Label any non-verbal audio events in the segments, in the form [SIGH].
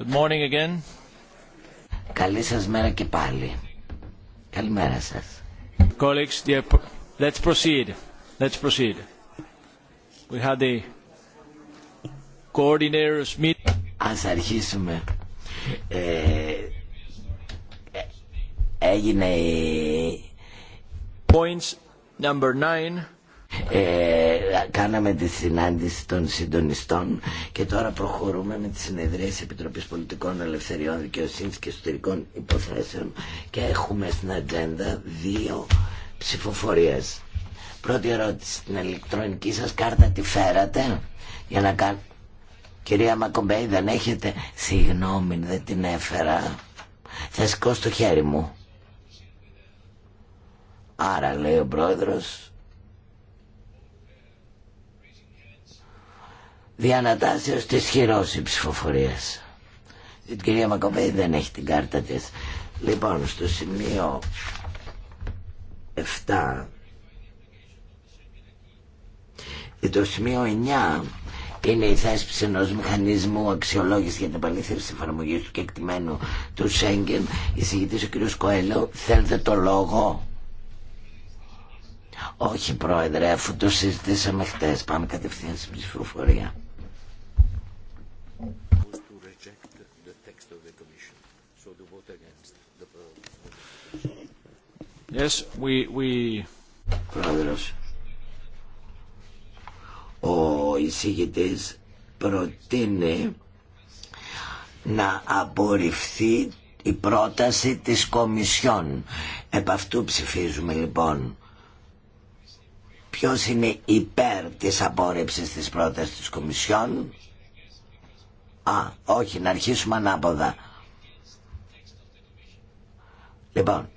Good morning again. Καλή σας μέρα και πάλι. Καλημέρα σας. Colleagues, dear, let's proceed. Let's proceed. We had a coordinators meeting. Ας αρχίσουμε. Ε, έγινε η... Points number nine. Ε, κάναμε τη συνάντηση των συντονιστών και τώρα προχωρούμε με τις συνεδρίες Επιτροπής Πολιτικών Ελευθεριών Δικαιοσύνης και Εσωτερικών Υποθέσεων και έχουμε στην ατζέντα δύο ψηφοφορίες. Πρώτη ερώτηση, την ηλεκτρονική σας κάρτα τη φέρατε για να κά Κυρία Μακομπέη δεν έχετε Συγγνώμη δεν την έφερα Θα σηκώ το χέρι μου Άρα λέει ο πρόεδρος διανατάσεως της χειρός ψηφοφορίας. Η κυρία Μακοβέη δεν έχει την κάρτα της. Λοιπόν, στο σημείο 7, ε, το σημείο 9 είναι η θέσπιση ενό μηχανισμού αξιολόγηση για την επαλήθευση εφαρμογή του κεκτημένου του Σέγγεν. Εισηγητή ο κ. Κοέλο, θέλετε το λόγο. Όχι, πρόεδρε, αφού το συζητήσαμε χτε, πάμε κατευθείαν στην ψηφοφορία. ο εισηγητής προτείνει να απορριφθεί η πρόταση της Κομισιόν. Επ' αυτού ψηφίζουμε λοιπόν. Ποιος είναι υπέρ της απόρριψης της πρότασης της Κομισιόν. Α, όχι, να αρχίσουμε ανάποδα. Λοιπόν,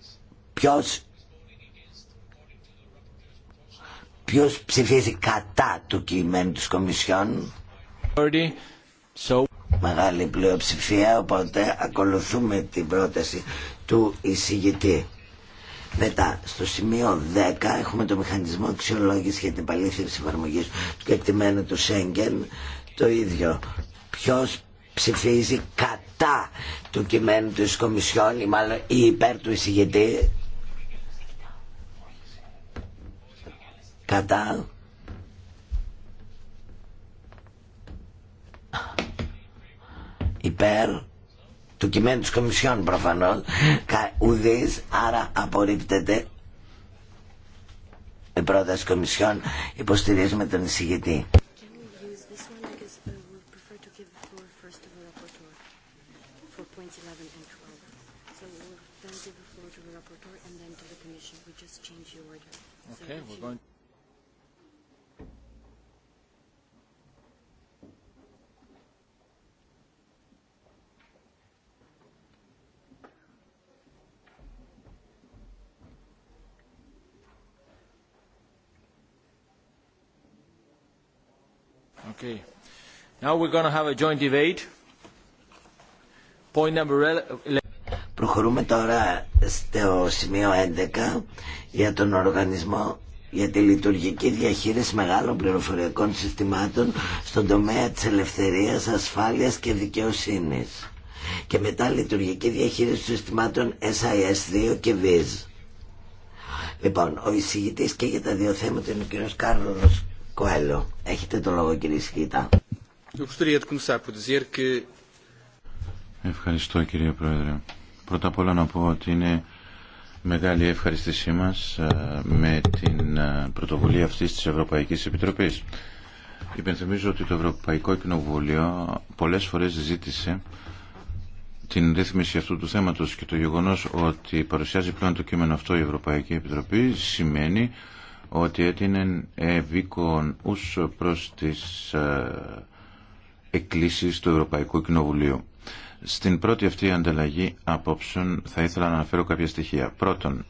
ποιος Ποιος ψηφίζει κατά του κειμένου της Κομισιόν. Μεγάλη πλειοψηφία, οπότε ακολουθούμε την πρόταση του εισηγητή. Μετά, στο σημείο 10 έχουμε το μηχανισμό αξιολόγηση για την παλήθευση εφαρμογή του κεκτημένου του Σέγγεν. Το ίδιο. Ποιος ψηφίζει κατά του κειμένου της Κομισιόν ή μάλλον ή υπέρ του εισηγητή. κατά υπέρ του κειμένου της Κομισιόν προφανώς ουδής άρα απορρίπτεται η πρόταση Κομισιόν υποστηρίζουμε τον εισηγητή Προχωρούμε τώρα στο σημείο 11 για τον οργανισμό για τη λειτουργική διαχείριση μεγάλων πληροφοριακών συστημάτων στον τομέα της ελευθερίας, ασφάλειας και δικαιοσύνης και μετά λειτουργική διαχείριση συστημάτων SIS2 και VIS. Λοιπόν, ο εισηγητής και για τα δύο θέματα είναι ο κ. Κάρλος Έχετε το λόγο Ευχαριστώ κύριε Πρόεδρε. Πρώτα απ' όλα να πω ότι είναι μεγάλη ευχαριστήσή μας ε, με την ε, πρωτοβουλία αυτής της Ευρωπαϊκής Επιτροπής. Υπενθυμίζω ότι το Ευρωπαϊκό Κοινοβούλιο πολλές φορές ζήτησε την ρύθμιση αυτού του θέματος και το γεγονός ότι παρουσιάζει πλέον το κείμενο αυτό η Ευρωπαϊκή Επιτροπή σημαίνει ότι έτεινε ευήκον ούσο προς τις ε, εκκλήσεις του Ευρωπαϊκού Κοινοβουλίου. Στην πρώτη αυτή ανταλλαγή απόψεων θα ήθελα να αναφέρω κάποια στοιχεία. Πρώτον,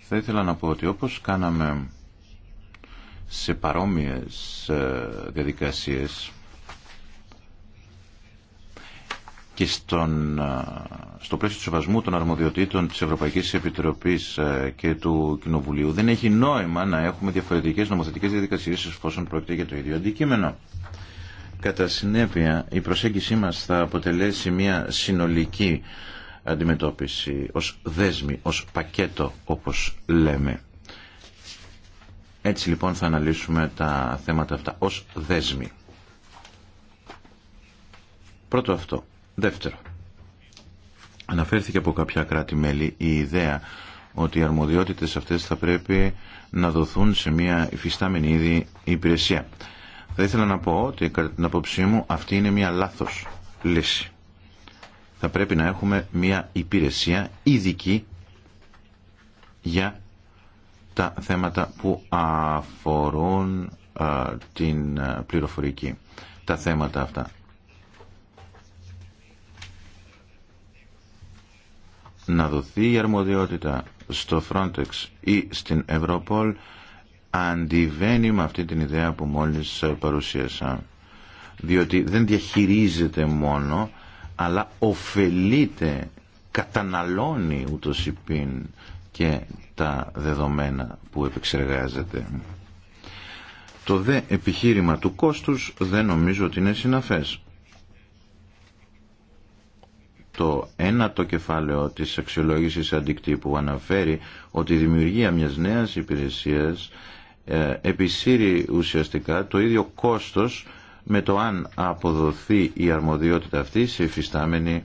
θα ήθελα να πω ότι όπως κάναμε σε παρόμοιες ε, διαδικασίες και στον, στο πλαίσιο του σεβασμού των αρμοδιοτήτων της Ευρωπαϊκής Επιτροπής και του Κοινοβουλίου δεν έχει νόημα να έχουμε διαφορετικές νομοθετικές διαδικασίες εφόσον πρόκειται για το ίδιο αντικείμενο. Κατά συνέπεια η προσέγγιση μας θα αποτελέσει μια συνολική αντιμετώπιση ως δέσμη, ως πακέτο όπως λέμε. Έτσι λοιπόν θα αναλύσουμε τα θέματα αυτά ως δέσμη. Πρώτο αυτό. Δεύτερο, αναφέρθηκε από κάποια κράτη-μέλη η ιδέα ότι οι αρμοδιότητες αυτές θα πρέπει να δοθούν σε μια υφιστάμενη ήδη υπηρεσία. Θα ήθελα να πω ότι κατά την απόψή μου αυτή είναι μια λάθος λύση. Θα πρέπει να έχουμε μια υπηρεσία ειδική για τα θέματα που αφορούν την πληροφορική. Τα θέματα αυτά να δοθεί η αρμοδιότητα στο Frontex ή στην Europol αντιβαίνει με αυτή την ιδέα που μόλις παρουσίασα. Διότι δεν διαχειρίζεται μόνο, αλλά ωφελείται, καταναλώνει ούτως υπήν και τα δεδομένα που επεξεργάζεται. Το δε επιχείρημα του κόστους δεν νομίζω ότι είναι συναφές το ένατο κεφάλαιο της αξιολόγησης αντικτύπου αναφέρει ότι η δημιουργία μιας νέας υπηρεσίας ε, επισύρει ουσιαστικά το ίδιο κόστος με το αν αποδοθεί η αρμοδιότητα αυτή σε υφιστάμενη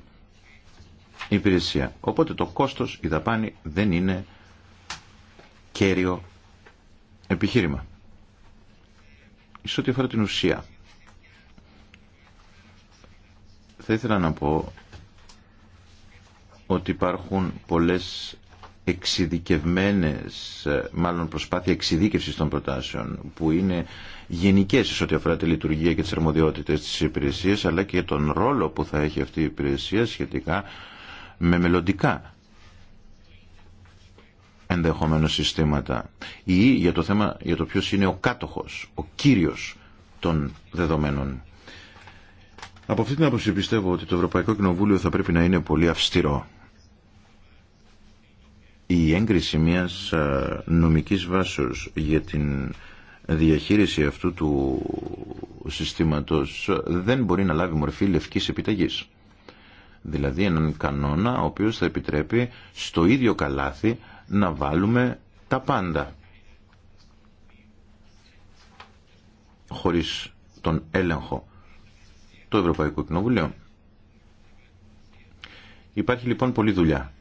υπηρεσία. Οπότε το κόστος, η δαπάνη δεν είναι κέριο επιχείρημα. Σε ό,τι αφορά την ουσία. Θα ήθελα να πω ότι υπάρχουν πολλές εξειδικευμένες, ε, μάλλον προσπάθεια εξειδίκευσης των προτάσεων που είναι γενικές σε ό,τι αφορά τη λειτουργία και τις αρμοδιότητες της υπηρεσίας αλλά και τον ρόλο που θα έχει αυτή η υπηρεσία σχετικά με μελλοντικά ενδεχομένω συστήματα ή για το θέμα για το ποιος είναι ο κάτοχος, ο κύριος των δεδομένων. Από αυτή την άποψη πιστεύω ότι το Ευρωπαϊκό Κοινοβούλιο θα πρέπει να είναι πολύ αυστηρό η έγκριση μιας ε, νομικής βάσεως για την διαχείριση αυτού του συστήματος δεν μπορεί να λάβει μορφή λευκής επιταγής. Δηλαδή έναν κανόνα ο οποίος θα επιτρέπει στο ίδιο καλάθι να βάλουμε τα πάντα. Χωρίς τον έλεγχο του Ευρωπαϊκού Κοινοβουλίου. Υπάρχει λοιπόν πολλή δουλειά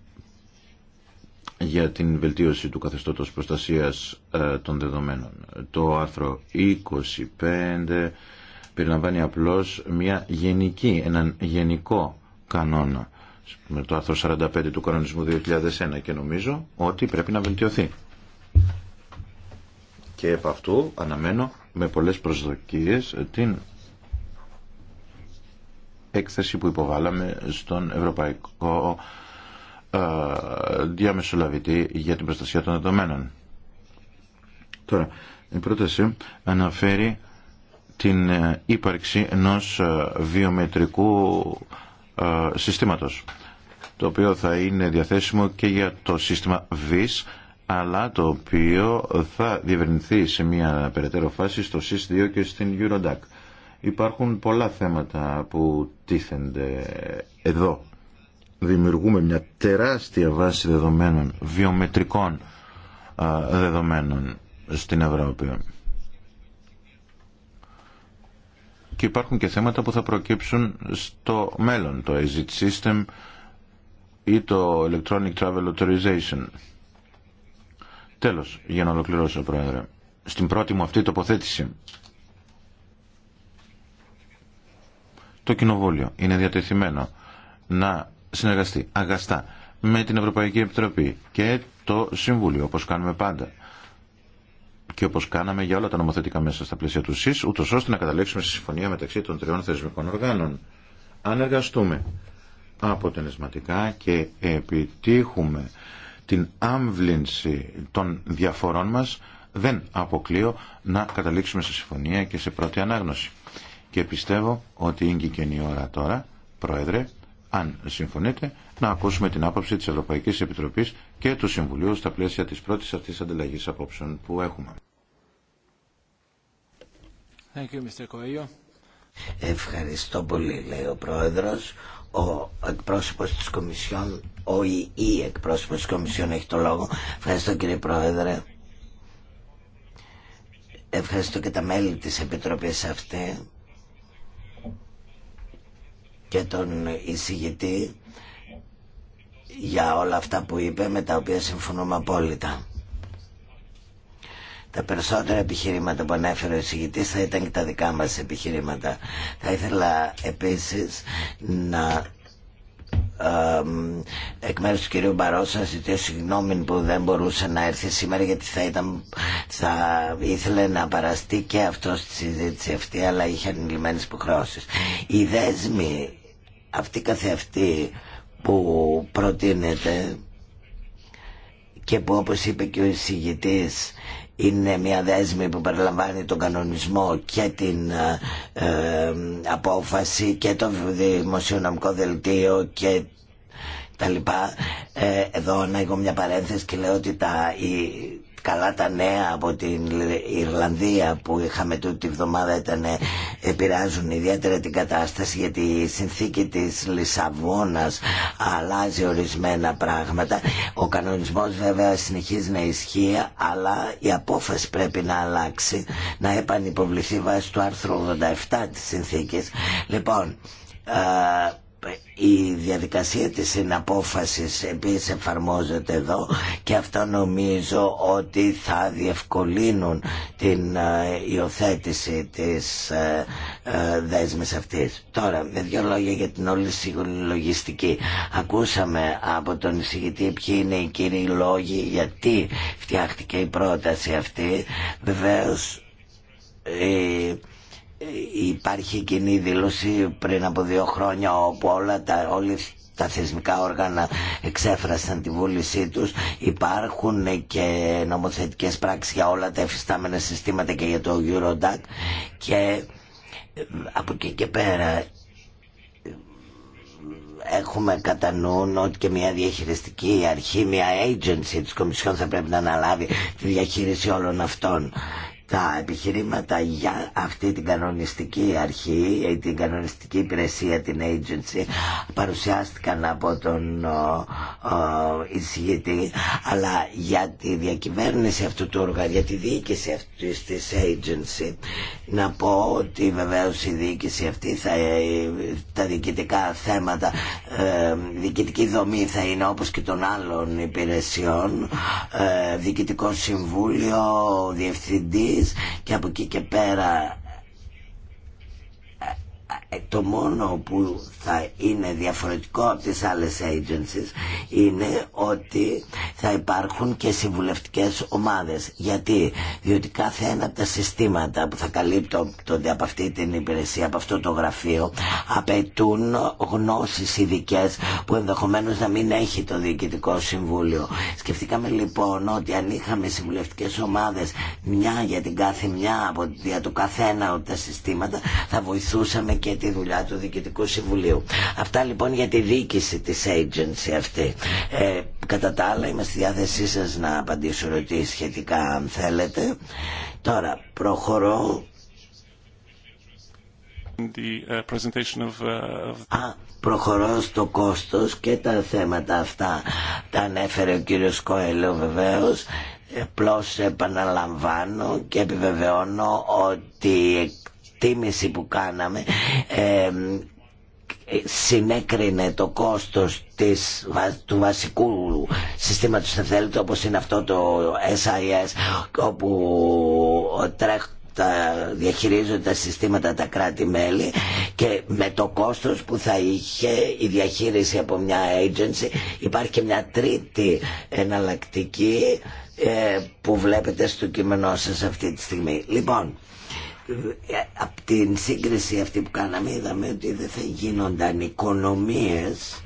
για την βελτίωση του καθεστώτος προστασίας ε, των δεδομένων. Το άρθρο 25 περιλαμβάνει απλώς μια γενική, έναν γενικό κανόνα με το άρθρο 45 του κανονισμού 2001 και νομίζω ότι πρέπει να βελτιωθεί. Και από αυτού αναμένω με πολλές προσδοκίες την έκθεση που υποβάλαμε στον Ευρωπαϊκό ε, διαμεσολαβητή για την προστασία των δεδομένων. Τώρα, η πρόταση αναφέρει την ε, ύπαρξη ενός ε, βιομετρικού συστήματος το οποίο θα είναι διαθέσιμο και για το σύστημα VIS αλλά το οποίο θα διευρυνθεί σε μια περαιτέρω φάση στο SIS2 και στην Eurodac. Υπάρχουν πολλά θέματα που τίθενται εδώ δημιουργούμε μια τεράστια βάση δεδομένων, βιομετρικών δεδομένων στην Ευρώπη. Και υπάρχουν και θέματα που θα προκύψουν στο μέλλον, το exit system ή το electronic travel authorization. Τέλος, για να ολοκληρώσω, Πρόεδρε, στην πρώτη μου αυτή τοποθέτηση, το Κοινοβούλιο είναι διατεθειμένο να συνεργαστεί αγαστά με την Ευρωπαϊκή Επιτροπή και το Συμβούλιο, όπως κάνουμε πάντα και όπως κάναμε για όλα τα νομοθετικά μέσα στα πλαίσια του ΣΥΣ, ούτως ώστε να καταλήξουμε στη συμφωνία μεταξύ των τριών θεσμικών οργάνων. Αν εργαστούμε αποτελεσματικά και επιτύχουμε την άμβλυνση των διαφορών μας, δεν αποκλείω να καταλήξουμε σε συμφωνία και σε πρώτη ανάγνωση. Και πιστεύω ότι είναι και η ώρα τώρα, Πρόεδρε, αν συμφωνείτε, να ακούσουμε την άποψη της Ευρωπαϊκής Επιτροπής και του Συμβουλίου στα πλαίσια της πρώτης αυτής ανταλλαγής απόψεων που έχουμε. Ευχαριστώ πολύ, λέει ο Πρόεδρος. Ο εκπρόσωπος της Κομισιόν, ο ή η εκπρόσωπος της Κομισιόν έχει το λόγο. Ευχαριστώ κύριε Πρόεδρε. Ευχαριστώ και τα μέλη της Επιτροπής αυτή και τον εισηγητή για όλα αυτά που είπε με τα οποία συμφωνούμε απόλυτα. Τα περισσότερα επιχειρήματα που ανέφερε ο εισηγητής θα ήταν και τα δικά μας επιχειρήματα. Θα ήθελα επίσης να εκ μέρους του κυρίου Μπαρόσα ζητήσω συγγνώμη που δεν μπορούσε να έρθει σήμερα γιατί θα, ήταν, θα ήθελε να παραστεί και αυτό στη συζήτηση αυτή αλλά είχε ανηλυμένες υποχρεώσεις. Οι δέσμοι αυτή καθεαυτή που προτείνεται και που όπως είπε και ο εισηγητής είναι μια δέσμη που περιλαμβάνει τον κανονισμό και την ε, ε, απόφαση και το δημοσιονομικό δελτίο και τα λοιπά. Ε, εδώ να έχω μια παρένθεση και λέω ότι τα, καλά τα νέα από την Ιρλανδία που είχαμε τούτη εβδομάδα ήταν, ε, επηρεάζουν ιδιαίτερα την κατάσταση γιατί η συνθήκη της Λισαβόνας αλλάζει ορισμένα πράγματα ο κανονισμός βέβαια συνεχίζει να ισχύει αλλά η απόφαση πρέπει να αλλάξει να επανυποβληθεί βάσει του άρθρου 87 της συνθήκης λοιπόν ε, η διαδικασία της συναπόφασης επίσης εφαρμόζεται εδώ και αυτό νομίζω ότι θα διευκολύνουν την ε, υιοθέτηση της ε, ε, δέσμης αυτής. Τώρα, με δύο λόγια για την όλη λογιστική. Ακούσαμε από τον εισηγητή ποιοι είναι οι κύριοι λόγοι γιατί φτιάχτηκε η πρόταση αυτή. Βεβαίως... Ε, υπάρχει κοινή δήλωση πριν από δύο χρόνια όπου όλα τα, όλοι τα θεσμικά όργανα εξέφρασαν τη βούλησή τους. Υπάρχουν και νομοθετικές πράξεις για όλα τα εφιστάμενα συστήματα και για το Eurodac και ε, από εκεί και πέρα ε, έχουμε κατά νου ότι και μια διαχειριστική αρχή, μια agency της Κομισιόν θα πρέπει να αναλάβει τη διαχείριση όλων αυτών τα επιχειρήματα για αυτή την κανονιστική αρχή, ε, την κανονιστική υπηρεσία, την agency, παρουσιάστηκαν από τον ο, εισηγητή, αλλά για τη διακυβέρνηση αυτού του οργάνου, για τη διοίκηση αυτή τη agency, να πω ότι βεβαίω η διοίκηση αυτή, ε, τα διοικητικά θέματα, ε, διοικητική δομή θα είναι όπως και των άλλων υπηρεσιών, ε, διοικητικό συμβούλιο, διευθυντή, και από εκεί και πέρα ε, το μόνο που θα είναι διαφορετικό από τις άλλες agencies είναι ότι θα υπάρχουν και συμβουλευτικές ομάδες. Γιατί, διότι κάθε ένα από τα συστήματα που θα καλύπτονται από αυτή την υπηρεσία, από αυτό το γραφείο, απαιτούν γνώσεις ειδικέ που ενδεχομένως να μην έχει το Διοικητικό Συμβούλιο. Σκεφτήκαμε λοιπόν ότι αν είχαμε συμβουλευτικές ομάδες μια για την κάθε μια από, το κάθε ένα από τα συστήματα θα βοηθούσαμε και τη δουλειά του Διοικητικού Συμβουλίου. Αυτά λοιπόν για τη διοίκηση τη agency αυτή. Ε, κατά τα άλλα είμαι στη διάθεσή σας να απαντήσω ρωτή σχετικά αν θέλετε. Τώρα προχωρώ. The ε, presentation ε, of... Α, προχωρώ στο κόστος και τα θέματα αυτά τα ανέφερε ο κύριος Κοέλο βεβαίως ε, απλώ επαναλαμβάνω και επιβεβαιώνω ότι εκτίμηση που κάναμε ε, συνέκρινε το κόστος της, του βασικού συστήματος θέλετε όπως είναι αυτό το SIS όπου τρέχουν διαχειρίζονται τα συστήματα τα κράτη-μέλη και με το κόστος που θα είχε η διαχείριση από μια agency υπάρχει και μια τρίτη εναλλακτική ε, που βλέπετε στο κείμενό σας αυτή τη στιγμή. Λοιπόν, από την σύγκριση αυτή που κάναμε είδαμε ότι δεν θα γίνονταν οικονομίες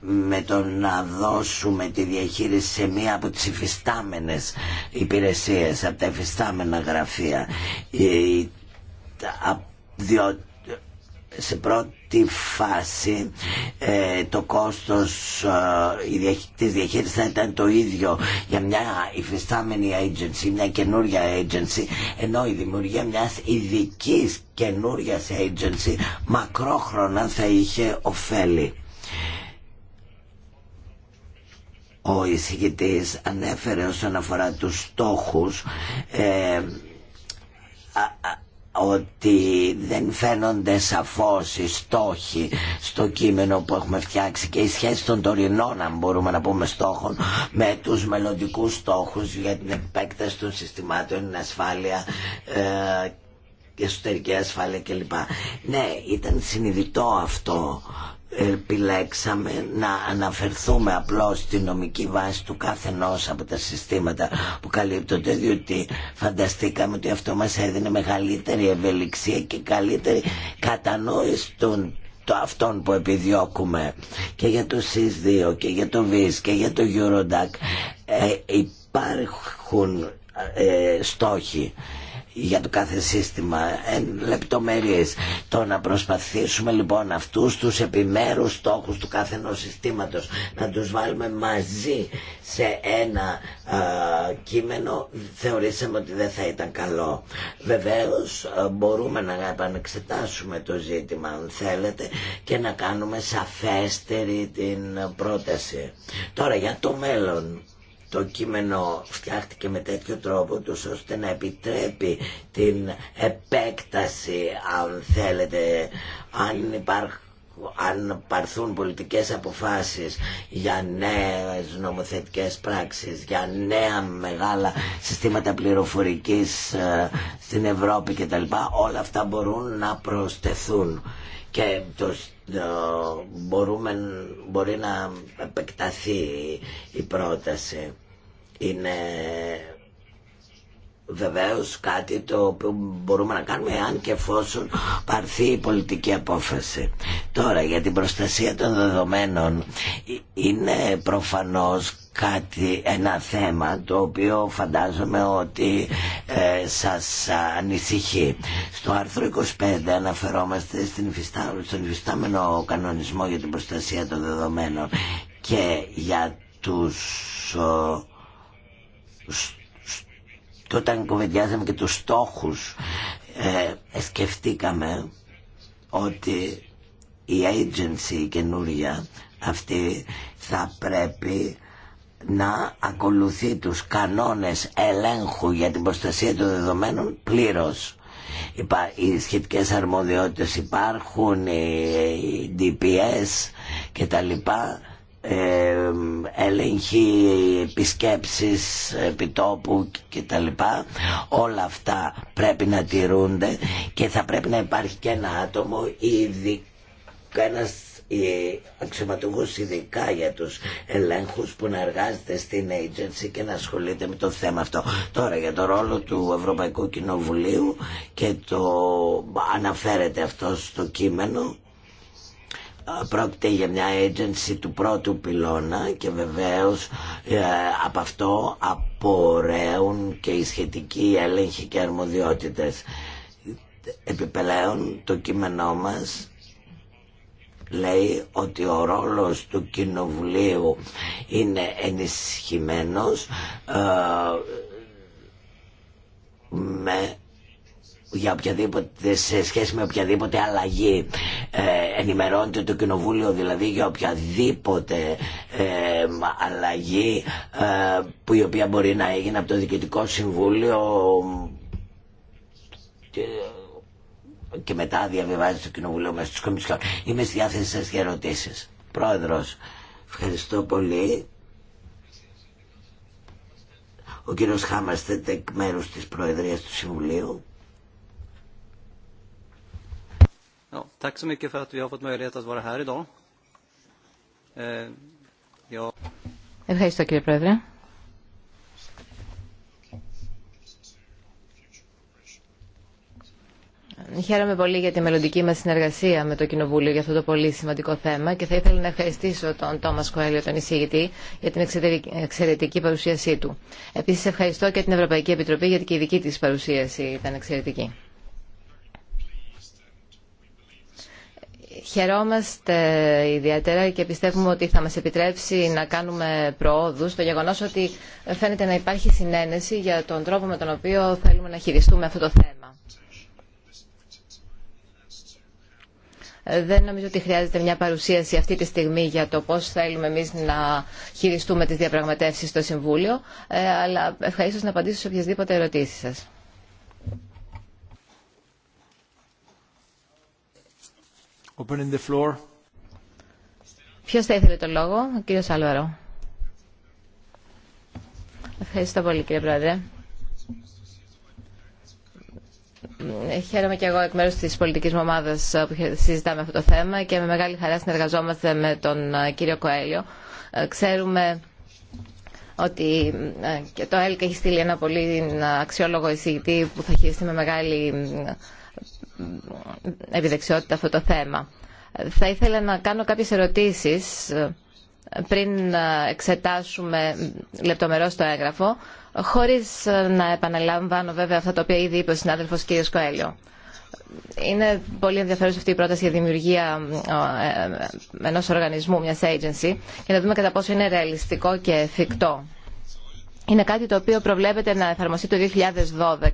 με το να δώσουμε τη διαχείριση σε μία από τις υφιστάμενες υπηρεσίες, από τα υφιστάμενα γραφεία. Διότι σε πρώτη φάση ε, το κόστος ε, της διαχείρισης θα ήταν το ίδιο για μια υφιστάμενη agency, μια καινούρια agency ενώ η δημιουργία μιας ειδική καινούρια agency μακρόχρονα θα είχε ωφέλη. Ο εισηγητής ανέφερε όσον αφορά τους στόχους ε, ότι δεν φαίνονται σαφώς οι στόχοι στο κείμενο που έχουμε φτιάξει και η σχέση των τωρινών αν μπορούμε να πούμε στόχων με τους μελλοντικού στόχους για την επέκταση των συστημάτων ασφάλεια ε, εσωτερική ασφάλεια κλπ. Ναι, ήταν συνειδητό αυτό επιλέξαμε να αναφερθούμε απλώς στη νομική βάση του κάθε από τα συστήματα που καλύπτονται διότι φανταστήκαμε ότι αυτό μας έδινε μεγαλύτερη ευελιξία και καλύτερη κατανόηση των το αυτόν που επιδιώκουμε και για το ΣΥΣ2 και για το ΒΙΣ και για το Eurodac ε, υπάρχουν ε, στόχοι για το κάθε σύστημα εν λεπτομέρειες το να προσπαθήσουμε λοιπόν αυτούς τους επιμέρους στόχους του κάθε ενός συστήματος να τους βάλουμε μαζί σε ένα κείμενο θεωρήσαμε ότι δεν θα ήταν καλό βεβαίως μπορούμε να επανεξετάσουμε το ζήτημα αν θέλετε και να κάνουμε σαφέστερη την πρόταση τώρα για το μέλλον το κείμενο φτιάχτηκε με τέτοιο τρόπο τους ώστε να επιτρέπει την επέκταση αν θέλετε αν υπάρχουν αν παρθούν πολιτικές αποφάσεις για νέες νομοθετικές πράξεις, για νέα μεγάλα συστήματα πληροφορικής ε, στην Ευρώπη κτλ. Όλα αυτά μπορούν να προσθεθούν και ε, μπορούμε, μπορεί να επεκταθεί η πρόταση. Είναι Βεβαίω κάτι το οποίο μπορούμε να κάνουμε αν και εφόσον πάρθει η πολιτική απόφαση. Τώρα για την προστασία των δεδομένων είναι προφανώς κάτι, ένα θέμα το οποίο φαντάζομαι ότι ε, σας ανησυχεί. Στο άρθρο 25 αναφερόμαστε στην στον υφιστάμενο κανονισμό για την προστασία των δεδομένων και για τους... Τότε όταν κουβεντιάζαμε και τους στόχους ε, σκεφτήκαμε ότι η agency η καινούρια αυτή θα πρέπει να ακολουθεί τους κανόνες ελέγχου για την προστασία των δεδομένων πλήρως. Οι σχετικές αρμοδιότητες υπάρχουν, οι DPS και τα λοιπά ελέγχη πισκέψεις επισκέψεις επιτόπου κτλ. Όλα αυτά πρέπει να τηρούνται και θα πρέπει να υπάρχει και ένα άτομο ή ένας ε, αξιωματικούς ειδικά για τους ελέγχους που να εργάζεται στην agency και να ασχολείται με το θέμα αυτό. Τώρα για το ρόλο του Ευρωπαϊκού Κοινοβουλίου και το αναφέρεται αυτό στο κείμενο ε, πρόκειται για μια agency του πρώτου πυλώνα και βεβαίως ε, από αυτό απορρέουν και οι σχετικοί έλεγχοι και αρμοδιότητες. Επιπελέον το κείμενό μας λέει ότι ο ρόλος του Κοινοβουλίου είναι ενισχυμένος ε, για οποιαδήποτε, σε σχέση με οποιαδήποτε αλλαγή ε, ενημερώνεται το κοινοβούλιο δηλαδή για οποιαδήποτε ε, αλλαγή ε, που η οποία μπορεί να έγινε από το Διοικητικό Συμβούλιο και, μετά διαβιβάζει το κοινοβούλιο μέσα στους κομισιόν. Είμαι στη διάθεση σας για ερωτήσεις. Πρόεδρος, ευχαριστώ πολύ. Ο κύριος Χάμαστε εκ μέρους της Προεδρίας του Συμβουλίου. Ευχαριστώ κύριε Πρόεδρε. Χαίρομαι πολύ για τη μελλοντική μας συνεργασία με το Κοινοβούλιο για αυτό το πολύ σημαντικό θέμα και θα ήθελα να ευχαριστήσω τον Τόμας Κοέλιο, τον εισηγητή, για την εξαιρετική παρουσίασή του. Επίσης ευχαριστώ και την Ευρωπαϊκή Επιτροπή γιατί και η δική της παρουσίαση ήταν εξαιρετική. Χαιρόμαστε ιδιαίτερα και πιστεύουμε ότι θα μας επιτρέψει να κάνουμε προόδους το γεγονός ότι φαίνεται να υπάρχει συνένεση για τον τρόπο με τον οποίο θέλουμε να χειριστούμε αυτό το θέμα. Δεν νομίζω ότι χρειάζεται μια παρουσίαση αυτή τη στιγμή για το πώς θέλουμε εμείς να χειριστούμε τις διαπραγματεύσεις στο Συμβούλιο, ε, αλλά ευχαρίστως να απαντήσω σε οποιασδήποτε ερωτήσεις σας. Ποιος θα ήθελε το λόγο, ο κύριος Άλβαρο. Ευχαριστώ πολύ κύριε Πρόεδρε. Ε, χαίρομαι και εγώ εκ μέρου τη πολιτική μου ομάδα που συζητάμε αυτό το θέμα και με μεγάλη χαρά συνεργαζόμαστε με τον ε, κύριο Κοέλιο. Ε, ξέρουμε ότι και το ΕΛΚ έχει στείλει ένα πολύ αξιόλογο εισηγητή που θα χειριστεί με μεγάλη επιδεξιότητα αυτό το θέμα. Θα ήθελα να κάνω κάποιες ερωτήσεις ε, πριν ε, εξετάσουμε λεπτομερώς το έγγραφο, χωρίς ε, να επαναλαμβάνω βέβαια αυτά τα οποία ήδη είπε ο συνάδελφος κ. Κοέλιο. Είναι πολύ ενδιαφέρουσα αυτή η πρόταση για δημιουργία ενό οργανισμού, μιας agency, για να δούμε κατά πόσο είναι ρεαλιστικό και εφικτό. Είναι κάτι το οποίο προβλέπεται να εφαρμοστεί το 2012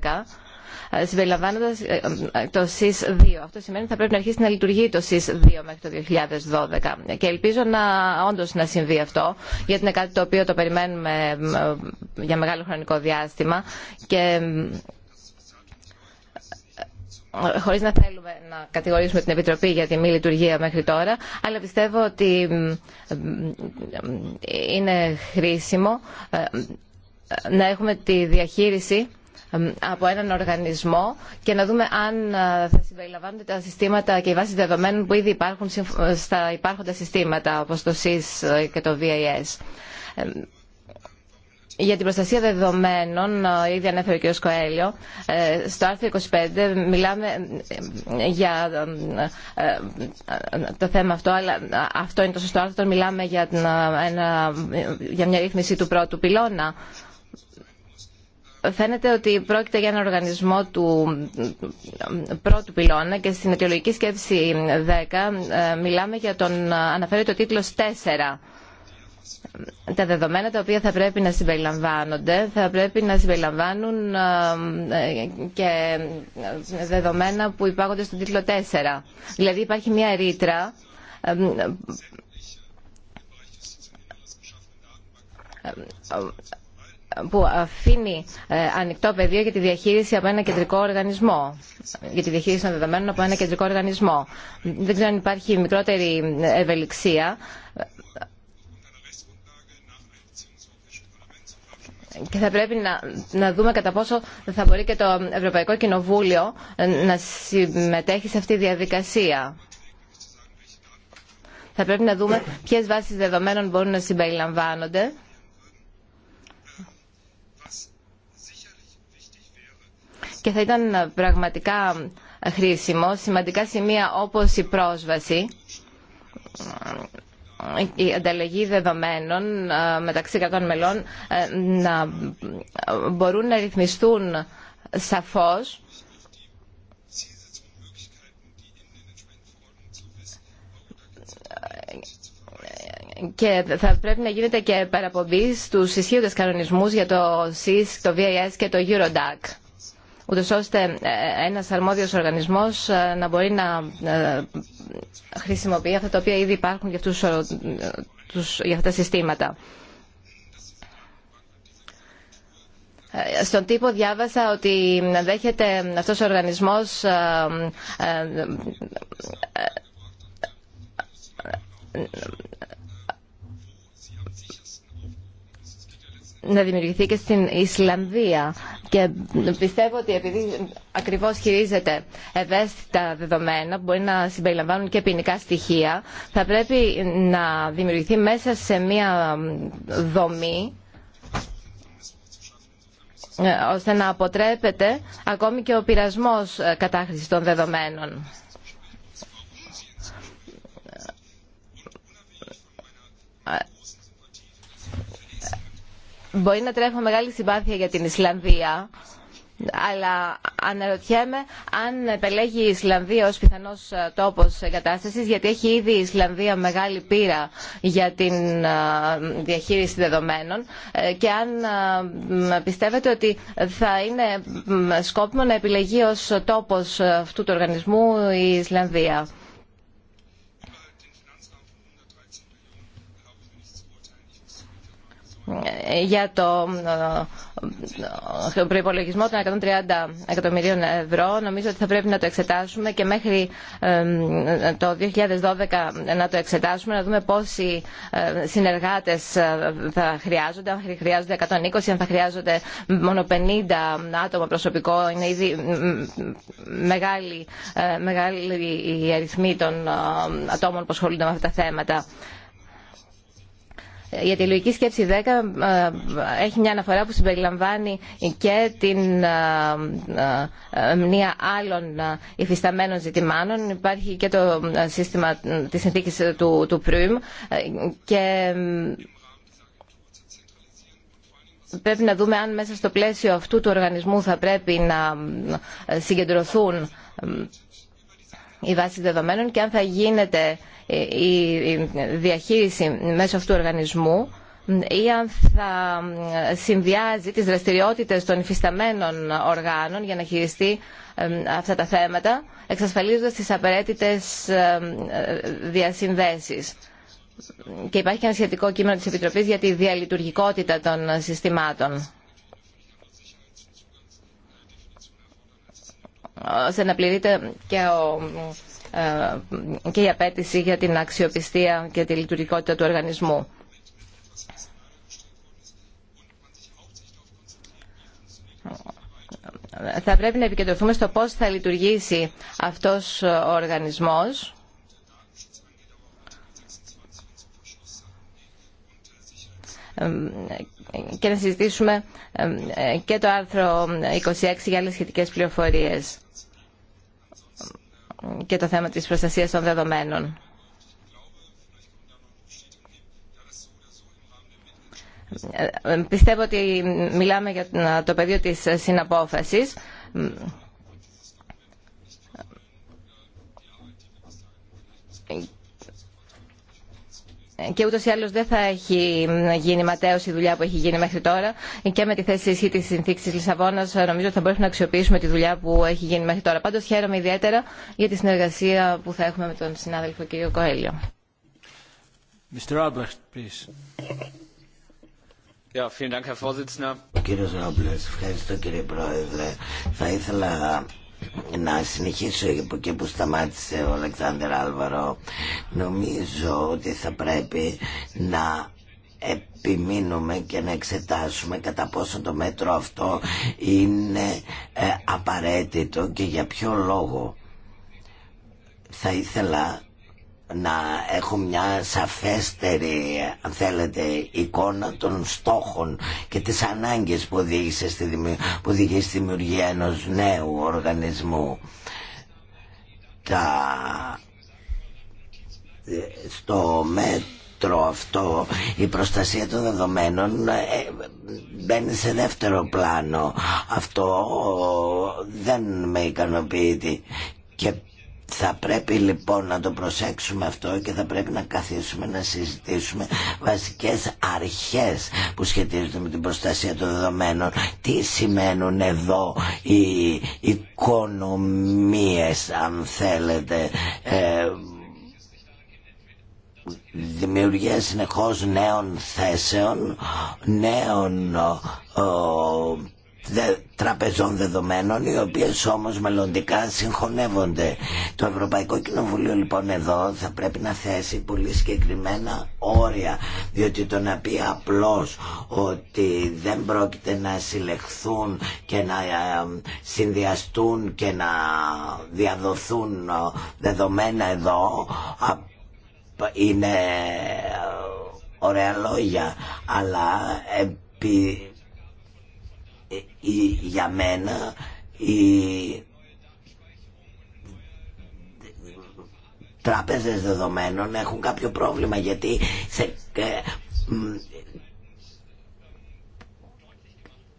ε, συμπεριλαμβάνοντα ε, ε, το ΣΥΣ2. Αυτό σημαίνει ότι θα πρέπει να αρχίσει να λειτουργεί το ΣΥΣ2 μέχρι το 2012. Και ελπίζω να όντω να συμβεί αυτό, γιατί είναι κάτι το οποίο το περιμένουμε για μεγάλο χρονικό διάστημα. Και χωρίς να θέλουμε να κατηγορήσουμε την Επιτροπή για τη μη λειτουργία μέχρι τώρα, αλλά πιστεύω ότι είναι χρήσιμο να έχουμε τη διαχείριση από έναν οργανισμό και να δούμε αν ε, θα συμπεριλαμβάνονται τα συστήματα και οι βάσει δεδομένων που ήδη υπάρχουν ε, στα υπάρχοντα συστήματα όπως το SIS ε, και το VIS. Για την προστασία δεδομένων, ήδη ανέφερε ο κ. Σκοέλιο, στο άρθρο 25 μιλάμε για το θέμα αυτό, αλλά αυτό είναι το σωστό άρθρο, μιλάμε για, για μια ρύθμιση του πρώτου πυλώνα Φαίνεται ότι πρόκειται για ένα οργανισμό του πρώτου πυλώνα και στην αιτιολογική σκέψη 10 ε, μιλάμε για τον, ε, αναφέρει το τίτλος 4 τα δεδομένα τα οποία θα πρέπει να συμπεριλαμβάνονται θα πρέπει να συμπεριλαμβάνουν ε, και δεδομένα που υπάρχουν στον τίτλο 4. Δηλαδή υπάρχει μια ρήτρα που αφήνει ε, ανοιχτό πεδίο για τη διαχείριση από ένα κεντρικό οργανισμό, για τη διαχείριση των δεδομένων από ένα κεντρικό οργανισμό. Δεν ξέρω αν υπάρχει μικρότερη ευελιξία. και θα πρέπει να, να δούμε κατά πόσο θα μπορεί και το Ευρωπαϊκό Κοινοβούλιο ε, να συμμετέχει σε αυτή τη διαδικασία. Θα πρέπει να δούμε ποιες βάσεις δεδομένων μπορούν να συμπεριλαμβάνονται. και θα ήταν πραγματικά χρήσιμο σημαντικά σημεία όπως η πρόσβαση η ανταλλαγή δεδομένων ε, μεταξύ κρατών μελών ε, να μπορούν να ρυθμιστούν σαφώς και θα πρέπει να γίνεται και παραπομπή στους ισχύοντες κανονισμούς για το SIS, το VIS και το Eurodac ούτως ώστε ε, ένας αρμόδιος οργανισμός ε, να μπορεί να ε, χρησιμοποιεί αυτά τα οποία ήδη υπάρχουν για, αυτούς, για αυτά τα συστήματα. Στον τύπο διάβασα ότι δέχεται αυτός ο οργανισμός να δημιουργηθεί και στην Ισλανδία. Και πιστεύω ότι επειδή ακριβώς χειρίζεται ευαίσθητα δεδομένα που μπορεί να συμπεριλαμβάνουν και ποινικά στοιχεία, θα πρέπει να δημιουργηθεί μέσα σε μία δομή ε, ώστε να αποτρέπεται ακόμη και ο πειρασμός ε, κατάχρησης των δεδομένων. μπορεί να τρέχω μεγάλη συμπάθεια για την Ισλανδία, αλλά αναρωτιέμαι αν επελέγει η Ισλανδία ως πιθανός ε, τόπος εγκατάστασης, γιατί έχει ήδη η Ισλανδία μεγάλη πείρα για την ε, διαχείριση δεδομένων ε, και αν πιστεύετε ότι θα είναι σκόπιμο να επιλεγεί ως τόπος αυτού του οργανισμού η Ισλανδία. για το ε, προπολογισμό των 130 εκατομμυρίων ευρώ νομίζω ότι θα πρέπει να το εξετάσουμε και μέχρι ε, το 2012 να το εξετάσουμε, να δούμε πόσοι ε, συνεργάτες θα χρειάζονται, αν χρειάζονται 120, αν θα χρειάζονται μόνο 50 άτομα προσωπικό. Είναι ήδη μεγάλη η αριθμή των ατόμων που ασχολούνται με αυτά τα θέματα. Ε, η αιτιολογική σκέψη 10 ε, έχει μια αναφορά που συμπεριλαμβάνει και την ε, μνήμα άλλων υφισταμένων ζητημάτων. Υπάρχει και το σύστημα της συνθήκης του, του και πρέπει να δούμε αν μέσα στο πλαίσιο αυτού του οργανισμού θα πρέπει να συγκεντρωθούν οι βάσεις δεδομένων και αν θα γίνεται ε, η διαχείριση μέσω αυτού του οργανισμού ε, ή αν θα ε, συνδυάζει τις δραστηριότητες των υφισταμένων οργάνων για να χειριστεί αυτά τα θέματα, εξασφαλίζοντας τις απαραίτητες διασυνδέσεις. Και υπάρχει και ένα σχετικό κείμενο της Επιτροπής για τη διαλειτουργικότητα των συστημάτων. ώστε να και ο ε, και η απέτηση για την αξιοπιστία και τη λειτουργικότητα του οργανισμού. Θα πρέπει να επικεντρωθούμε στο πώς θα λειτουργήσει αυτός ο οργανισμός. Ε, και να συζητήσουμε ε, και το άρθρο 26 για άλλες σχετικές πληροφορίες και το θέμα της προστασίας των δεδομένων. Ε, ε, πιστεύω ότι μιλάμε για το πεδίο της συναπόφασης και ούτως ή άλλως δεν θα έχει γίνει ματέως η δουλειά που έχει γίνει μέχρι τώρα και με τη θέση ισχύ της συνθήκης της Λισαβόνας νομίζω ότι θα μπορέσουμε να αξιοποιήσουμε τη δουλειά που έχει γίνει μέχρι τώρα. Πάντως χαίρομαι ιδιαίτερα για τη συνεργασία που θα έχουμε με τον συνάδελφο κ. Κοέλιο να συνεχίσω από εκεί που σταμάτησε ο Αλεξάνδρου Άλβαρο νομίζω ότι θα πρέπει να επιμείνουμε και να εξετάσουμε κατά πόσο το μέτρο αυτό είναι ε, απαραίτητο και για ποιο λόγο θα ήθελα να έχω μια σαφέστερη αν θέλετε εικόνα των στόχων και τις ανάγκες που οδήγησε στη, που στη δημιουργία ενός νέου οργανισμού τα στο μέτρο αυτό η προστασία των δεδομένων ε, μπαίνει σε δεύτερο πλάνο αυτό δεν με ικανοποιεί και θα πρέπει λοιπόν να το προσέξουμε αυτό και θα πρέπει να καθίσουμε να συζητήσουμε βασικές αρχές που σχετίζονται με την προστασία των δεδομένων. Τι σημαίνουν εδώ οι οικονομίες αν θέλετε ε, δημιουργία συνεχώς νέων θέσεων, νέων τραπεζών δεδομένων οι οποίες όμως μελλοντικά συγχωνεύονται. Το Ευρωπαϊκό Κοινοβουλίο λοιπόν εδώ θα πρέπει να θέσει πολύ συγκεκριμένα όρια διότι το να πει απλώς ότι δεν πρόκειται να συλλεχθούν και να ε, συνδυαστούν και να διαδοθούν ε, δεδομένα εδώ είναι ε, ωραία λόγια αλλά επί ε, για μένα οι τράπεζες δεδομένων έχουν κάποιο πρόβλημα γιατί σε ε,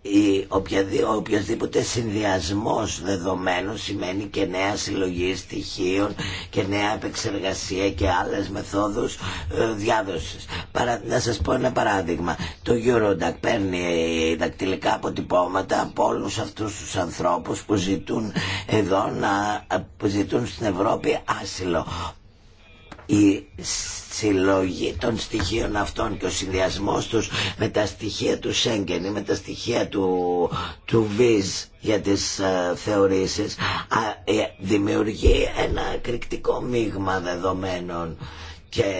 ή οποιοδήποτε συνδυασμός δεδομένων σημαίνει και νέα συλλογή στοιχείων και νέα επεξεργασία και άλλες μεθόδους ε, διάδοσης. να σας πω ένα παράδειγμα. Το Eurodac παίρνει ε, δακτυλικά αποτυπώματα από όλους αυτούς τους ανθρώπους που ζητούν εδώ, να, ε, που ζητούν στην Ευρώπη άσυλο η συλλογή των στοιχείων αυτών και ο συνδυασμός τους με τα στοιχεία του Σέγγεν ή με τα στοιχεία του, του Βίζ για τις ε, θεωρήσεις ε, δημιουργεί ένα κρυκτικό μείγμα δεδομένων και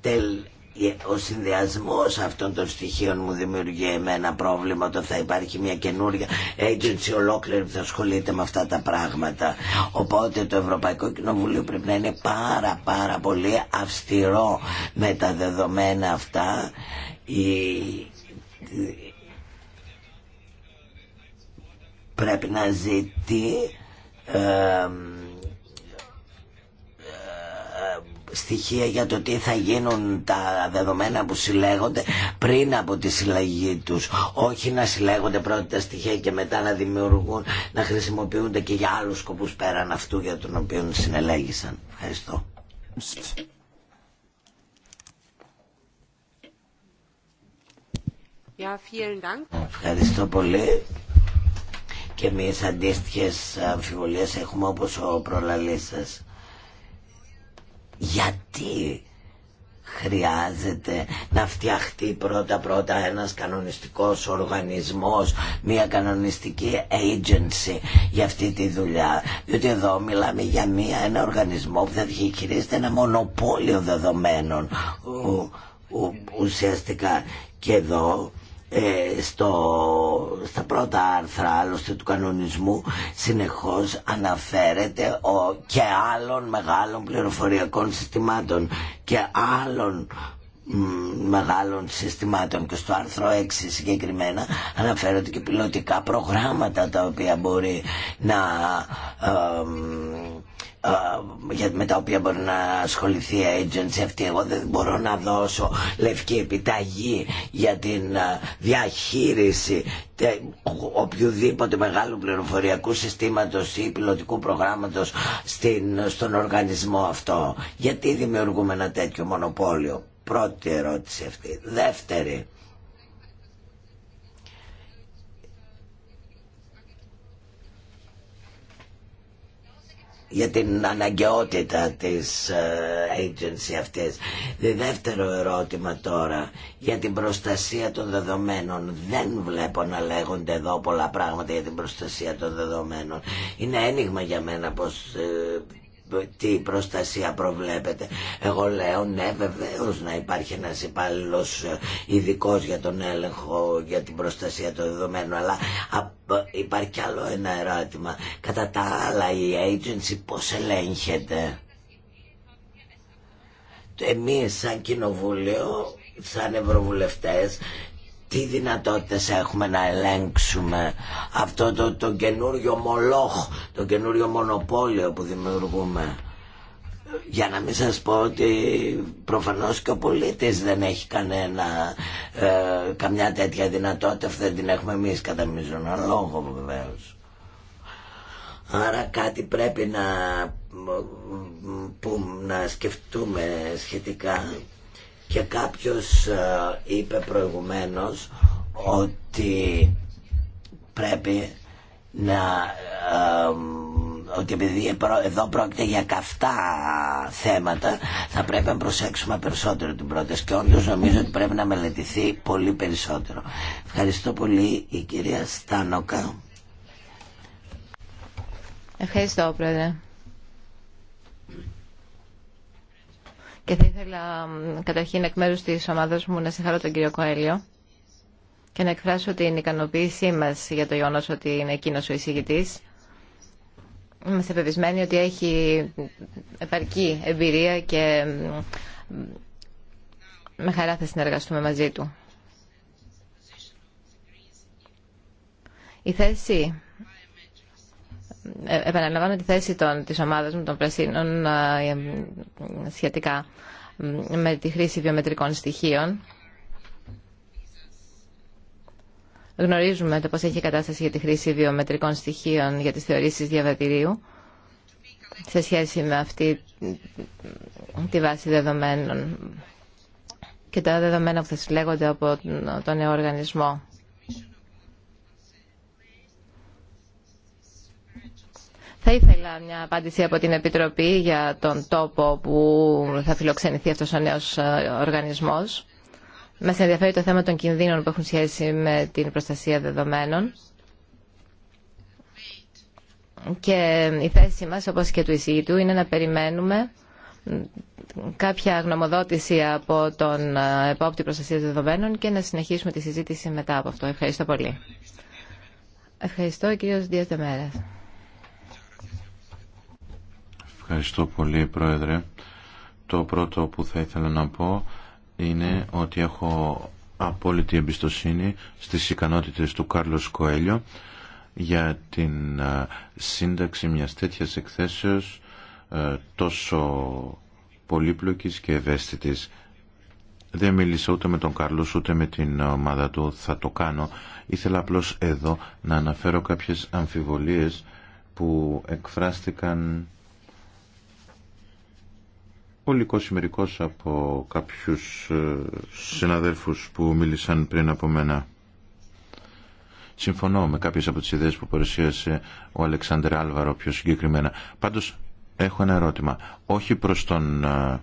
τελ, ε, ο συνδυασμό αυτών των στοιχείων μου δημιουργεί ένα πρόβλημα ότι θα υπάρχει μια καινούργια agency ολόκληρη που θα ασχολείται με αυτά τα πράγματα οπότε το Ευρωπαϊκό Κοινοβουλίο πρέπει να είναι πάρα πάρα πολύ αυστηρό με τα δεδομένα αυτά η... πρέπει να ζητεί στοιχεία για το τι θα γίνουν τα δεδομένα που συλλέγονται πριν από τη συλλαγή τους όχι να συλλέγονται πρώτα τα στοιχεία και μετά να δημιουργούν να χρησιμοποιούνται και για άλλους σκοπούς πέραν αυτού για τον οποίο συνελέγησαν Ευχαριστώ Ευχαριστώ πολύ και εμείς αντίστοιχες αμφιβολίες έχουμε όπως ο προλαλής γιατί χρειάζεται να φτιαχτεί πρώτα πρώτα ένας κανονιστικός οργανισμός, μια κανονιστική agency για αυτή τη δουλειά. Διότι εδώ μιλάμε για μια, ένα οργανισμό που θα διαχειρίζεται ένα μονοπόλιο δεδομένων ο, ουσιαστικά. Και εδώ ε, στο, στα πρώτα άρθρα άλλωστε του κανονισμού συνεχώς αναφέρεται ο, και άλλων μεγάλων πληροφοριακών συστημάτων και άλλων μεγάλων συστημάτων και στο άρθρο 6 συγκεκριμένα αναφέρονται και πιλωτικά προγράμματα τα οποία μπορεί να ε, ε, με τα οποία μπορεί να ασχοληθεί η agency αυτή. Εγώ δεν μπορώ να δώσω λευκή επιταγή για την ε, διαχείριση οποιοδήποτε μεγάλου πληροφοριακού συστήματος ή πιλωτικού προγράμματος στην, στον οργανισμό αυτό. Γιατί δημιουργούμε ένα τέτοιο μονοπόλιο. Πρώτη ερώτηση αυτή. Δεύτερη. για την αναγκαιότητα της ε, agency αυτής. Δεύτερο ερώτημα τώρα για την προστασία των δεδομένων. Δεν βλέπω να λέγονται εδώ πολλά πράγματα για την προστασία των δεδομένων. Είναι ένιγμα για μένα πως ε, τι προστασία προβλέπεται. Εγώ λέω ναι βεβαίω να υπάρχει ένας υπάλληλο ε, ειδικό για τον έλεγχο, για την προστασία των δεδομένων, αλλά υπάρχει κι άλλο ένα ερώτημα. Κατά τα άλλα η agency πώς ελέγχεται. Εμείς σαν κοινοβούλιο, σαν ευρωβουλευτές τι δυνατότητες έχουμε να ελέγξουμε αυτό το, το καινούριο μολόχ, το καινούριο μονοπόλιο που δημιουργούμε. Για να μην σας πω ότι προφανώς και ο πολίτης δεν έχει κανένα, ε, καμιά τέτοια δυνατότητα, αυτή δεν την έχουμε εμείς κατά μείζωνα λόγο βεβαίως. Άρα κάτι πρέπει να, που, να σκεφτούμε σχετικά και κάποιος ε, είπε προηγουμένως ότι πρέπει να ε, ότι επειδή εδώ πρόκειται για καυτά θέματα θα πρέπει να προσέξουμε περισσότερο την πρόταση και όντως νομίζω ότι πρέπει να μελετηθεί πολύ περισσότερο. Ευχαριστώ πολύ η κυρία Στάνοκα. Ευχαριστώ πρόεδρε. Και θα ήθελα καταρχήν εκ μέρου τη ομάδα μου να συγχαρώ τον κύριο Κοέλιο και να εκφράσω την ικανοποίησή μα για το γεγονό ότι είναι εκείνο ο εισηγητής. Είμαστε πεπισμένοι ότι έχει επαρκή εμπειρία και με χαρά θα συνεργαστούμε μαζί του. Η θέση επαναλαμβάνω τη θέση των, της ομάδας μου των Πρασίνων ε, σχετικά με τη χρήση βιομετρικών στοιχείων. Γνωρίζουμε το πώς έχει η κατάσταση για τη χρήση βιομετρικών στοιχείων για τις θεωρήσεις διαβατηρίου σε σχέση με αυτή τη βάση δεδομένων και τα δεδομένα που θα συλλέγονται από τον νέο οργανισμό. Θα ήθελα μια απάντηση από την Επιτροπή για τον τόπο που θα φιλοξενηθεί αυτός ο νέος ε, οργανισμός. Μας ενδιαφέρει το θέμα των κινδύνων που έχουν σχέση με την προστασία δεδομένων. Και η θέση μας, όπως και του εισηγητού, είναι να περιμένουμε κάποια γνωμοδότηση από τον ε, επόπτη προστασία δεδομένων και να συνεχίσουμε τη συζήτηση μετά από αυτό. Ευχαριστώ πολύ. Ευχαριστώ, κύριος Δίας Δεμέρας. Ευχαριστώ πολύ Πρόεδρε. Το πρώτο που θα ήθελα να πω είναι ότι έχω απόλυτη εμπιστοσύνη στις ικανότητες του Κάρλος Κοέλιο για την σύνταξη μιας τέτοιας εκθέσεως τόσο πολύπλοκης και ευαίσθητης. Δεν μίλησα ούτε με τον Κάρλος ούτε με την ομάδα του, θα το κάνω. Ήθελα απλώς εδώ να αναφέρω κάποιες αμφιβολίες που εκφράστηκαν Πόλικό ημερικός από κάποιους ε, συναδέλφους που μίλησαν πριν από μένα. Συμφωνώ με κάποιες από τις ιδέες που παρουσίασε ο Αλεξάνδρ Άλβαρο πιο συγκεκριμένα. Πάντως έχω ένα ερώτημα, όχι προς τον ε,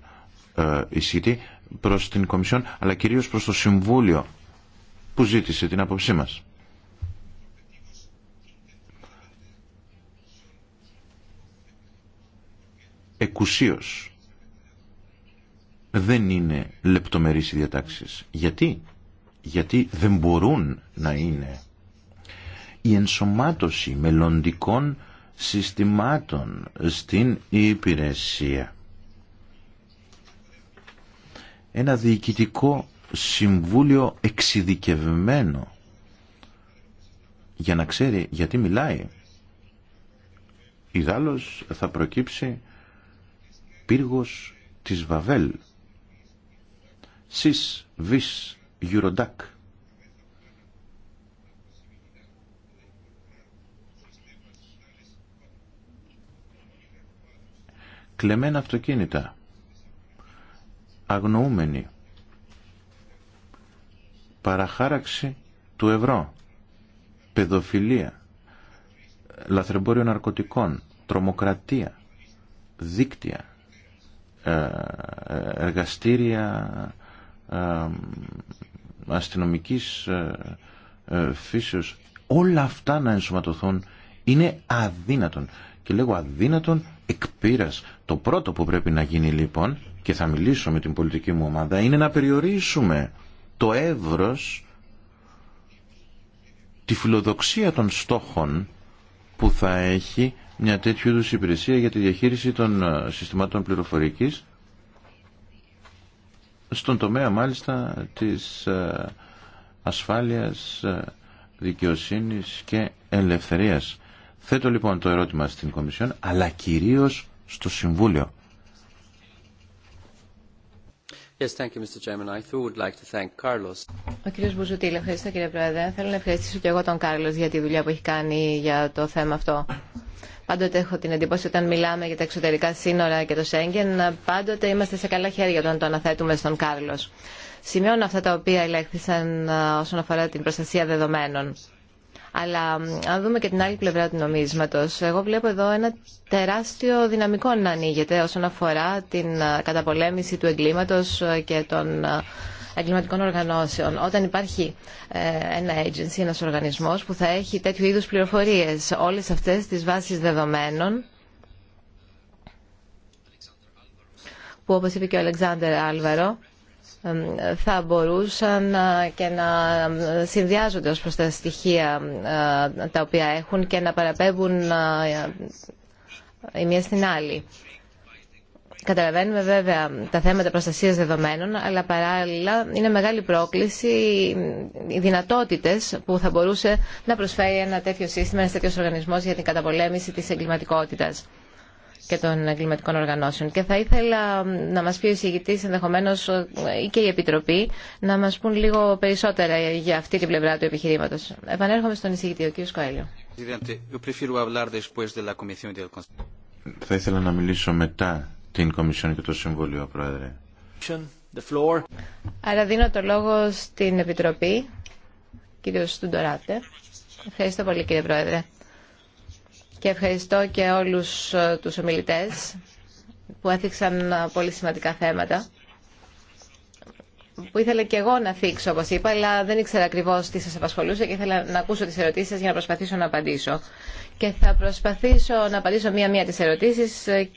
ε προς την Κομισιόν, αλλά κυρίως προς το Συμβούλιο που ζήτησε την άποψή μας. Εκουσίως δεν είναι λεπτομερείς οι διατάξεις. Γιατί? Γιατί δεν μπορούν να είναι. Η ενσωμάτωση μελλοντικών συστημάτων στην υπηρεσία. Ένα διοικητικό συμβούλιο εξειδικευμένο για να ξέρει γιατί μιλάει. Ιδάλλως θα προκύψει πύργος της Βαβέλ ΣΥΣ, ΒΙΣ, Eurodac. Κλεμμένα αυτοκίνητα, αγνοούμενοι, παραχάραξη του ευρώ, παιδοφιλία, λαθρεμπόριο ναρκωτικών, τρομοκρατία, δίκτυα, ε, ε, εργαστήρια ε, αστυνομικής ε, ε, φύσεως όλα αυτά να ενσωματωθούν είναι αδύνατον και λέγω αδύνατον εκ Το πρώτο που πρέπει να γίνει λοιπόν και θα μιλήσω με την πολιτική μου ομάδα είναι να περιορίσουμε το εύρος τη φιλοδοξία των στόχων που θα έχει μια τέτοιου είδου υπηρεσία για τη διαχείριση των συστημάτων πληροφορικής στον τομέα μάλιστα της ε, ασφάλειας, ε, δικαιοσύνης και ελευθερίας. Θέτω λοιπόν το ερώτημα στην Κομισιόν, αλλά κυρίως στο Συμβούλιο. Ο κύριος Μπουζουτήλ, ευχαριστώ κύριε Πρόεδρε. Θέλω να ευχαριστήσω και εγώ τον Κάρλος για τη δουλειά που έχει κάνει για το θέμα αυτό. Πάντοτε έχω την εντύπωση όταν μιλάμε για τα εξωτερικά σύνορα και το Σέγγεν, πάντοτε είμαστε σε καλά χέρια όταν το αναθέτουμε στον Κάρλο. Σημειώνω αυτά τα οποία ελέγχθησαν όσον αφορά την προστασία δεδομένων. Αλλά αν δούμε και την άλλη πλευρά του νομίσματος, εγώ βλέπω εδώ ένα τεράστιο δυναμικό να ανοίγεται όσον αφορά την καταπολέμηση του εγκλήματος και των εγκληματικών οργανώσεων. Όταν υπάρχει ε, ένα agency, ένας οργανισμός που θα έχει τέτοιου είδους πληροφορίες, όλες αυτές τις βάσεις δεδομένων, που όπως είπε και ο Αλεξάνδερ Άλβαρο, θα μπορούσαν ε, και να συνδυάζονται ως προς τα στοιχεία ε, τα οποία έχουν και να παραπέμπουν η μία στην άλλη. Καταλαβαίνουμε βέβαια τα θέματα προστασίας δεδομένων, αλλά παράλληλα είναι μεγάλη πρόκληση οι δυνατότητες που θα μπορούσε να προσφέρει ένα τέτοιο σύστημα, ένα τέτοιο οργανισμό για την καταπολέμηση της εγκληματικότητας και των εγκληματικών οργανώσεων. Και θα ήθελα να μας πει ο εισηγητής, ενδεχομένως ή και η Επιτροπή, να μας πούν λίγο περισσότερα για αυτή την πλευρά του επιχειρήματος. Επανέρχομαι στον εισηγητή, ο κ. Σκοέλιο. Θα ήθελα να μιλήσω μετά την Κομισιόν και το Συμβούλιο, Πρόεδρε. Άρα δίνω το λόγο στην Επιτροπή, κύριο Στουντοράτε. Ευχαριστώ πολύ κύριε Πρόεδρε. Και ευχαριστώ και όλους ε, τους ομιλητές που έθιξαν ε, πολύ σημαντικά θέματα που ήθελα και εγώ να θίξω, όπω είπα, αλλά δεν ήξερα ακριβώ τι σα απασχολούσε και ήθελα να ακούσω τι ερωτήσει για να προσπαθήσω να απαντήσω. Και θα προσπαθήσω να απαντήσω μία-μία τι ερωτήσει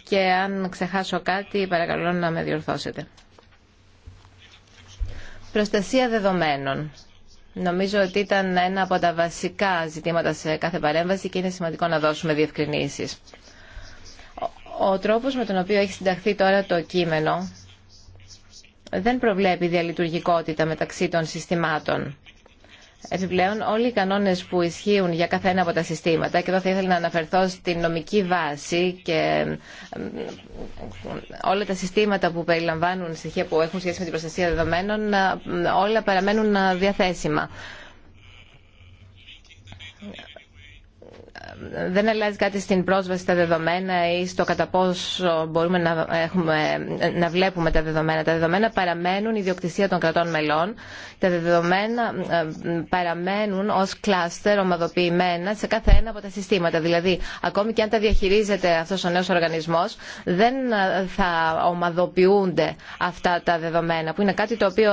και αν ξεχάσω κάτι, παρακαλώ να με διορθώσετε. Προστασία δεδομένων. Νομίζω ότι ήταν ένα από τα βασικά ζητήματα σε κάθε παρέμβαση και είναι σημαντικό να δώσουμε διευκρινήσεις. Ο τρόπος με τον οποίο έχει συνταχθεί τώρα το κείμενο δεν προβλέπει διαλειτουργικότητα μεταξύ των συστημάτων. Επιπλέον, όλοι οι κανόνες που ισχύουν για κάθε ένα από τα συστήματα, και εδώ θα ήθελα να αναφερθώ στην νομική βάση και όλα τα συστήματα που περιλαμβάνουν στοιχεία που έχουν σχέση με την προστασία δεδομένων, όλα παραμένουν διαθέσιμα. δεν αλλάζει κάτι στην πρόσβαση στα δεδομένα ή στο κατά πόσο μπορούμε να, έχουμε, να βλέπουμε τα δεδομένα. Τα δεδομένα παραμένουν ιδιοκτησία των κρατών μελών. Τα δεδομένα ε, παραμένουν ως κλάστερ ομαδοποιημένα σε κάθε ένα από τα συστήματα. Δηλαδή, ακόμη και αν τα διαχειρίζεται αυτός ο νέος οργανισμός, δεν ε, θα ομαδοποιούνται αυτά τα δεδομένα, που είναι κάτι το οποίο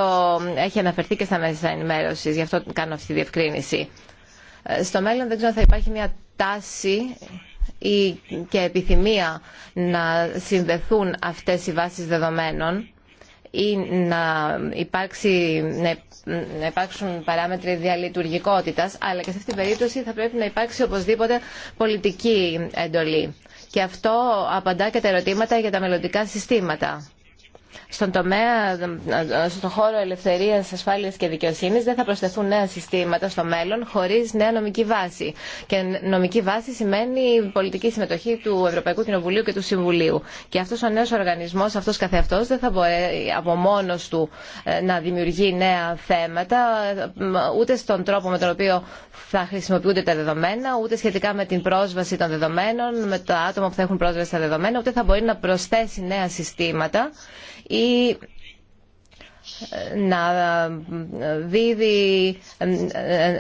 έχει αναφερθεί και στα μέσα ενημέρωσης. Γι' αυτό κάνω αυτή τη διευκρίνηση. Ε, στο μέλλον δεν ξέρω αν θα υπάρχει μια τάση και επιθυμία να συνδεθούν αυτές οι βάσεις δεδομένων ή να, υπάρξει, να υπάρξουν παράμετροι διαλειτουργικότητας, αλλά και σε αυτή την περίπτωση θα πρέπει να υπάρξει οπωσδήποτε πολιτική εντολή. Και αυτό απαντά και τα ερωτήματα για τα μελλοντικά συστήματα. Στον τομέα, στον χώρο ελευθερία, ασφάλεια και δικαιοσύνη, δεν θα προσθεθούν νέα συστήματα στο μέλλον χωρί νέα νομική βάση. Και νομική βάση σημαίνει πολιτική συμμετοχή του Ευρωπαϊκού Κοινοβουλίου και του Συμβουλίου. Και αυτό ο νέο οργανισμό, αυτό καθεαυτό, δεν θα μπορεί από μόνο του ε, να δημιουργεί νέα θέματα, ε, ούτε στον τρόπο με τον οποίο θα χρησιμοποιούνται τα δεδομένα, ούτε σχετικά με την πρόσβαση των δεδομένων, με τα άτομα που θα έχουν πρόσβαση στα δεδομένα, ούτε θα μπορεί να προσθέσει νέα συστήματα ή ε, να ε, δίδει ε,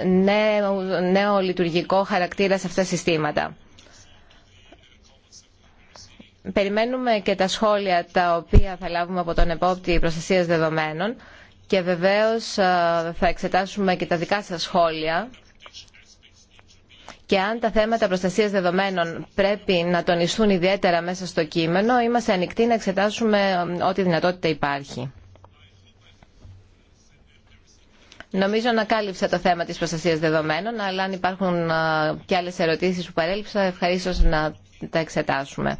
νέο, νέο λειτουργικό χαρακτήρα σε αυτά τα συστήματα. Περιμένουμε και τα σχόλια τα οποία θα λάβουμε από τον επόπτη προστασίας δεδομένων και βεβαίως θα εξετάσουμε και τα δικά σας σχόλια και αν τα θέματα προστασία δεδομένων πρέπει να τονιστούν ιδιαίτερα μέσα στο κείμενο, είμαστε ανοιχτοί να εξετάσουμε ό,τι δυνατότητα υπάρχει. Νομίζω να κάλυψα το θέμα της προστασίας δεδομένων, αλλά αν υπάρχουν και άλλες ερωτήσεις που παρέλειψα, ευχαρίστω να τα εξετάσουμε.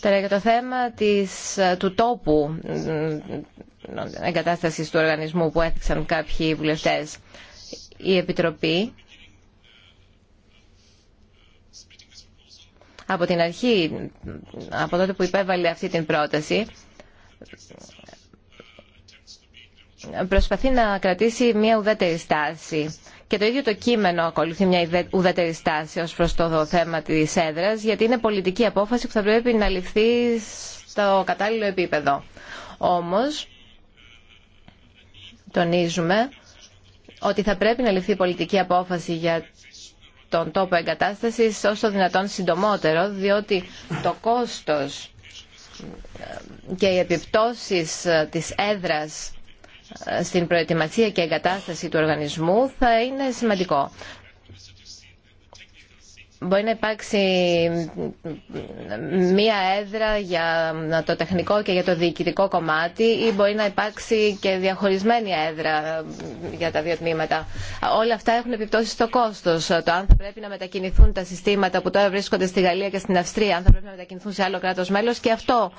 Τώρα για το θέμα της, του τόπου εγκατάστασης του οργανισμού που έθιξαν κάποιοι βουλευτές. Η Επιτροπή από την αρχή, από τότε που υπέβαλε αυτή την πρόταση, προσπαθεί να κρατήσει μια ουδέτερη στάση. Και το ίδιο το κείμενο ακολουθεί μια ουδέτερη στάση ως προς το θέμα της έδρας, γιατί είναι πολιτική απόφαση που θα πρέπει να ληφθεί στο κατάλληλο επίπεδο. Όμως, τονίζουμε ότι θα πρέπει να ληφθεί πολιτική απόφαση για τον τόπο εγκατάστασης όσο δυνατόν συντομότερο, διότι το κόστος ε, και οι επιπτώσεις ε, της έδρας ε, στην προετοιμασία και εγκατάσταση του οργανισμού θα είναι σημαντικό. Μπορεί να υπάρξει μία έδρα για το τεχνικό και για το διοικητικό κομμάτι ή μπορεί να υπάρξει και διαχωρισμένη έδρα για τα δύο τμήματα. Όλα αυτά έχουν επιπτώσει στο κόστο. Το αν θα πρέπει να μετακινηθούν τα συστήματα που τώρα βρίσκονται στη Γαλλία και στην Αυστρία, αν θα πρέπει να μετακινηθούν σε άλλο κράτο μέλο, και αυτό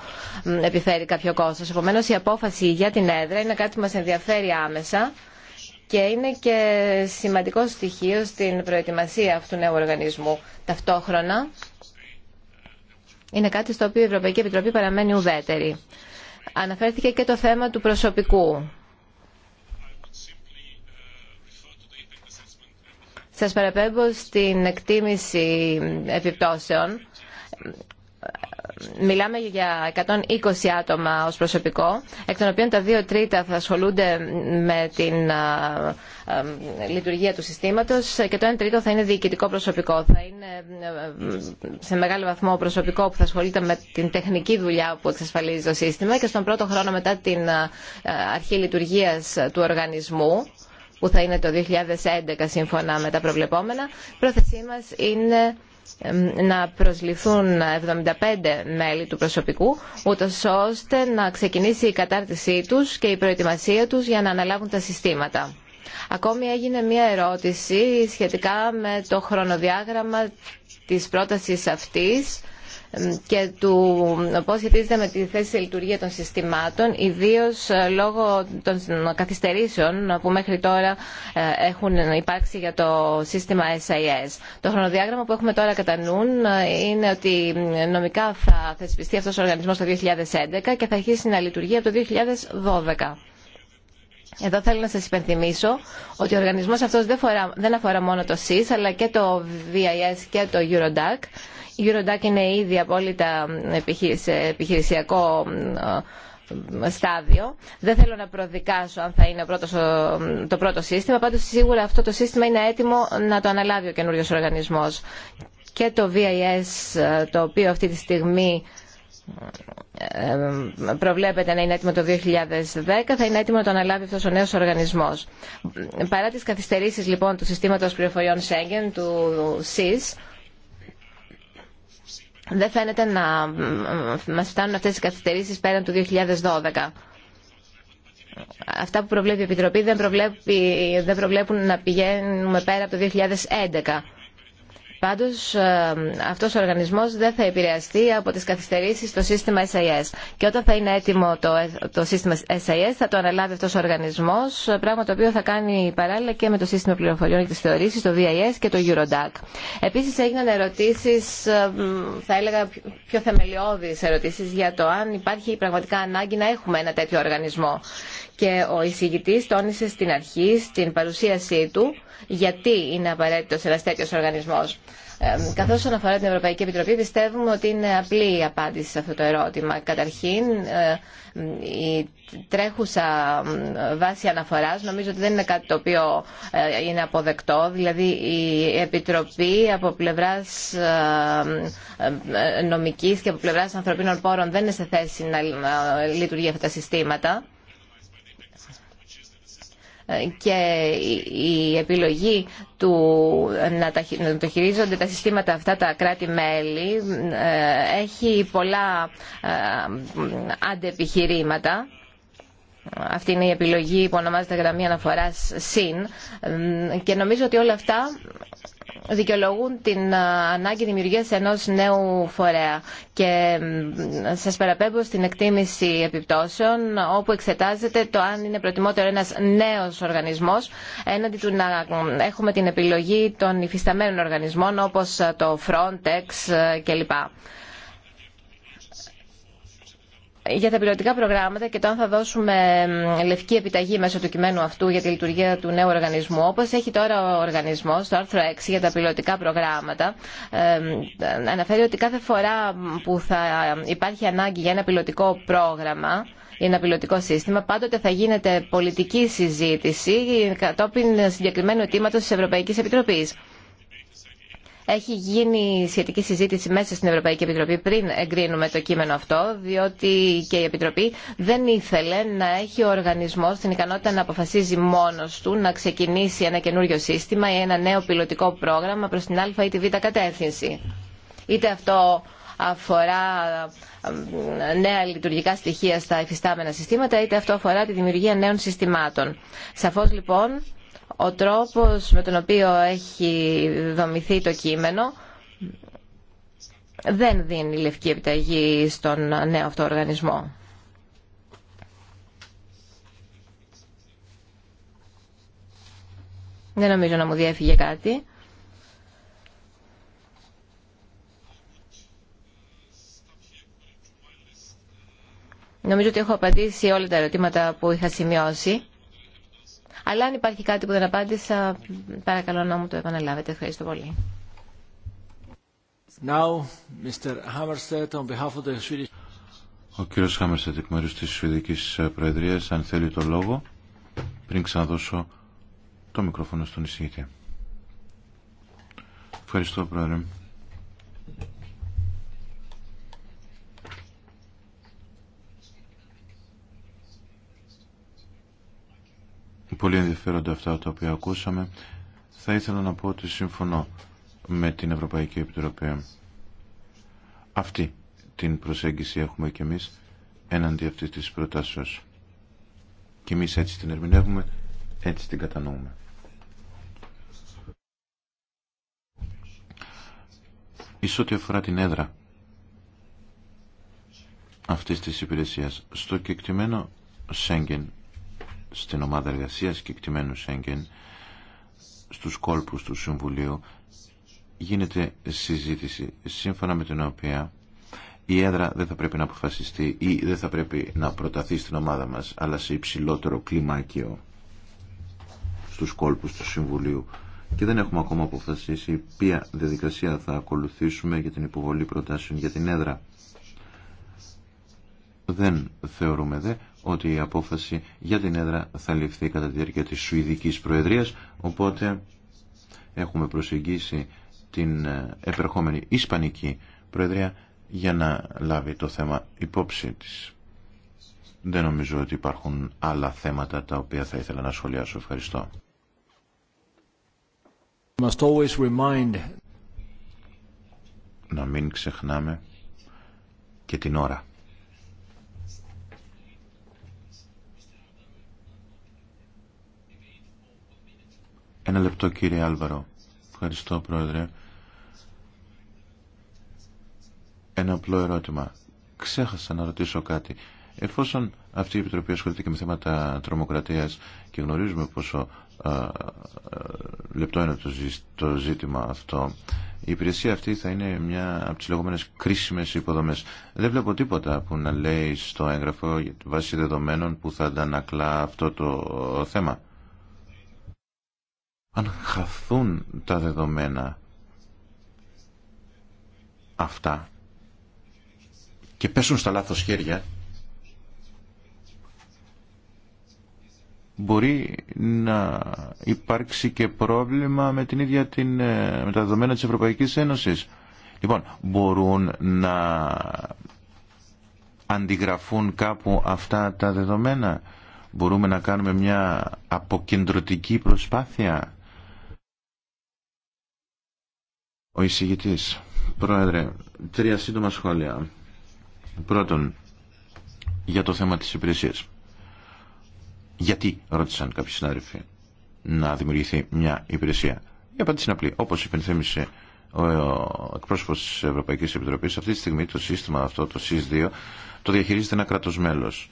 επιφέρει κάποιο κόστο. Επομένω, η απόφαση για την έδρα είναι κάτι που μα ενδιαφέρει άμεσα και είναι και σημαντικό στοιχείο στην προετοιμασία αυτού του νέου οργανισμού. Ταυτόχρονα είναι κάτι στο οποίο η Ευρωπαϊκή Επιτροπή παραμένει ουδέτερη. Αναφέρθηκε και το θέμα του προσωπικού. Σας παραπέμπω στην εκτίμηση επιπτώσεων μιλάμε για 120 άτομα ως προσωπικό, εκ των οποίων τα δύο τρίτα θα ασχολούνται με την λειτουργία του συστήματος και το 1 τρίτο θα είναι διοικητικό προσωπικό. Θα είναι ε, σε μεγάλο βαθμό προσωπικό που θα ασχολείται με την τεχνική δουλειά που εξασφαλίζει το σύστημα και στον πρώτο χρόνο μετά την αρχή λειτουργίας του οργανισμού που θα είναι το 2011 σύμφωνα με τα προβλεπόμενα, πρόθεσή μας είναι να προσληφθούν 75 μέλη του προσωπικού, ούτω ώστε να ξεκινήσει η κατάρτισή τους και η προετοιμασία τους για να αναλάβουν τα συστήματα. Ακόμη έγινε μία ερώτηση σχετικά με το χρονοδιάγραμμα της πρότασης αυτής και του ε, πώς σχετίζεται με τη θέση σε λειτουργία των συστημάτων, ιδίως ε, λόγω των καθυστερήσεων που μέχρι τώρα ε, έχουν υπάρξει για το σύστημα SIS. Το χρονοδιάγραμμα που έχουμε τώρα κατά νου είναι ότι νομικά θα θεσπιστεί αυτός ο οργανισμός το 2011 και θα αρχίσει να λειτουργεί από το 2012. Εδώ θέλω να σας υπενθυμίσω ότι ο οργανισμός αυτός δεν αφορά μόνο το SIS αλλά και το VIS και το Eurodac η Eurodac είναι ήδη απόλυτα σε επιχειρησιακό στάδιο. Δεν θέλω να προδικάσω αν θα είναι το πρώτο σύστημα, πάντως σίγουρα αυτό το σύστημα είναι έτοιμο να το αναλάβει ο καινούριος οργανισμός. Και το VIS, ε, το οποίο αυτή τη στιγμή ε, προβλέπεται να είναι έτοιμο το 2010, θα είναι έτοιμο να το αναλάβει αυτός ο νέος οργανισμός. Παρά τις καθυστερήσεις λοιπόν του συστήματος πληροφοριών Schengen, του SIS, δεν φαίνεται να μας φτάνουν αυτές οι καθυστερήσεις πέραν του 2012. Αυτά που προβλέπει η Επιτροπή δεν, προβλέπει, δεν προβλέπουν να πηγαίνουμε πέρα από το 2011. Πάντως ε, αυτός ο οργανισμός δεν θα επηρεαστεί από τις καθυστερήσεις στο σύστημα SIS. Και όταν θα είναι έτοιμο το, ε, το σύστημα SIS θα το αναλάβει αυτός ο οργανισμός, ε, πράγμα το οποίο θα κάνει παράλληλα και με το σύστημα πληροφοριών και τις θεωρήσεις, το VIS και το Eurodac. Επίσης έγιναν ερωτήσεις, θα έλεγα πιο θεμελιώδεις ερωτήσεις για το αν υπάρχει πραγματικά ανάγκη να έχουμε ένα τέτοιο οργανισμό και ο εισηγητή τόνισε στην αρχή, στην παρουσίασή του, γιατί είναι απαραίτητο ένα τέτοιο οργανισμός. Ε, Καθώ αναφορά αφορά την Ευρωπαϊκή Επιτροπή πιστεύουμε ότι είναι απλή η απάντηση σε αυτό το ερώτημα. Καταρχήν, ε, η τρέχουσα βάση αναφορά, νομίζω ότι δεν είναι κάτι το οποίο ε, είναι αποδεκτό. Δηλαδή η Επιτροπή από πλευρά νομική και από πλευρά ανθρωπίνων πόρων δεν είναι σε θέση να λειτουργεί αυτά τα συστήματα και η επιλογή του να, τα, να το χειρίζονται τα συστήματα αυτά τα κράτη-μέλη ε, έχει πολλά ε, αντεπιχειρήματα. Αυτή είναι η επιλογή που ονομάζεται γραμμή αναφοράς ΣΥΝ ε, και νομίζω ότι όλα αυτά δικαιολογούν την ε, ανάγκη δημιουργίας ενός νέου φορέα και σα παραπέμπω στην εκτίμηση επιπτώσεων όπου εξετάζεται το αν είναι προτιμότερο ένας νέος οργανισμός έναντι του να έχουμε την επιλογή των υφισταμένων οργανισμών όπως το Frontex ε, κλπ για τα πιλωτικά προγράμματα και το αν θα δώσουμε λευκή επιταγή μέσω του κειμένου αυτού για τη λειτουργία του νέου οργανισμού, όπως έχει τώρα ο οργανισμός, το άρθρο 6 για τα πιλωτικά προγράμματα, ε, αναφέρει ότι κάθε φορά που θα υπάρχει ανάγκη για ένα πιλωτικό πρόγραμμα, ή ένα πιλωτικό σύστημα. Πάντοτε θα γίνεται πολιτική συζήτηση κατόπιν συγκεκριμένου αιτήματο τη Ευρωπαϊκή Επιτροπή. Έχει γίνει σχετική συζήτηση μέσα στην Ευρωπαϊκή Επιτροπή πριν εγκρίνουμε το κείμενο αυτό, διότι και η Επιτροπή δεν ήθελε να έχει ο οργανισμό την ικανότητα να αποφασίζει μόνο του να ξεκινήσει ένα καινούριο σύστημα ή ένα νέο πιλωτικό πρόγραμμα προ την Α ή τη Β κατεύθυνση. Είτε αυτό αφορά νέα λειτουργικά στοιχεία στα υφιστάμενα συστήματα, είτε αυτό αφορά τη δημιουργία νέων συστημάτων. Σαφώς λοιπόν ο τρόπος με τον οποίο έχει δομηθεί το κείμενο δεν δίνει λευκή επιταγή στον νέο αυτό οργανισμό. Δεν νομίζω να μου διέφυγε κάτι. Νομίζω ότι έχω απαντήσει όλα τα ερωτήματα που είχα σημειώσει. Αλλά αν υπάρχει κάτι που δεν απάντησα, παρακαλώ να μου το επαναλάβετε. Ευχαριστώ πολύ. Now, Mr. Hammerstedt, on behalf of the Swedish... Ο κύριος Χάμερστετ εκ μέρου της Σουηδικής Προεδρίας, αν θέλει το λόγο, πριν ξαναδώσω το μικρόφωνο στον εισηγητή. Ευχαριστώ, Πρόεδρε. Πολύ ενδιαφέροντα αυτά τα οποία ακούσαμε. Θα ήθελα να πω ότι συμφωνώ με την Ευρωπαϊκή Επιτροπή. Αυτή την προσέγγιση έχουμε κι εμείς έναντι αυτής της προτάσεως. Και εμείς έτσι την ερμηνεύουμε, έτσι την κατανοούμε. Εις ό,τι αφορά την έδρα αυτής της υπηρεσίας, στο κεκτημένο Σέγγεν στην ομάδα εργασίας και εκτιμένου Σέγγεν στους κόλπους του Συμβουλίου γίνεται συζήτηση σύμφωνα με την οποία η έδρα δεν θα πρέπει να αποφασιστεί ή δεν θα πρέπει να προταθεί στην ομάδα μας αλλά σε υψηλότερο κλιμάκιο στους κόλπους του Συμβουλίου και δεν έχουμε ακόμα αποφασίσει ποια διαδικασία θα ακολουθήσουμε για την υποβολή προτάσεων για την έδρα. Δεν θεωρούμε δε ότι η απόφαση για την έδρα θα ληφθεί κατά τη διάρκεια της Σουηδικής Προεδρίας, οπότε έχουμε προσεγγίσει την ε, επερχόμενη Ισπανική Προεδρία για να λάβει το θέμα υπόψη της. Δεν νομίζω ότι υπάρχουν άλλα θέματα τα οποία θα ήθελα να σχολιάσω. Ευχαριστώ. Must remind... Να μην ξεχνάμε και την ώρα. Ένα λεπτό κύριε Άλβαρο. Ευχαριστώ πρόεδρε. Ένα απλό ερώτημα. Ξέχασα να ρωτήσω κάτι. Εφόσον αυτή η Επιτροπή ασχολείται και με θέματα τρομοκρατίας και γνωρίζουμε πόσο λεπτό είναι το, το ζήτημα αυτό, η υπηρεσία αυτή θα είναι μια από τις λεγόμενες κρίσιμες υποδομές. Δεν βλέπω τίποτα που να λέει στο έγγραφο βάσει δεδομένων που θα αντανακλά αυτό το θέμα αν χαθούν τα δεδομένα αυτά και πέσουν στα λάθος χέρια μπορεί να υπάρξει και πρόβλημα με την ίδια την, ε, με τα δεδομένα της Ευρωπαϊκής Ένωσης. Λοιπόν, μπορούν να αντιγραφούν κάπου αυτά τα δεδομένα. Μπορούμε να κάνουμε μια αποκεντρωτική προσπάθεια Ο εισηγητής. Πρόεδρε, τρία σύντομα σχόλια. Πρώτον, για το θέμα της υπηρεσίας. Γιατί, ρώτησαν κάποιοι συνάδελφοι, να δημιουργηθεί μια υπηρεσία. Η απάντηση είναι απλή. Όπως υπενθύμησε ο εκπρόσωπος της Ευρωπαϊκής Επιτροπής, αυτή τη στιγμή το σύστημα αυτό, το ΣΥΣ2, το διαχειρίζεται ένα κράτος μέλος.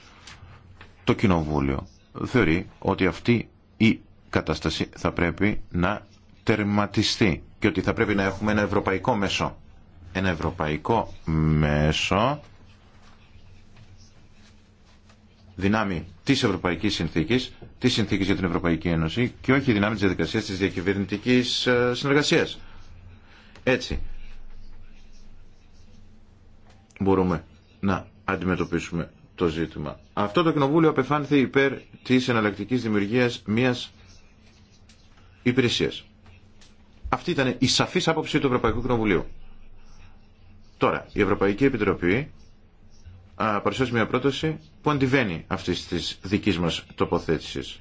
Το Κοινοβούλιο θεωρεί ότι αυτή η κατάσταση θα πρέπει να τερματιστεί και ότι θα πρέπει να έχουμε ένα ευρωπαϊκό μέσο. Ένα ευρωπαϊκό μέσο δυνάμει της Ευρωπαϊκής Συνθήκης, της Συνθήκης για την Ευρωπαϊκή Ένωση και όχι δυνάμει της διαδικασίας της διακυβερνητικής ε, συνεργασίας. Έτσι μπορούμε να αντιμετωπίσουμε το ζήτημα. Αυτό το κοινοβούλιο απεφάνθη υπέρ της εναλλακτικής δημιουργίας μιας υπηρεσίας αυτή ήταν η σαφή άποψη του Ευρωπαϊκού Κοινοβουλίου. Τώρα, η Ευρωπαϊκή Επιτροπή παρουσιάζει μια πρόταση που αντιβαίνει αυτή τη δικής μας τοποθέτηση,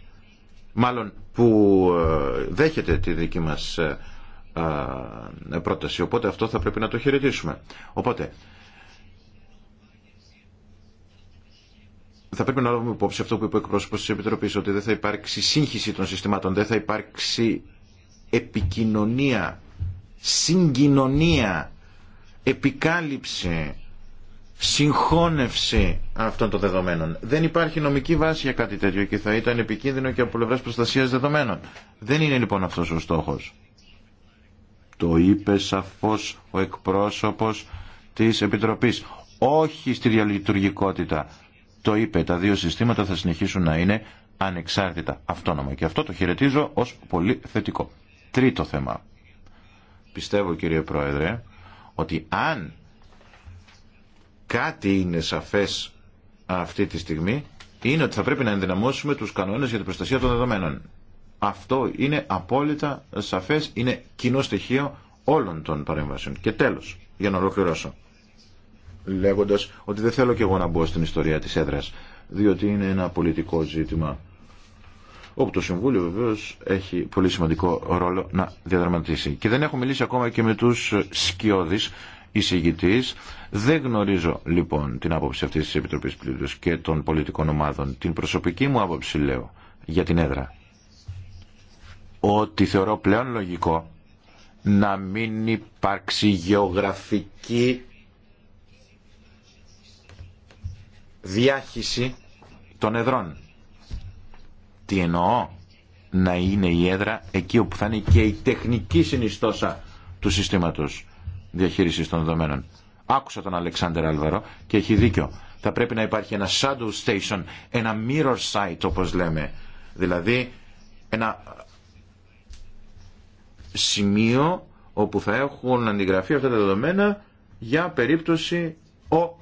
Μάλλον που ε, δέχεται τη δική μας ε, πρόταση. Οπότε αυτό θα πρέπει να το χαιρετήσουμε. Οπότε, θα πρέπει να λάβουμε υπόψη αυτό που είπε ο εκπρόσωπο τη Επιτροπή, ότι δεν θα υπάρξει σύγχυση των συστημάτων, δεν θα υπάρξει επικοινωνία, συγκοινωνία, επικάλυψε, συγχώνευση αυτών των δεδομένων. Δεν υπάρχει νομική βάση για κάτι τέτοιο και θα ήταν επικίνδυνο και από πλευρά προστασία δεδομένων. Δεν είναι λοιπόν αυτό ο στόχο. Το είπε σαφώ ο εκπρόσωπο τη Επιτροπή. Όχι στη διαλειτουργικότητα. Το είπε. Τα δύο συστήματα θα συνεχίσουν να είναι ανεξάρτητα αυτόνομα. Και αυτό το χαιρετίζω ως πολύ θετικό. Τρίτο θέμα. Πιστεύω κύριε Πρόεδρε ότι αν κάτι είναι σαφές αυτή τη στιγμή είναι ότι θα πρέπει να ενδυναμώσουμε τους κανόνες για την προστασία των δεδομένων. Αυτό είναι απόλυτα σαφές, είναι κοινό στοιχείο όλων των παρεμβάσεων. Και τέλος, για να ολοκληρώσω, λέγοντας ότι δεν θέλω και εγώ να μπω στην ιστορία της έδρας, διότι είναι ένα πολιτικό ζήτημα όπου το Συμβούλιο βεβαίω έχει πολύ σημαντικό ρόλο να διαδραματίσει. Και δεν έχω μιλήσει ακόμα και με του σκιώδει εισηγητή. Δεν γνωρίζω λοιπόν την άποψη αυτή τη Επιτροπή Πλήρου και των πολιτικών ομάδων. Την προσωπική μου άποψη λέω για την έδρα. Ότι θεωρώ πλέον λογικό να μην υπάρξει γεωγραφική διάχυση των εδρών. Τι εννοώ να είναι η έδρα εκεί όπου θα είναι και η τεχνική συνιστόσα του συστήματος διαχείρισης των δεδομένων. Άκουσα τον Αλεξάνδρ Αλβαρό και έχει δίκιο. Θα πρέπει να υπάρχει ένα shadow station, ένα mirror site όπως λέμε. Δηλαδή ένα σημείο όπου θα έχουν αντιγραφεί αυτά τα δεδομένα για περίπτωση ο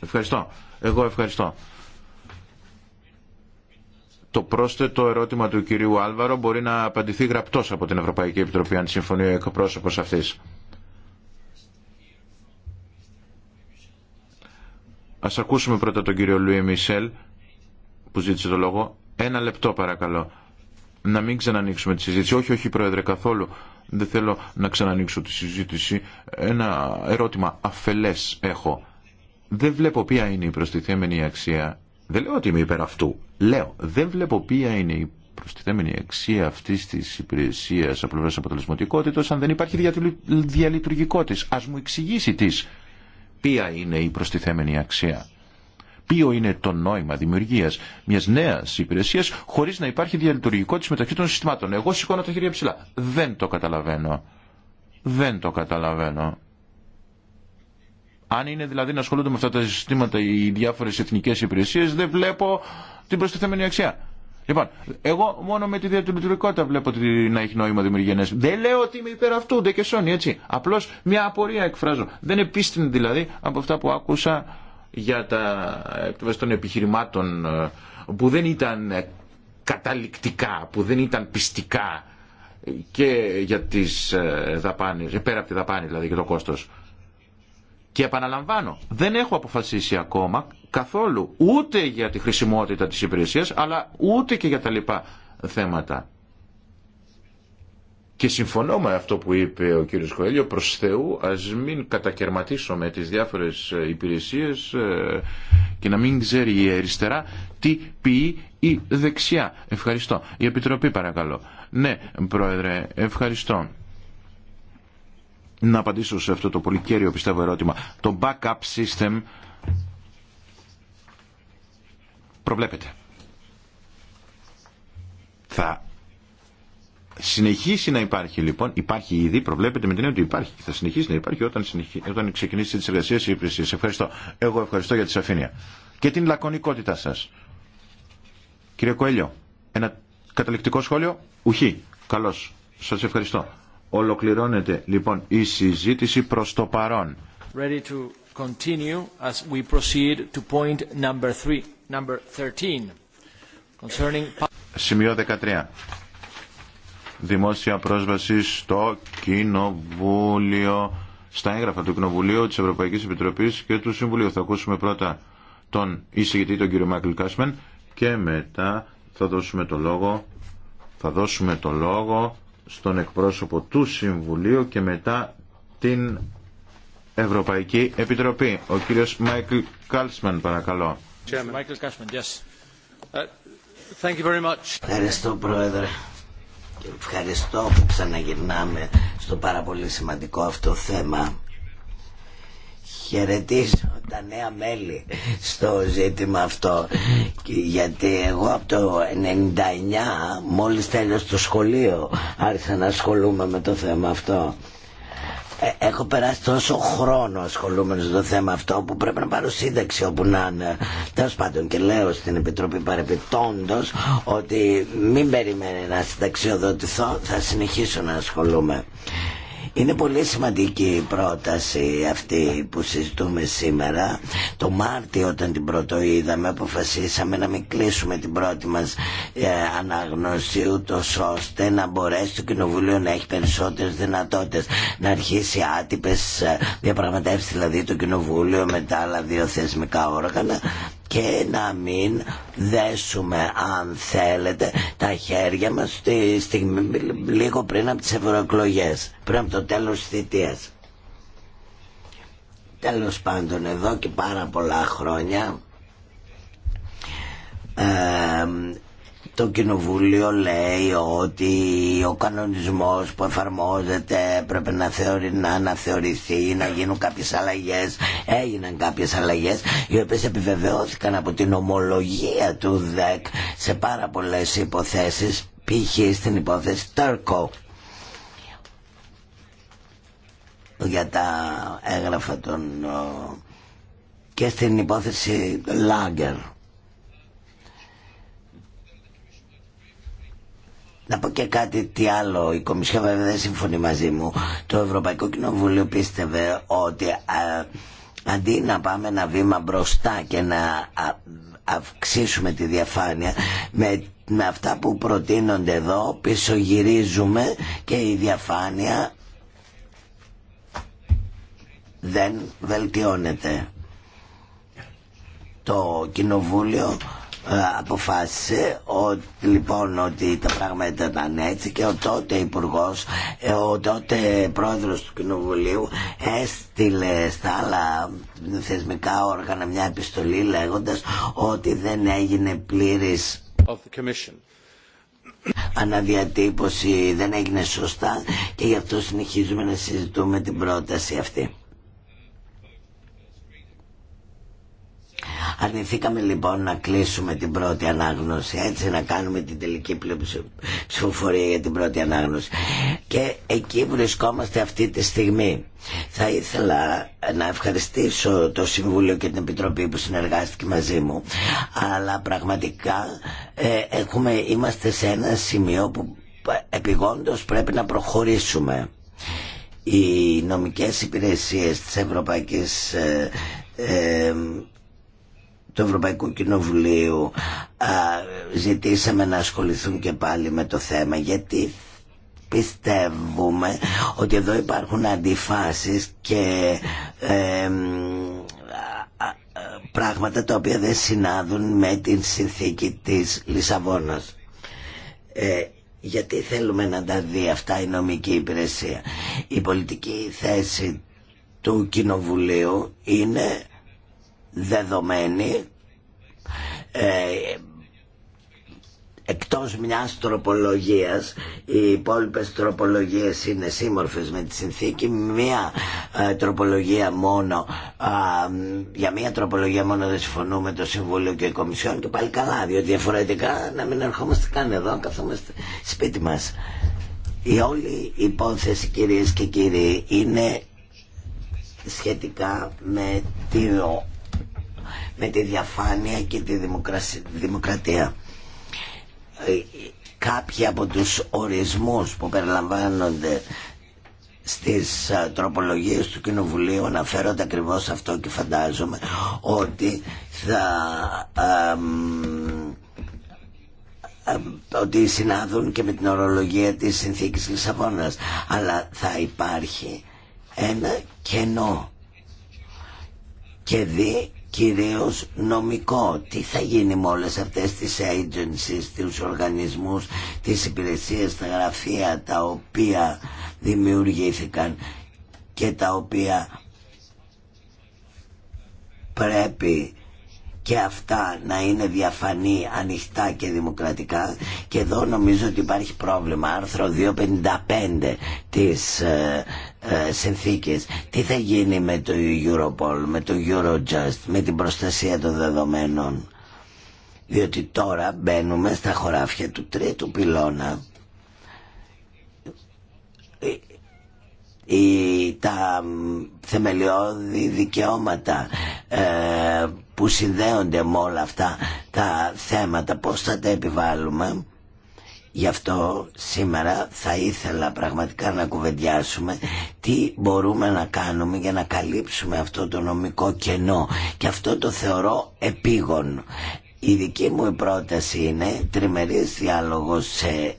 Ευχαριστώ. Εγώ ευχαριστώ το πρόσθετο ερώτημα του κυρίου Άλβαρο μπορεί να απαντηθεί γραπτώς από την Ευρωπαϊκή Επιτροπή αν συμφωνεί ο εκπρόσωπος αυτής. Ας ακούσουμε πρώτα τον κύριο Λουί Μισελ που ζήτησε το λόγο. Ένα λεπτό παρακαλώ. Να μην ξανανοίξουμε τη συζήτηση. Όχι, όχι πρόεδρε καθόλου. Δεν θέλω να ξανανοίξω τη συζήτηση. Ένα ερώτημα αφελές έχω. Δεν βλέπω ποια είναι η προστιθέμενη αξία δεν λέω ότι είμαι υπέρ αυτού. Λέω, δεν βλέπω ποια είναι η προστιθέμενη αξία αυτή τη υπηρεσία από πλευρά αποτελεσματικότητα αν δεν υπάρχει διαλειτουργικότητα. Α μου εξηγήσει τη ποια είναι η προστιθέμενη αξία. Ποιο είναι το νόημα δημιουργία μια νέα υπηρεσία χωρί να υπάρχει διαλειτουργικότητα μεταξύ των συστημάτων. Εγώ σηκώνω τα χέρια ψηλά. Δεν το καταλαβαίνω. Δεν το καταλαβαίνω. Αν είναι δηλαδή να ασχολούνται με αυτά τα συστήματα οι διάφορε εθνικέ υπηρεσίε, δεν βλέπω την προστιθέμενη αξία. Λοιπόν, εγώ μόνο με τη διατηρητικότητα βλέπω ότι να έχει νόημα δημιουργία Δεν λέω ότι είμαι υπέρ αυτού, ούτε και σώνει, έτσι. Απλώ μια απορία εκφράζω. Δεν επίστην δηλαδή από αυτά που άκουσα για τα εκτέλεση των επιχειρημάτων ε, που δεν ήταν καταληκτικά, που δεν ήταν πιστικά ε, και για τις ε, δαπάνες, πέρα από τη δαπάνη δηλαδή και το κόστος. Και επαναλαμβάνω, δεν έχω αποφασίσει ακόμα καθόλου ούτε για τη χρησιμότητα της υπηρεσίας, αλλά ούτε και για τα λοιπά θέματα. Και συμφωνώ με αυτό που είπε ο κύριος Κοέλιο, προς Θεού ας μην κατακαιρματίσουμε τις διάφορες ε, υπηρεσίες ε, και να μην ξέρει η αριστερά τι πει η δεξιά. Ευχαριστώ. Η Επιτροπή παρακαλώ. Ναι, Πρόεδρε, ευχαριστώ να απαντήσω σε αυτό το πολύ κέριο πιστεύω ερώτημα. Το backup system προβλέπεται. Θα συνεχίσει να υπάρχει λοιπόν, υπάρχει ήδη, προβλέπεται με την έννοια ότι υπάρχει και θα συνεχίσει να υπάρχει όταν, συνεχί... όταν ξεκινήσει τις εργασίες η υπηρεσία. Ευχαριστώ. Εγώ ευχαριστώ για τη σαφήνεια και την λακωνικότητά σα. Κύριε Κοέλιο, ένα καταληκτικό σχόλιο. Ουχή. Καλώ. Σα ευχαριστώ. Ολοκληρώνεται λοιπόν η συζήτηση προς το παρόν. Ready to continue as we proceed to point number number 13, Σημείο 13. Δημόσια πρόσβαση στο Κοινοβούλιο, στα έγγραφα του Κοινοβουλίου, της Ευρωπαϊκής Επιτροπής και του Συμβουλίου. Θα ακούσουμε πρώτα τον εισηγητή, τον κύριο Μάικλ Κάσμεν και μετά θα δώσουμε το λόγο, θα δώσουμε το λόγο στον εκπρόσωπο του Συμβουλίου και μετά την Ευρωπαϊκή Επιτροπή. Ο κύριος Μάικλ Κάλσμαν, παρακαλώ. Uh, ευχαριστώ, Πρόεδρε. Και ευχαριστώ που ξαναγυρνάμε στο πάρα πολύ σημαντικό αυτό θέμα χαιρετήσω τα νέα μέλη στο ζήτημα αυτό γιατί εγώ από το 99 μόλις τέλειωσε το σχολείο άρχισα να ασχολούμαι με το θέμα αυτό ε, έχω περάσει τόσο χρόνο ασχολούμενος με το θέμα αυτό που πρέπει να πάρω σύνταξη όπου να είναι. Τέλο πάντων, και λέω στην Επιτροπή Παρεπιτώντο ότι μην περιμένει να συνταξιοδοτηθώ, θα συνεχίσω να ασχολούμαι. Είναι πολύ σημαντική η πρόταση αυτή που συζητούμε σήμερα. Το Μάρτιο όταν την πρωτοείδαμε αποφασίσαμε να μην κλείσουμε την πρώτη μας ε, αναγνωσή ούτως ώστε να μπορέσει το Κοινοβουλίο να έχει περισσότερες δυνατότητες να αρχίσει άτυπες ε, διαπραγματεύσεις δηλαδή το Κοινοβούλιο με τα άλλα δύο θεσμικά όργανα και να μην δέσουμε αν θέλετε τα χέρια μας στη στιγμή, λίγο πριν από τις ευρωεκλογέ, πριν από το τέλος της θητείας. Τέλος πάντων εδώ και πάρα πολλά χρόνια ε, το Κοινοβούλιο λέει ότι ο κανονισμός που εφαρμόζεται πρέπει να, θεωρεί, να αναθεωρηθεί, να γίνουν κάποιες αλλαγές. Έγιναν κάποιες αλλαγές, οι οποίες επιβεβαιώθηκαν από την ομολογία του ΔΕΚ σε πάρα πολλές υποθέσεις, π.χ. στην υπόθεση Τέρκο για τα των... και στην υπόθεση Λάγκερ. Να πω και κάτι τι άλλο. Η Κομισιόν βέβαια δεν συμφωνεί μαζί μου. Το Ευρωπαϊκό Κοινοβούλιο πίστευε ότι αντί να πάμε ένα βήμα μπροστά και να αυξήσουμε τη διαφάνεια με, με αυτά που προτείνονται εδώ πίσω γυρίζουμε και η διαφάνεια δεν βελτιώνεται. Το Κοινοβούλιο ε, αποφάσισε ότι, λοιπόν ότι τα πράγματα ήταν έτσι και ο τότε υπουργό, ε, ο τότε πρόεδρος του Κοινοβουλίου έστειλε στα άλλα θεσμικά όργανα μια επιστολή λέγοντας ότι δεν έγινε πλήρης αναδιατύπωση, δεν έγινε σωστά και γι' αυτό συνεχίζουμε να συζητούμε την πρόταση αυτή. Αρνηθήκαμε λοιπόν να κλείσουμε την πρώτη ανάγνωση, έτσι να κάνουμε την τελική ψηφοφορία για την πρώτη ανάγνωση. Και εκεί βρισκόμαστε αυτή τη στιγμή. Θα ήθελα να ευχαριστήσω το Συμβούλιο και την Επιτροπή που συνεργάστηκε μαζί μου, αλλά πραγματικά ε, έχουμε, είμαστε σε ένα σημείο που επιγόντως πρέπει να προχωρήσουμε. Οι νομικές υπηρεσίες της Ευρωπαϊκής ε, ε, του Ευρωπαϊκού Κοινοβουλίου ζητήσαμε να ασχοληθούν και πάλι με το θέμα γιατί πιστεύουμε ότι εδώ υπάρχουν αντιφάσεις και πράγματα τα οποία δεν συνάδουν με την συνθήκη της Λισαβόνας. Ε, γιατί θέλουμε να τα δει αυτά η νομική υπηρεσία. Η πολιτική θέση του Κοινοβουλίου είναι δεδομένη ε, εκτός μιας τροπολογίας οι υπόλοιπε τροπολογίες είναι σύμμορφες με τη συνθήκη μια ε, τροπολογία μόνο για μια τροπολογία μόνο δεν συμφωνούμε το Συμβούλιο και η Κομισιόν και πάλι καλά διότι διαφορετικά να μην ερχόμαστε καν εδώ καθόμαστε σπίτι μας η όλη υπόθεση κυρίες και κύριοι είναι σχετικά με το με τη διαφάνεια και τη δημοκρατία. Ε, κάποιοι από τους ορισμούς που περιλαμβάνονται στις ε, τροπολογίες του Κοινοβουλίου αναφέρονται ακριβώς αυτό και φαντάζομαι ότι θα ότι συνάδουν και με την ορολογία της συνθήκης Λισαβόνας αλλά θα υπάρχει ένα κενό και δι κυρίως νομικό τι θα γίνει με όλες αυτές τις agencies, τους οργανισμούς τις υπηρεσίες, τα γραφεία τα οποία δημιουργήθηκαν και τα οποία πρέπει και αυτά να είναι διαφανή, ανοιχτά και δημοκρατικά και εδώ νομίζω ότι υπάρχει πρόβλημα άρθρο 255 της ε, ε, συνθήκης τι θα γίνει με το Europol, με το Eurojust με την προστασία των δεδομένων διότι τώρα μπαίνουμε στα χωράφια του τρίτου πυλώνα ε, τα θεμελιώδη δικαιώματα ε, που συνδέονται με όλα αυτά τα θέματα πώς θα τα επιβάλλουμε γι' αυτό σήμερα θα ήθελα πραγματικά να κουβεντιάσουμε τι μπορούμε να κάνουμε για να καλύψουμε αυτό το νομικό κενό και αυτό το θεωρώ επίγον η δική μου πρόταση είναι τριμερής διάλογος σε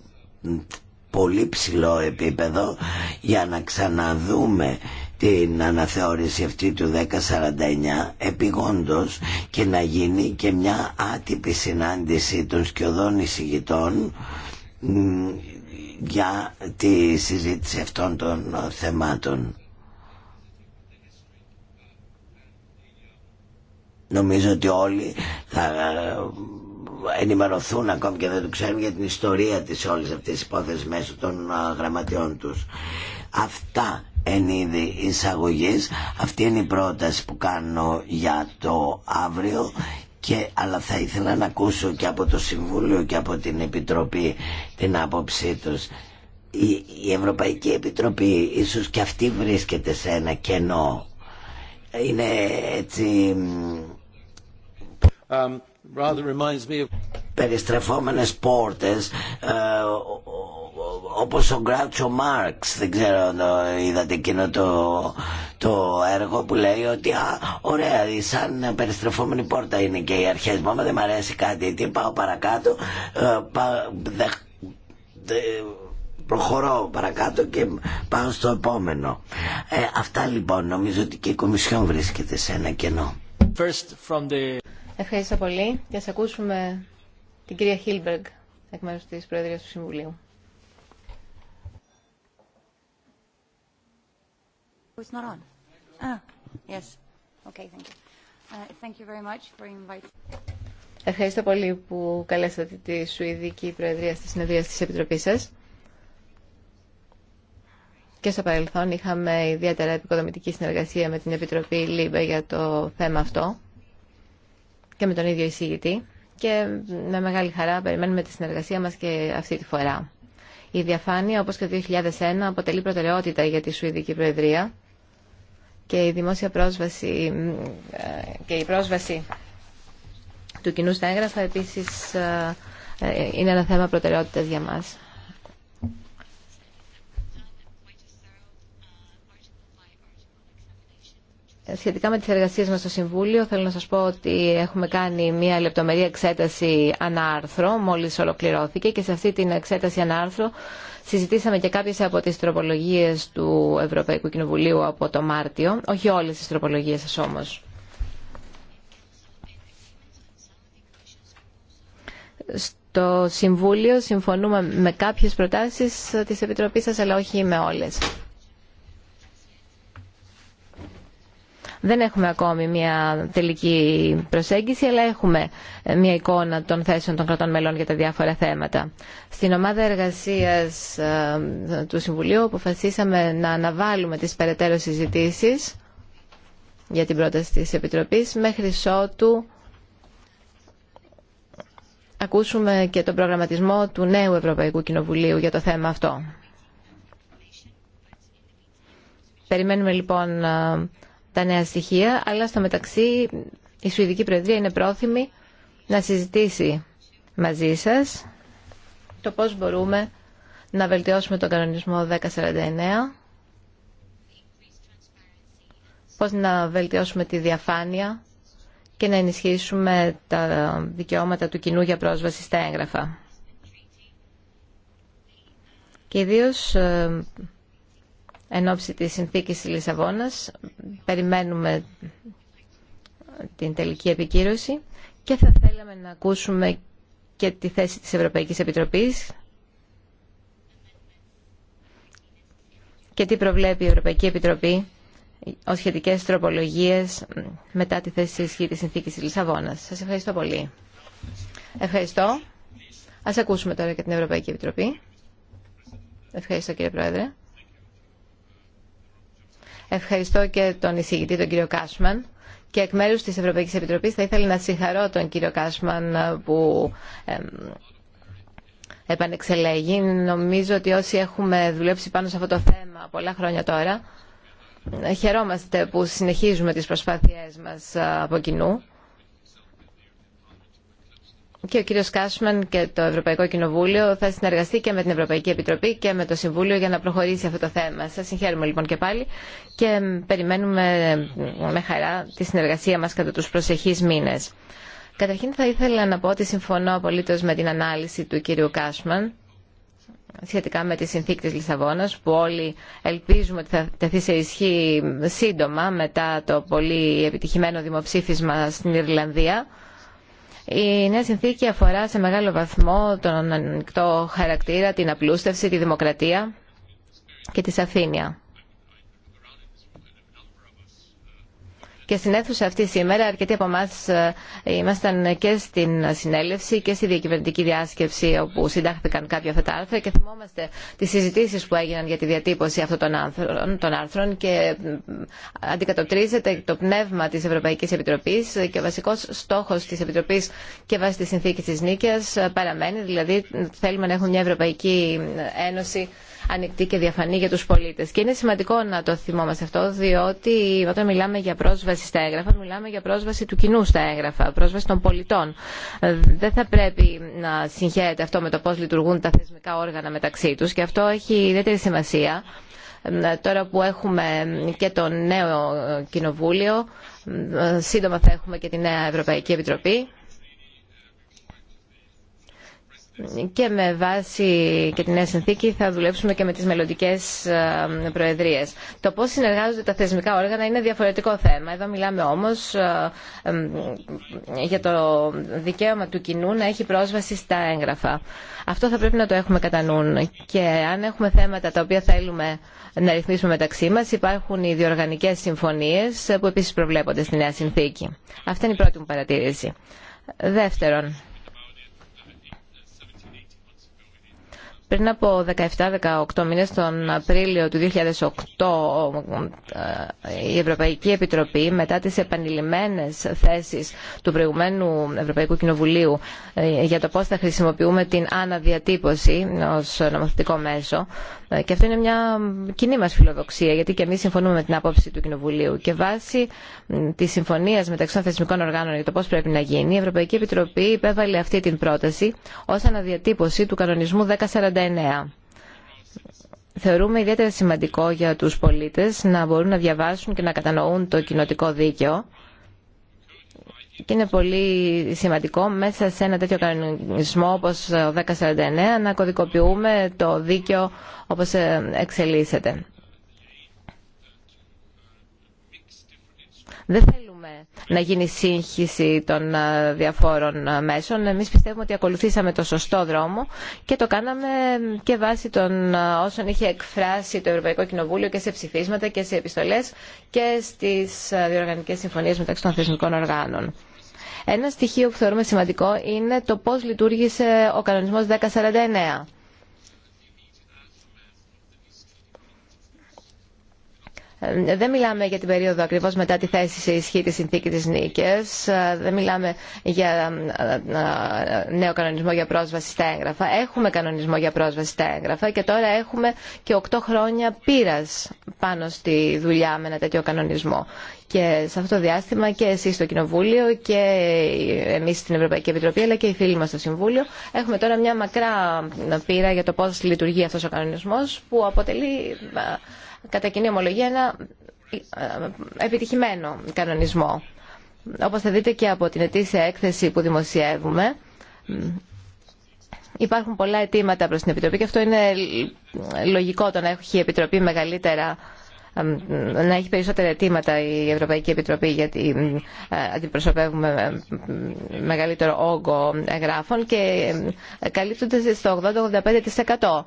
πολύ ψηλό επίπεδο για να ξαναδούμε την αναθεώρηση αυτή του 1049 επιγόντως και να γίνει και μια άτυπη συνάντηση των σκιωδών εισηγητών για τη συζήτηση αυτών των θεμάτων. Νομίζω ότι όλοι θα ενημερωθούν ακόμη και δεν το ξέρουν για την ιστορία της όλης αυτής της υπόθεσης μέσω των γραμματιών τους. Αυτά εν είδη εισαγωγή. Αυτή είναι η πρόταση που κάνω για το αύριο και, αλλά θα ήθελα να ακούσω και από το Συμβούλιο και από την Επιτροπή την άποψή τους. Η, Ευρωπαϊκή Επιτροπή ίσως και αυτή βρίσκεται σε ένα κενό. Είναι έτσι rather πόρτε, ε, όπως ο Γκράτσο Μάρξ, δεν ξέρω είδατε εκείνο το, το έργο που λέει ότι α, ωραία, σαν περιστρεφόμενη πόρτα είναι και οι αρχές μου, άμα δεν μου αρέσει κάτι, τι πάω παρακάτω, ε, δε, προχωρώ παρακάτω και πάω στο επόμενο. Ε, αυτά λοιπόν νομίζω ότι και η Κομισιόν βρίσκεται σε ένα κενό. Ευχαριστώ πολύ. Και ας ακούσουμε την κυρία Χίλμπεργκ εκ μέρους της Προεδρίας του Συμβουλίου. Ευχαριστώ πολύ που καλέσατε τη Σουηδική Προεδρία στη συνεδρία της Επιτροπής σας. Και στο παρελθόν είχαμε ιδιαίτερα επικοδομητική συνεργασία με την Επιτροπή ΛΥΜΠΕ για το θέμα αυτό και με τον ίδιο εισηγητή και με μεγάλη χαρά περιμένουμε τη συνεργασία μας και αυτή τη φορά. Η διαφάνεια, όπως και το 2001, αποτελεί προτεραιότητα για τη Σουηδική Προεδρία και η δημόσια πρόσβαση ε, και η πρόσβαση του κοινού στα έγγραφα επίσης ε, ε, είναι ένα θέμα προτεραιότητας για μας. Σχετικά με τις εργασίες μας στο Συμβούλιο, θέλω να σας πω ότι έχουμε κάνει μια λεπτομερή εξέταση ανάρθρο, μόλις ολοκληρώθηκε και σε αυτή την εξέταση ανάρθρο συζητήσαμε και κάποιες από τις τροπολογίες του Ευρωπαϊκού Κοινοβουλίου από το Μάρτιο, όχι όλες τις τροπολογίες σας όμως. Στο Συμβούλιο συμφωνούμε με κάποιες προτάσεις της Επιτροπής σας, αλλά όχι με όλες. Δεν έχουμε ακόμη μια τελική προσέγγιση, αλλά έχουμε μια εικόνα των θέσεων των κρατών μελών για τα διάφορα θέματα. Στην ομάδα εργασία ε, του Συμβουλίου αποφασίσαμε να αναβάλουμε τις περαιτέρω συζητήσεις για την πρόταση της Επιτροπής μέχρι ότου ακούσουμε και τον προγραμματισμό του νέου Ευρωπαϊκού Κοινοβουλίου για το θέμα αυτό. Περιμένουμε λοιπόν ε, τα νέα στοιχεία, αλλά στο μεταξύ η Σουηδική Προεδρία είναι πρόθυμη να συζητήσει μαζί σας το πώς μπορούμε να βελτιώσουμε τον κανονισμό 1049, πώς να βελτιώσουμε τη διαφάνεια και να ενισχύσουμε τα δικαιώματα του κοινού για πρόσβαση στα έγγραφα. Και ιδίως ε, εν ώψη της συνθήκης της Λισαβόνας. Περιμένουμε την τελική επικύρωση και θα θέλαμε να ακούσουμε και τη θέση της Ευρωπαϊκής Επιτροπής και τι προβλέπει η Ευρωπαϊκή Επιτροπή ως σχετικές τροπολογίες μετά τη θέση ισχύ της συνθήκης της Λισαβόνας. Σας ευχαριστώ πολύ. Ευχαριστώ. Ας ακούσουμε τώρα και την Ευρωπαϊκή Επιτροπή. Ευχαριστώ κύριε Πρόεδρε. Ευχαριστώ και τον εισηγητή, τον κύριο Κάσμαν. Και εκ μέρους της Ευρωπαϊκής Επιτροπής θα ήθελα να συγχαρώ τον κύριο Κάσμαν ε, που ε, επανεξελέγει. Νομίζω ότι όσοι έχουμε δουλέψει πάνω σε αυτό το θέμα πολλά χρόνια τώρα, ε, χαιρόμαστε που συνεχίζουμε τις προσπάθειές μας από κοινού και ο κύριο Κάσμαν και το Ευρωπαϊκό Κοινοβούλιο θα συνεργαστεί και με την Ευρωπαϊκή Επιτροπή και με το Συμβούλιο για να προχωρήσει αυτό το θέμα. Σα συγχαίρουμε λοιπόν και πάλι και περιμένουμε με χαρά τη συνεργασία μα κατά του προσεχεί μήνε. Καταρχήν θα ήθελα να πω ότι συμφωνώ απολύτω με την ανάλυση του κύριου Κάσμαν σχετικά με τη συνθήκη της Λισαβόνας που όλοι ελπίζουμε ότι θα τεθεί σε ισχύ σύντομα μετά το πολύ επιτυχημένο δημοψήφισμα στην Ιρλανδία. Η νέα συνθήκη αφορά σε μεγάλο βαθμό τον ανοιχτό χαρακτήρα, την απλούστευση, τη δημοκρατία και τη σαφήνεια. Και στην αίθουσα αυτή σήμερα αρκετοί από εμά ε, ήμασταν και στην συνέλευση και στη διακυβερνητική διάσκεψη όπου συντάχθηκαν κάποια αυτά τα άρθρα και θυμόμαστε τι συζητήσει που έγιναν για τη διατύπωση αυτών των άρθρων, των άρθρων και αντικατοπτρίζεται το πνεύμα τη Ευρωπαϊκή Επιτροπή και ο βασικό στόχο τη Επιτροπή και βάσει τη συνθήκη τη Νίκαια ε, παραμένει, δηλαδή θέλουμε να έχουμε μια Ευρωπαϊκή ε, Ένωση ανοιχτή και διαφανή για του πολίτε. Και είναι σημαντικό να το θυμόμαστε αυτό, διότι όταν μιλάμε για πρόσβαση στα έγγραφα, μιλάμε για πρόσβαση του κοινού στα έγγραφα, πρόσβαση των πολιτών. Δεν θα πρέπει να συγχαίρεται αυτό με το πώ λειτουργούν τα θεσμικά όργανα μεταξύ τους και αυτό έχει ιδιαίτερη σημασία τώρα που έχουμε και το νέο κοινοβούλιο σύντομα θα έχουμε και τη νέα ευρωπαϊκή επιτροπή και με βάση και τη νέα συνθήκη θα δουλέψουμε και με τις μελλοντικέ ε, προεδρίες. Το πώς συνεργάζονται τα θεσμικά όργανα είναι διαφορετικό θέμα. Εδώ μιλάμε όμως ε, ε, για το δικαίωμα του κοινού να έχει πρόσβαση στα έγγραφα. Αυτό θα πρέπει να το έχουμε κατά νου. Και αν έχουμε θέματα τα οποία θέλουμε να ρυθμίσουμε μεταξύ μα, υπάρχουν οι διοργανικέ συμφωνίε που επίση προβλέπονται στη νέα συνθήκη. Αυτή είναι η πρώτη μου παρατήρηση. Δεύτερον, Πριν από 17-18 μήνες, τον Απρίλιο του 2008, ε, η Ευρωπαϊκή Επιτροπή, μετά τις επανειλημμένες θέσεις του προηγουμένου Ευρωπαϊκού Κοινοβουλίου ε, για το πώς θα χρησιμοποιούμε την αναδιατύπωση ως νομοθετικό μέσο, ε, και αυτό είναι μια κοινή μας φιλοδοξία, γιατί και εμείς συμφωνούμε με την άποψη του Κοινοβουλίου. Και βάσει της συμφωνίας μεταξύ των θεσμικών οργάνων για το πώς πρέπει να γίνει, η Ευρωπαϊκή Επιτροπή υπέβαλε αυτή την πρόταση ως αναδιατύπωση του κανονισμού Θεωρούμε ιδιαίτερα σημαντικό για τους πολίτες να μπορούν να διαβάσουν και να κατανοούν το κοινοτικό δίκαιο και είναι πολύ σημαντικό μέσα σε ένα τέτοιο κανονισμό όπως ο 1049 να κωδικοποιούμε το δίκαιο όπως ε, εξελίσσεται. Δεν να γίνει σύγχυση των ε, διαφόρων ε, μέσων. Εμείς πιστεύουμε ότι ακολουθήσαμε το σωστό δρόμο και το κάναμε και βάσει των ε, όσων είχε εκφράσει το Ευρωπαϊκό Κοινοβούλιο και σε ψηφίσματα και σε επιστολές και στις διοργανικές συμφωνίες μεταξύ των θεσμικών οργάνων. Ένα στοιχείο που θεωρούμε σημαντικό είναι το πώς λειτουργήσε ο κανονισμός 1049 Ε, δεν μιλάμε για την περίοδο ακριβώς μετά τη θέση σε ισχύ της συνθήκη της Νίκης. Ε, δεν μιλάμε για ε, νέο κανονισμό για πρόσβαση στα έγγραφα. Έχουμε κανονισμό για πρόσβαση στα έγγραφα και τώρα έχουμε και 8 χρόνια πείρας πάνω στη δουλειά με ένα τέτοιο κανονισμό. Και σε αυτό το διάστημα και εσείς στο Κοινοβούλιο και εμείς στην Ευρωπαϊκή Επιτροπή αλλά και οι φίλοι μας στο Συμβούλιο έχουμε τώρα μια μακρά πείρα για το πώς λειτουργεί αυτός ο κανονισμός που αποτελεί κατά κοινή ομολογία ένα ε, επιτυχημένο κανονισμό. Όπως θα δείτε και από την ετήσια έκθεση που δημοσιεύουμε, υπάρχουν πολλά αιτήματα προς την Επιτροπή και αυτό είναι λογικό το να έχει η Επιτροπή μεγαλύτερα ε, να έχει περισσότερα αιτήματα η Ευρωπαϊκή Επιτροπή γιατί ε, αντιπροσωπεύουμε μεγαλύτερο όγκο εγγράφων και καλύπτονται στο 80-85%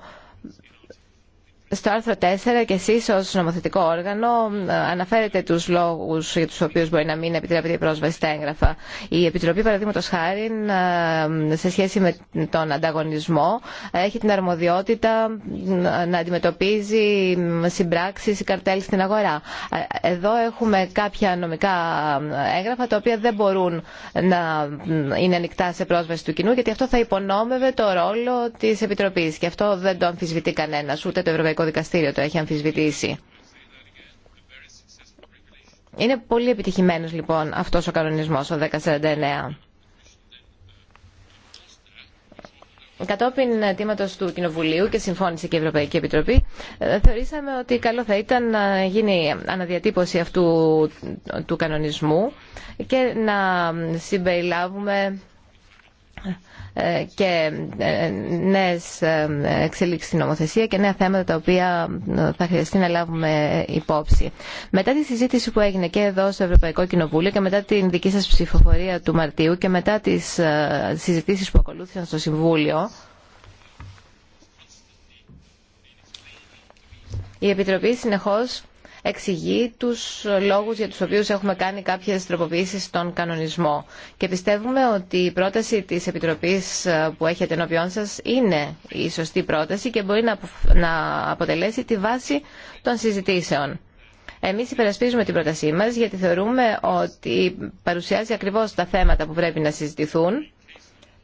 στο άρθρο 4 και εσείς ως νομοθετικό όργανο ε, αναφέρετε τους λόγους για τους οποίους μπορεί να μην επιτρέπεται η πρόσβαση στα έγγραφα. Η Επιτροπή παραδείγματο χάρη ε, σε σχέση με τον ανταγωνισμό έχει την αρμοδιότητα ε, να αντιμετωπίζει συμπράξεις ή καρτέλ στην αγορά. Εδώ έχουμε κάποια νομικά έγγραφα τα οποία δεν μπορούν να είναι ανοιχτά σε πρόσβαση του κοινού γιατί αυτό θα υπονόμευε το ρόλο της Επιτροπής και αυτό δεν το αμφισβητεί κανένα ούτε το Ευρωπαϊκό Ευρωπαϊκό Δικαστήριο το έχει αμφισβητήσει. Είναι πολύ επιτυχημένος λοιπόν αυτός ο κανονισμός, ο 1049. Κατόπιν αιτήματος του Κοινοβουλίου και συμφώνησε και η Ευρωπαϊκή Επιτροπή, ε, θεωρήσαμε ότι καλό θα ήταν να γίνει αναδιατύπωση αυτού του κανονισμού και να συμπεριλάβουμε ε, και ε, νέες ε, εξελίξεις στην νομοθεσία και νέα θέματα τα οποία θα χρειαστεί να λάβουμε υπόψη. Μετά τη συζήτηση που έγινε και εδώ στο Ευρωπαϊκό Κοινοβούλιο και μετά την δική σας ψηφοφορία του Μαρτίου και μετά τις συζητήσεις που ακολούθησαν στο Συμβούλιο η Επιτροπή συνεχώς εξηγεί τους λόγους για τους οποίους έχουμε κάνει κάποιες τροποποιήσεις στον κανονισμό. Και πιστεύουμε ότι η πρόταση της Επιτροπής ε, που έχετε ενώπιόν σας είναι η σωστή πρόταση και μπορεί να αποτελέσει τη βάση των συζητήσεων. Εμείς υπερασπίζουμε την πρότασή μας γιατί θεωρούμε ότι παρουσιάζει ακριβώς τα θέματα που πρέπει να συζητηθούν,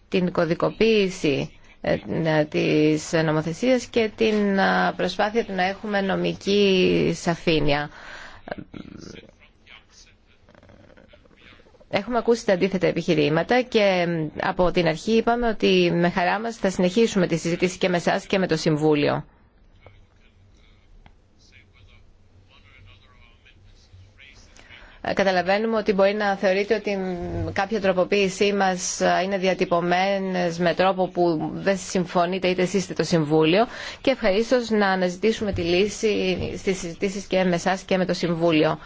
την κωδικοποίηση ε, ε, της νομοθεσίας και την ε, προσπάθεια του να έχουμε νομική σαφήνεια. Έχουμε ακούσει τα αντίθετα επιχειρήματα και από την αρχή είπαμε ότι με χαρά μας θα συνεχίσουμε τη συζήτηση και με εσάς και με το Συμβούλιο. Ε, καταλαβαίνουμε ότι μπορεί να θεωρείτε ότι κάποια τροποποίησή μας ε, είναι διατυπωμένες με τρόπο που δεν συμφωνείτε είτε εσείς το Συμβούλιο και ευχαρίστω να αναζητήσουμε τη λύση στις συζητήσεις και με εσά και με το Συμβούλιο.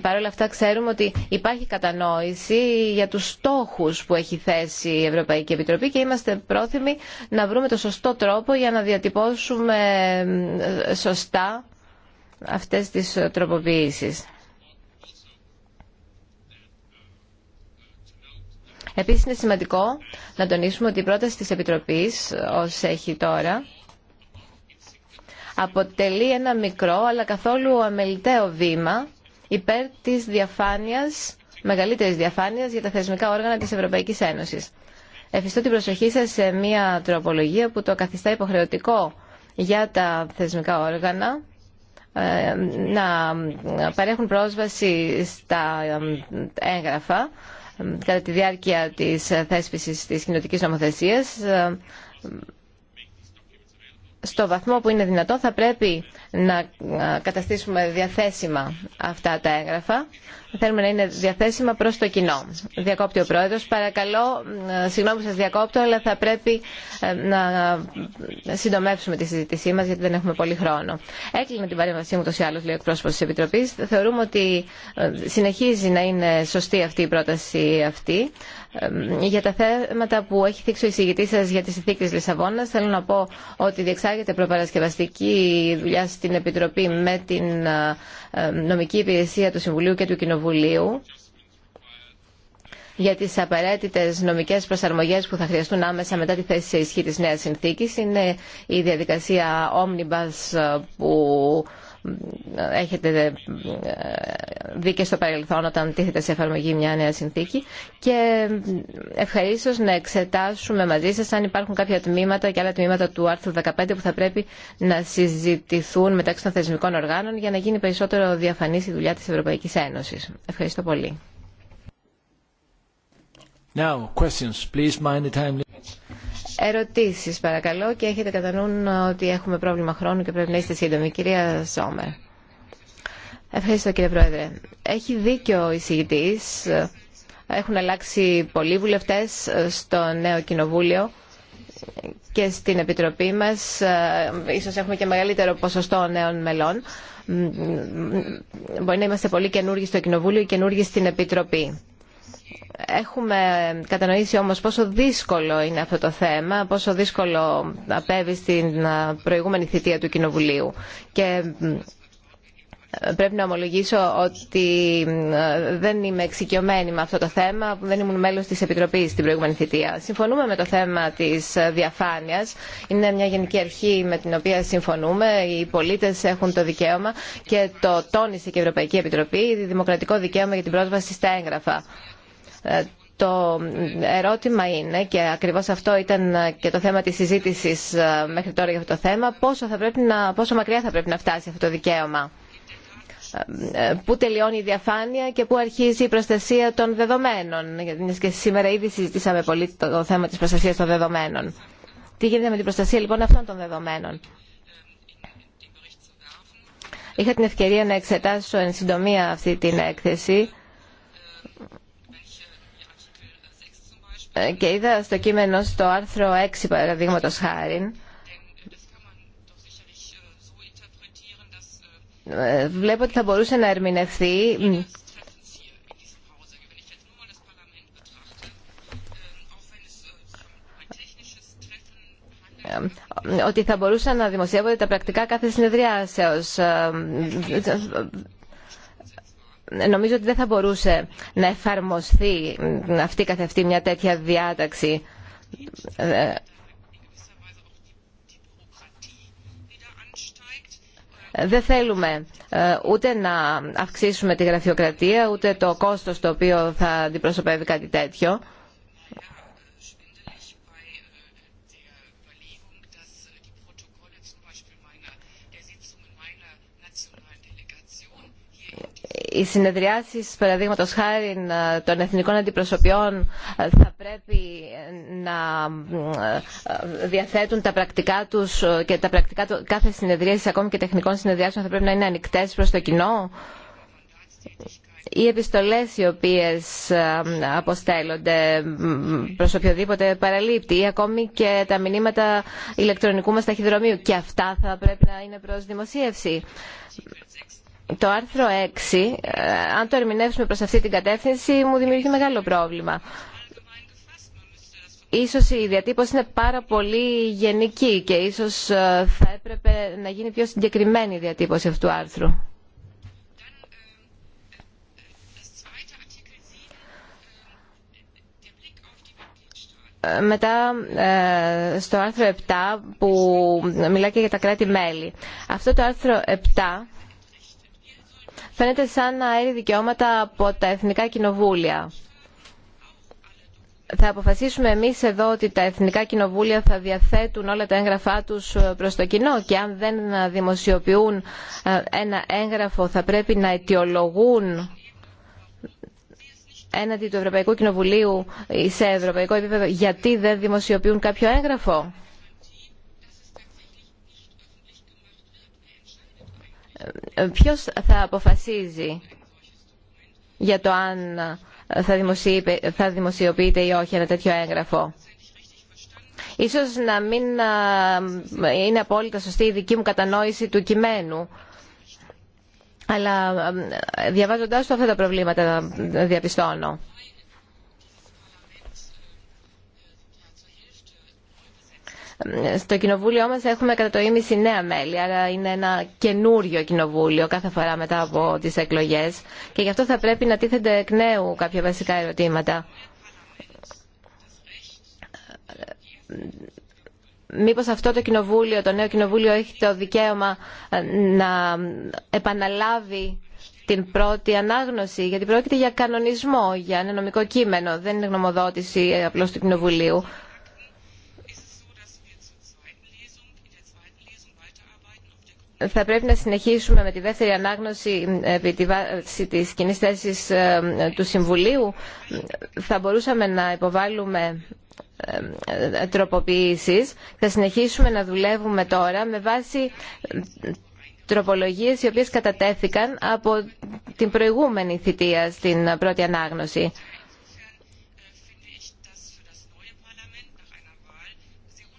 Παρ' όλα αυτά ξέρουμε ότι υπάρχει κατανόηση για τους στόχους που έχει θέσει η Ευρωπαϊκή Επιτροπή και είμαστε πρόθυμοι να βρούμε το σωστό τρόπο για να διατυπώσουμε σωστά αυτές τις τροποποιήσεις. Επίσης είναι σημαντικό να τονίσουμε ότι η πρόταση της Επιτροπής, ω έχει τώρα, αποτελεί ένα μικρό αλλά καθόλου αμεληταίο βήμα υπέρ της διαφάνειας, μεγαλύτερης διαφάνειας για τα θεσμικά όργανα της Ευρωπαϊκής Ένωσης. Εφιστώ την προσοχή σας σε μια τροπολογία που το καθιστά υποχρεωτικό για τα θεσμικά όργανα ε, να παρέχουν πρόσβαση στα ε, έγγραφα κατά τη διάρκεια της θέσπισης της κοινωτικής νομοθεσίας ε, στο βαθμό που είναι δυνατό θα πρέπει να ε, καταστήσουμε διαθέσιμα αυτά τα έγγραφα θέλουμε να είναι διαθέσιμα προ το κοινό. Διακόπτει ο πρόεδρο. Παρακαλώ, ε, συγγνώμη σα διακόπτω, αλλά θα πρέπει ε, να συντομεύσουμε τη συζήτησή μα γιατί δεν έχουμε πολύ χρόνο. Έκλεινα την παρέμβασή μου τόσο αλλω λέει ο εκπρόσωπο τη Επιτροπή. Θεωρούμε ότι ε, συνεχίζει να είναι σωστή αυτή η πρόταση αυτή. Για τα θέματα που έχει θίξει ο εισηγητή σα για τι συνθήκε Λισαβόνα, θέλω να πω ότι διεξάγεται προπαρασκευαστική δουλειά στην Επιτροπή με την νομική υπηρεσία του Συμβουλίου και του Κοινοβουλίου Κοινοβουλίου για τις απαραίτητες νομικές προσαρμογές που θα χρειαστούν άμεσα μετά τη θέση σε ισχύ της νέας συνθήκης είναι η διαδικασία Omnibus ε, που έχετε ε, δει και στο παρελθόν όταν τίθεται σε εφαρμογή μια νέα συνθήκη και ε, ευχαρίστω να εξετάσουμε μαζί σας αν υπάρχουν κάποια τμήματα και άλλα τμήματα του άρθρου 15 που θα πρέπει να συζητηθούν μεταξύ των θεσμικών οργάνων για να γίνει περισσότερο διαφανής η δουλειά της Ευρωπαϊκής Ένωσης. Ευχαριστώ πολύ. Now, Ερωτήσεις παρακαλώ και έχετε κατά ότι έχουμε πρόβλημα χρόνου και πρέπει να είστε σύντομοι. Κυρία Σόμερ. Ευχαριστώ κύριε Πρόεδρε. Έχει δίκιο ο εισηγητή. Έχουν αλλάξει πολλοί βουλευτέ στο νέο κοινοβούλιο και στην Επιτροπή μας. Ίσως έχουμε και μεγαλύτερο ποσοστό νέων μελών. Μπορεί να είμαστε πολύ καινούργοι στο Κοινοβούλιο και καινούργοι στην Επιτροπή. Έχουμε κατανοήσει όμως πόσο δύσκολο είναι αυτό το θέμα, πόσο δύσκολο απέβει στην προηγούμενη θητεία του Κοινοβουλίου. Και πρέπει να ομολογήσω ότι δεν είμαι εξοικειωμένη με αυτό το θέμα, που δεν ήμουν μέλος της Επιτροπής στην προηγούμενη θητεία. Συμφωνούμε με το θέμα της ε, διαφάνειας. Είναι μια γενική αρχή με την οποία συμφωνούμε. Οι πολίτες έχουν το δικαίωμα και το τόνισε και η Ευρωπαϊκή Επιτροπή, δημοκρατικό δικαίωμα για την πρόσβαση στα έγγραφα ε, το ερώτημα είναι, και ακριβώς αυτό ήταν και το θέμα της συζήτησης ε, μέχρι τώρα για αυτό το θέμα, πόσο, θα πρέπει να, πόσο μακριά θα πρέπει να φτάσει αυτό το δικαίωμα. Ε, πού τελειώνει η διαφάνεια και πού αρχίζει η προστασία των δεδομένων. Και σήμερα ήδη συζητήσαμε πολύ το θέμα της προστασίας των δεδομένων. Τι γίνεται με την προστασία λοιπόν αυτών των δεδομένων. Είχα την ευκαιρία να εξετάσω εν συντομία αυτή την έκθεση Ε, και είδα στο κείμενο στο άρθρο 6 παραδείγματο χάριν ε, βλέπω ότι θα μπορούσε να ερμηνευθεί ε, ότι θα μπορούσαν να δημοσιεύονται τα πρακτικά κάθε συνεδριάσεως νομίζω ότι δεν θα μπορούσε να εφαρμοστεί αυτή καθ' μια τέτοια διάταξη ε, δεν θέλουμε ε, ούτε να αυξήσουμε τη γραφειοκρατία ούτε το κόστος το οποίο θα αντιπροσωπεύει κάτι τέτοιο. οι συνεδριάσεις παραδείγματος χάρη ε, των εθνικών αντιπροσωπιών ε, θα πρέπει ε, να διαθέτουν τα πρακτικά τους και τα πρακτικά κάθε συνεδρίασης ακόμη και τεχνικών συνεδριάσεων θα πρέπει να είναι ανοιχτές προς το κοινό οι επιστολές οι οποίες αποστέλλονται προς οποιοδήποτε παραλήπτη ή ακόμη και τα μηνύματα ηλεκτρονικού μας ταχυδρομείου και αυτά θα πρέπει να είναι προς δημοσίευση το άρθρο 6, ε, αν το ερμηνεύσουμε προς αυτή την κατεύθυνση, μου δημιουργεί μεγάλο πρόβλημα. Ίσως η διατύπωση είναι πάρα πολύ γενική και ίσως ε, θα έπρεπε να γίνει πιο συγκεκριμένη η διατύπωση αυτού του άρθρου. Ε, μετά στο άρθρο 7 που μιλάει και για τα κράτη-μέλη. Αυτό το άρθρο 7 φαίνεται σαν να έρει δικαιώματα από τα εθνικά κοινοβούλια. Θα αποφασίσουμε εμείς εδώ ότι τα εθνικά κοινοβούλια θα διαθέτουν όλα τα έγγραφά τους ε, προς το κοινό και αν δεν ε, δημοσιοποιούν ε, ένα έγγραφο θα πρέπει να αιτιολογούν έναντι του Ευρωπαϊκού Κοινοβουλίου σε ευρωπαϊκό επίπεδο γιατί δεν δημοσιοποιούν κάποιο έγγραφο. ποιος θα αποφασίζει για το αν θα δημοσιοποιείται ή όχι ένα τέτοιο έγγραφο. Ίσως να μην είναι απόλυτα σωστή η δική μου κατανόηση του κειμένου. Αλλά διαβάζοντάς το αυτά τα προβλήματα διαπιστώνω. Στο κοινοβούλιο μας έχουμε κατά το ίμιση νέα μέλη, άρα είναι ένα καινούριο κοινοβούλιο κάθε φορά μετά από τις εκλογές και γι' αυτό θα πρέπει να τίθενται εκ νέου κάποια βασικά ερωτήματα. Μήπως αυτό το κοινοβούλιο, το νέο κοινοβούλιο έχει το δικαίωμα να επαναλάβει την πρώτη ανάγνωση, γιατί πρόκειται για κανονισμό, για ένα νομικό κείμενο. Δεν είναι γνωμοδότηση απλώς του Κοινοβουλίου. θα πρέπει να συνεχίσουμε με τη δεύτερη ανάγνωση ε, επί τη βάση της κοινή θέση ε, του Συμβουλίου. Θα μπορούσαμε να υποβάλουμε ε, τροποποιήσεις. Θα συνεχίσουμε να δουλεύουμε τώρα με βάση τροπολογίες οι οποίες κατατέθηκαν από την προηγούμενη θητεία στην πρώτη ανάγνωση.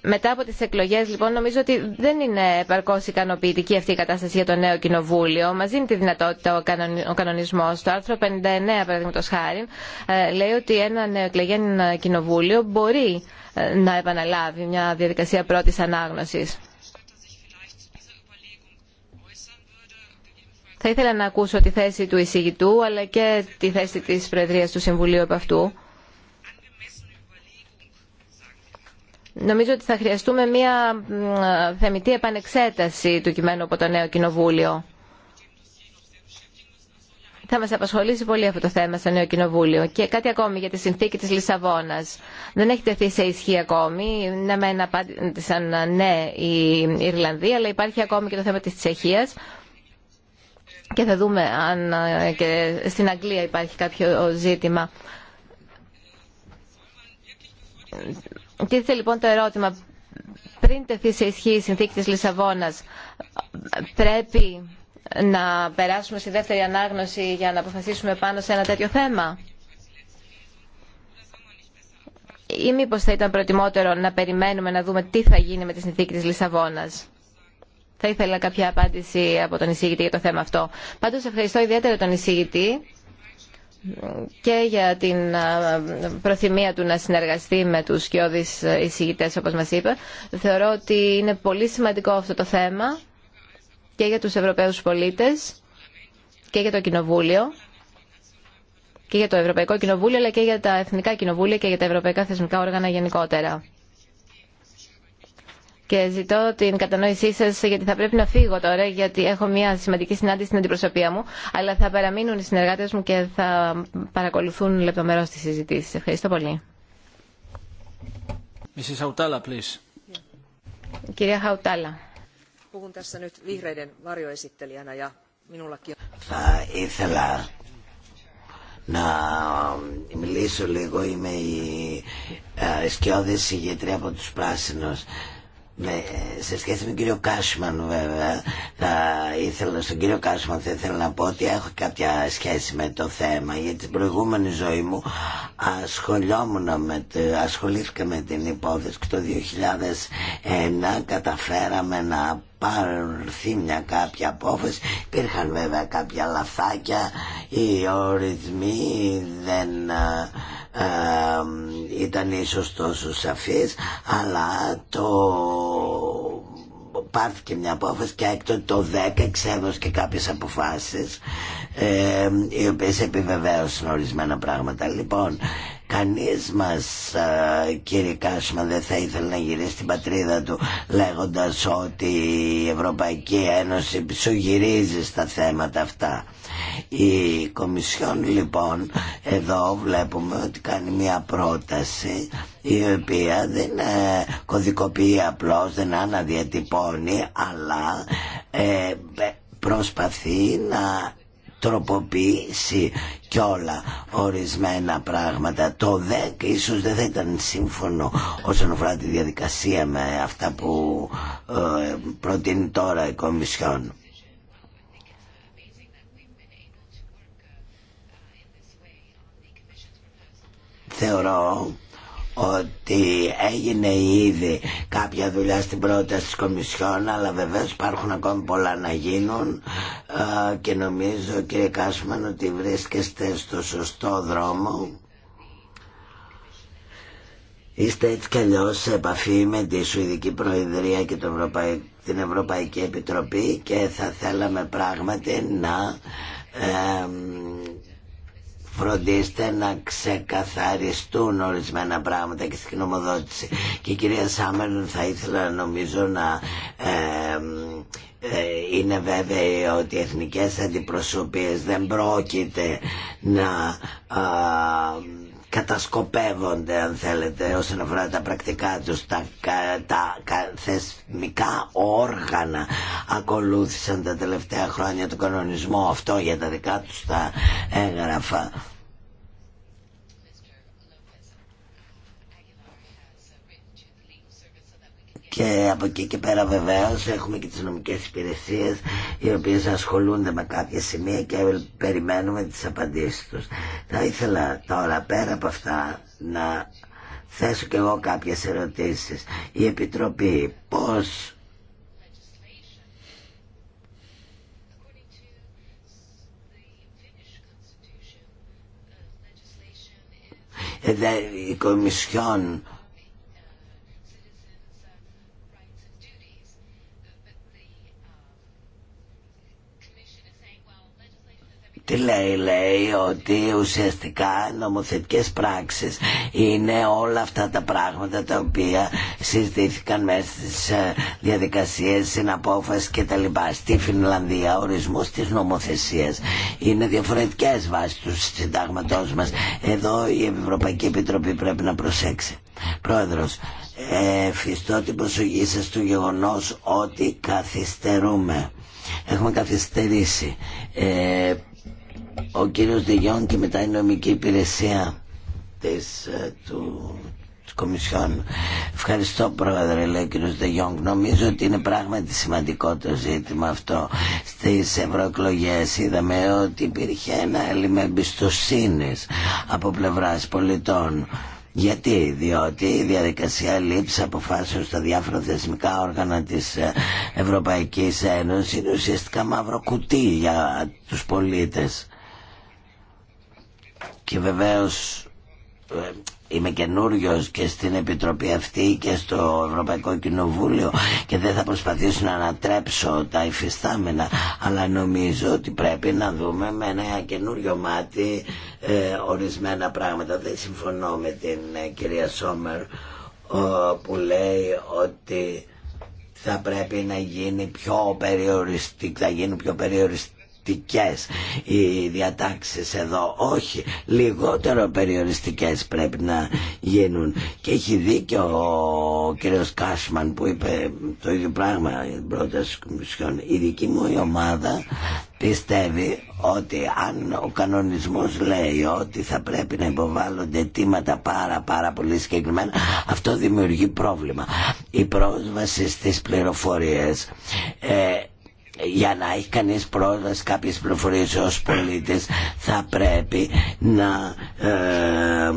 Μετά από τις εκλογές λοιπόν νομίζω ότι δεν είναι επαρκώς ικανοποιητική αυτή η κατάσταση για το νέο κοινοβούλιο. Μας δίνει τη δυνατότητα ο κανονισμός. Το άρθρο 59 παραδείγματο χάρη ε, λέει ότι ένα νέο νεοεκλεγέν κοινοβούλιο μπορεί ε, να επαναλάβει μια διαδικασία πρώτης ανάγνωσης. Θα ήθελα να ακούσω τη θέση του εισηγητού αλλά και τη θέση της Προεδρίας του Συμβουλίου επ' αυτού. Νομίζω ότι θα χρειαστούμε μια θεμητή επανεξέταση του κειμένου από το νέο Κοινοβούλιο. Θα μας απασχολήσει πολύ αυτό το θέμα στο νέο Κοινοβούλιο. Και κάτι ακόμη για τη συνθήκη της Λισαβόνας. Δεν έχει τεθεί σε ισχύ ακόμη. Ναι, μεν απάντησαν ναι η Ιρλανδία, αλλά υπάρχει ακόμη και το θέμα της Τσεχίας. Και θα δούμε αν ε, και στην Αγγλία υπάρχει κάποιο ζήτημα Τίθεται λοιπόν το ερώτημα, πριν τεθεί σε ισχύ η συνθήκη της Λισαβόνας, πρέπει να περάσουμε στη δεύτερη ανάγνωση για να αποφασίσουμε πάνω σε ένα τέτοιο θέμα. Ή μήπως θα ήταν προτιμότερο να περιμένουμε να δούμε τι θα γίνει με τη συνθήκη της Λισαβόνας. Θα ήθελα κάποια απάντηση από τον εισηγητή για το θέμα αυτό. Πάντως ευχαριστώ ιδιαίτερα τον εισηγητή και για την προθυμία του να συνεργαστεί με τους σκιώδεις ε, εισηγητές όπως μας είπε. Θεωρώ ότι είναι πολύ σημαντικό αυτό το θέμα και για τους Ευρωπαίους πολίτες και για το Κοινοβούλιο και για το Ευρωπαϊκό Κοινοβούλιο αλλά και για τα Εθνικά Κοινοβούλια και για τα Ευρωπαϊκά Θεσμικά Όργανα γενικότερα και ζητώ την κατανόησή σα γιατί θα πρέπει να φύγω τώρα γιατί έχω μια σημαντική συνάντηση στην αντιπροσωπεία μου. Αλλά θα παραμείνουν οι συνεργάτε μου και θα παρακολουθούν λεπτομερώ τι συζητήσει. Ευχαριστώ πολύ. Κυρία Χαουτάλα. Θα ήθελα να μιλήσω λίγο. Είμαι η ε, σκιώδη συγγετρία από τους Πράσινους σε σχέση με τον κύριο Κάσμαν βέβαια θα ήθελα στον κύριο Κάσμαν θα ήθελα να πω ότι έχω κάποια σχέση με το θέμα γιατί την προηγούμενη ζωή μου ασχολιόμουν με, ασχολήθηκα με την υπόθεση και το 2001 καταφέραμε να πάρθει μια κάποια απόφαση. Υπήρχαν βέβαια κάποια λαθάκια, οι ορισμοί δεν α, ε, α, ε, ήταν ίσως τόσο σαφείς, αλλά το πάρθηκε μια απόφαση και έκτοτε το 10 εξέδωσε και κάποιες αποφάσεις ε, οι οποίες επιβεβαίωσαν ορισμένα πράγματα. Λοιπόν, Κανείς μας κύριε Κάσμα δεν θα ήθελε να γυρίσει την πατρίδα του λέγοντας ότι η Ευρωπαϊκή Ένωση γυρίζει στα θέματα αυτά. Η Κομισιόν λοιπόν εδώ βλέπουμε ότι κάνει μια πρόταση η οποία δεν ε, κωδικοποιεί απλώς, δεν αναδιατυπώνει αλλά ε, προσπαθεί να τροποποιήσει όλα ορισμένα πράγματα. Το ΔΕΚ ίσως δεν θα ήταν σύμφωνο όσον αφορά τη διαδικασία με αυτά που ε, προτείνει τώρα η Κομισιόν. Θεωρώ ότι έγινε ήδη κάποια δουλειά στην πρόταση της Κομισιόν αλλά βεβαίως υπάρχουν ακόμη πολλά να γίνουν ε, και νομίζω κύριε Κάσμαν ότι βρίσκεστε στο σωστό δρόμο Είστε έτσι κι αλλιώς σε επαφή με τη Σουηδική Προεδρία και την Ευρωπαϊκή Επιτροπή και θα θέλαμε πράγματι να ε, φροντίστε να ξεκαθαριστούν ορισμένα πράγματα και στην νομοδότηση. Και η κυρία Σάμερ θα ήθελα νομίζω να ε, είναι βέβαιη ότι οι εθνικές αντιπροσωπείες δεν πρόκειται να κατασκοπεύονται αν θέλετε όσον αφορά τα πρακτικά τους τα, τα, θεσμικά όργανα ακολούθησαν τα τελευταία χρόνια του κανονισμό αυτό για τα δικά τους τα έγγραφα και από εκεί και πέρα βεβαίω έχουμε και τι νομικέ υπηρεσίε, οι οποίε ασχολούνται με κάποια σημεία και περιμένουμε τι απαντήσει του. Θα ήθελα τώρα πέρα από αυτά να θέσω και εγώ κάποιε ερωτήσει. Η Επιτροπή πώ. Ε, η Κομισιόν τι λέει, λέει ότι ουσιαστικά νομοθετικές πράξεις είναι όλα αυτά τα πράγματα τα οποία συζητήθηκαν μέσα στις ε, διαδικασίες συναπόφαση και τα λοιπά. Στη Φινλανδία ο ορισμός της νομοθεσίας είναι διαφορετικές βάσει του συντάγματός μας. Εδώ η Ευρωπαϊκή Επιτροπή πρέπει να προσέξει. Πρόεδρος, ε, την προσοχή σα του γεγονός ότι καθυστερούμε. Έχουμε καθυστερήσει. Ε, ο κύριος Δεγιόν και μετά η νομική υπηρεσία της, ε, του, της Κομισιόν. Ευχαριστώ πρόεδρε, λέει ο κύριος Δεγιόν. Νομίζω ότι είναι πράγματι σημαντικό το ζήτημα αυτό. Στις ευρωεκλογέ είδαμε ότι υπήρχε ένα έλλειμμα εμπιστοσύνη από πλευράς πολιτών. Γιατί, διότι η διαδικασία λήψη αποφάσεων στα διάφορα θεσμικά όργανα της ε, Ευρωπαϊκής Ένωσης είναι ουσιαστικά μαύρο κουτί για τους πολίτες και βεβαίως ε, είμαι καινούριο και στην Επιτροπή αυτή και στο Ευρωπαϊκό Κοινοβούλιο και δεν θα προσπαθήσω να ανατρέψω τα υφιστάμενα αλλά νομίζω ότι πρέπει να δούμε με ένα καινούριο μάτι ε, ορισμένα πράγματα δεν συμφωνώ με την ε, κυρία Σόμερ που λέει ότι θα πρέπει να γίνει πιο περιοριστή θα γίνει πιο περιοριστική περιοριστικές οι διατάξεις εδώ όχι λιγότερο περιοριστικές πρέπει να γίνουν και έχει δίκιο ο κύριος Κάσμαν που είπε το ίδιο πράγμα την πρόταση η δική μου η ομάδα πιστεύει ότι αν ο κανονισμός λέει ότι θα πρέπει να υποβάλλονται αιτήματα πάρα πάρα πολύ συγκεκριμένα αυτό δημιουργεί πρόβλημα η πρόσβαση στις πληροφορίες ε, για να έχει κανείς πρόσβαση κάποιες πληροφορίες ως πολίτες θα πρέπει να ε,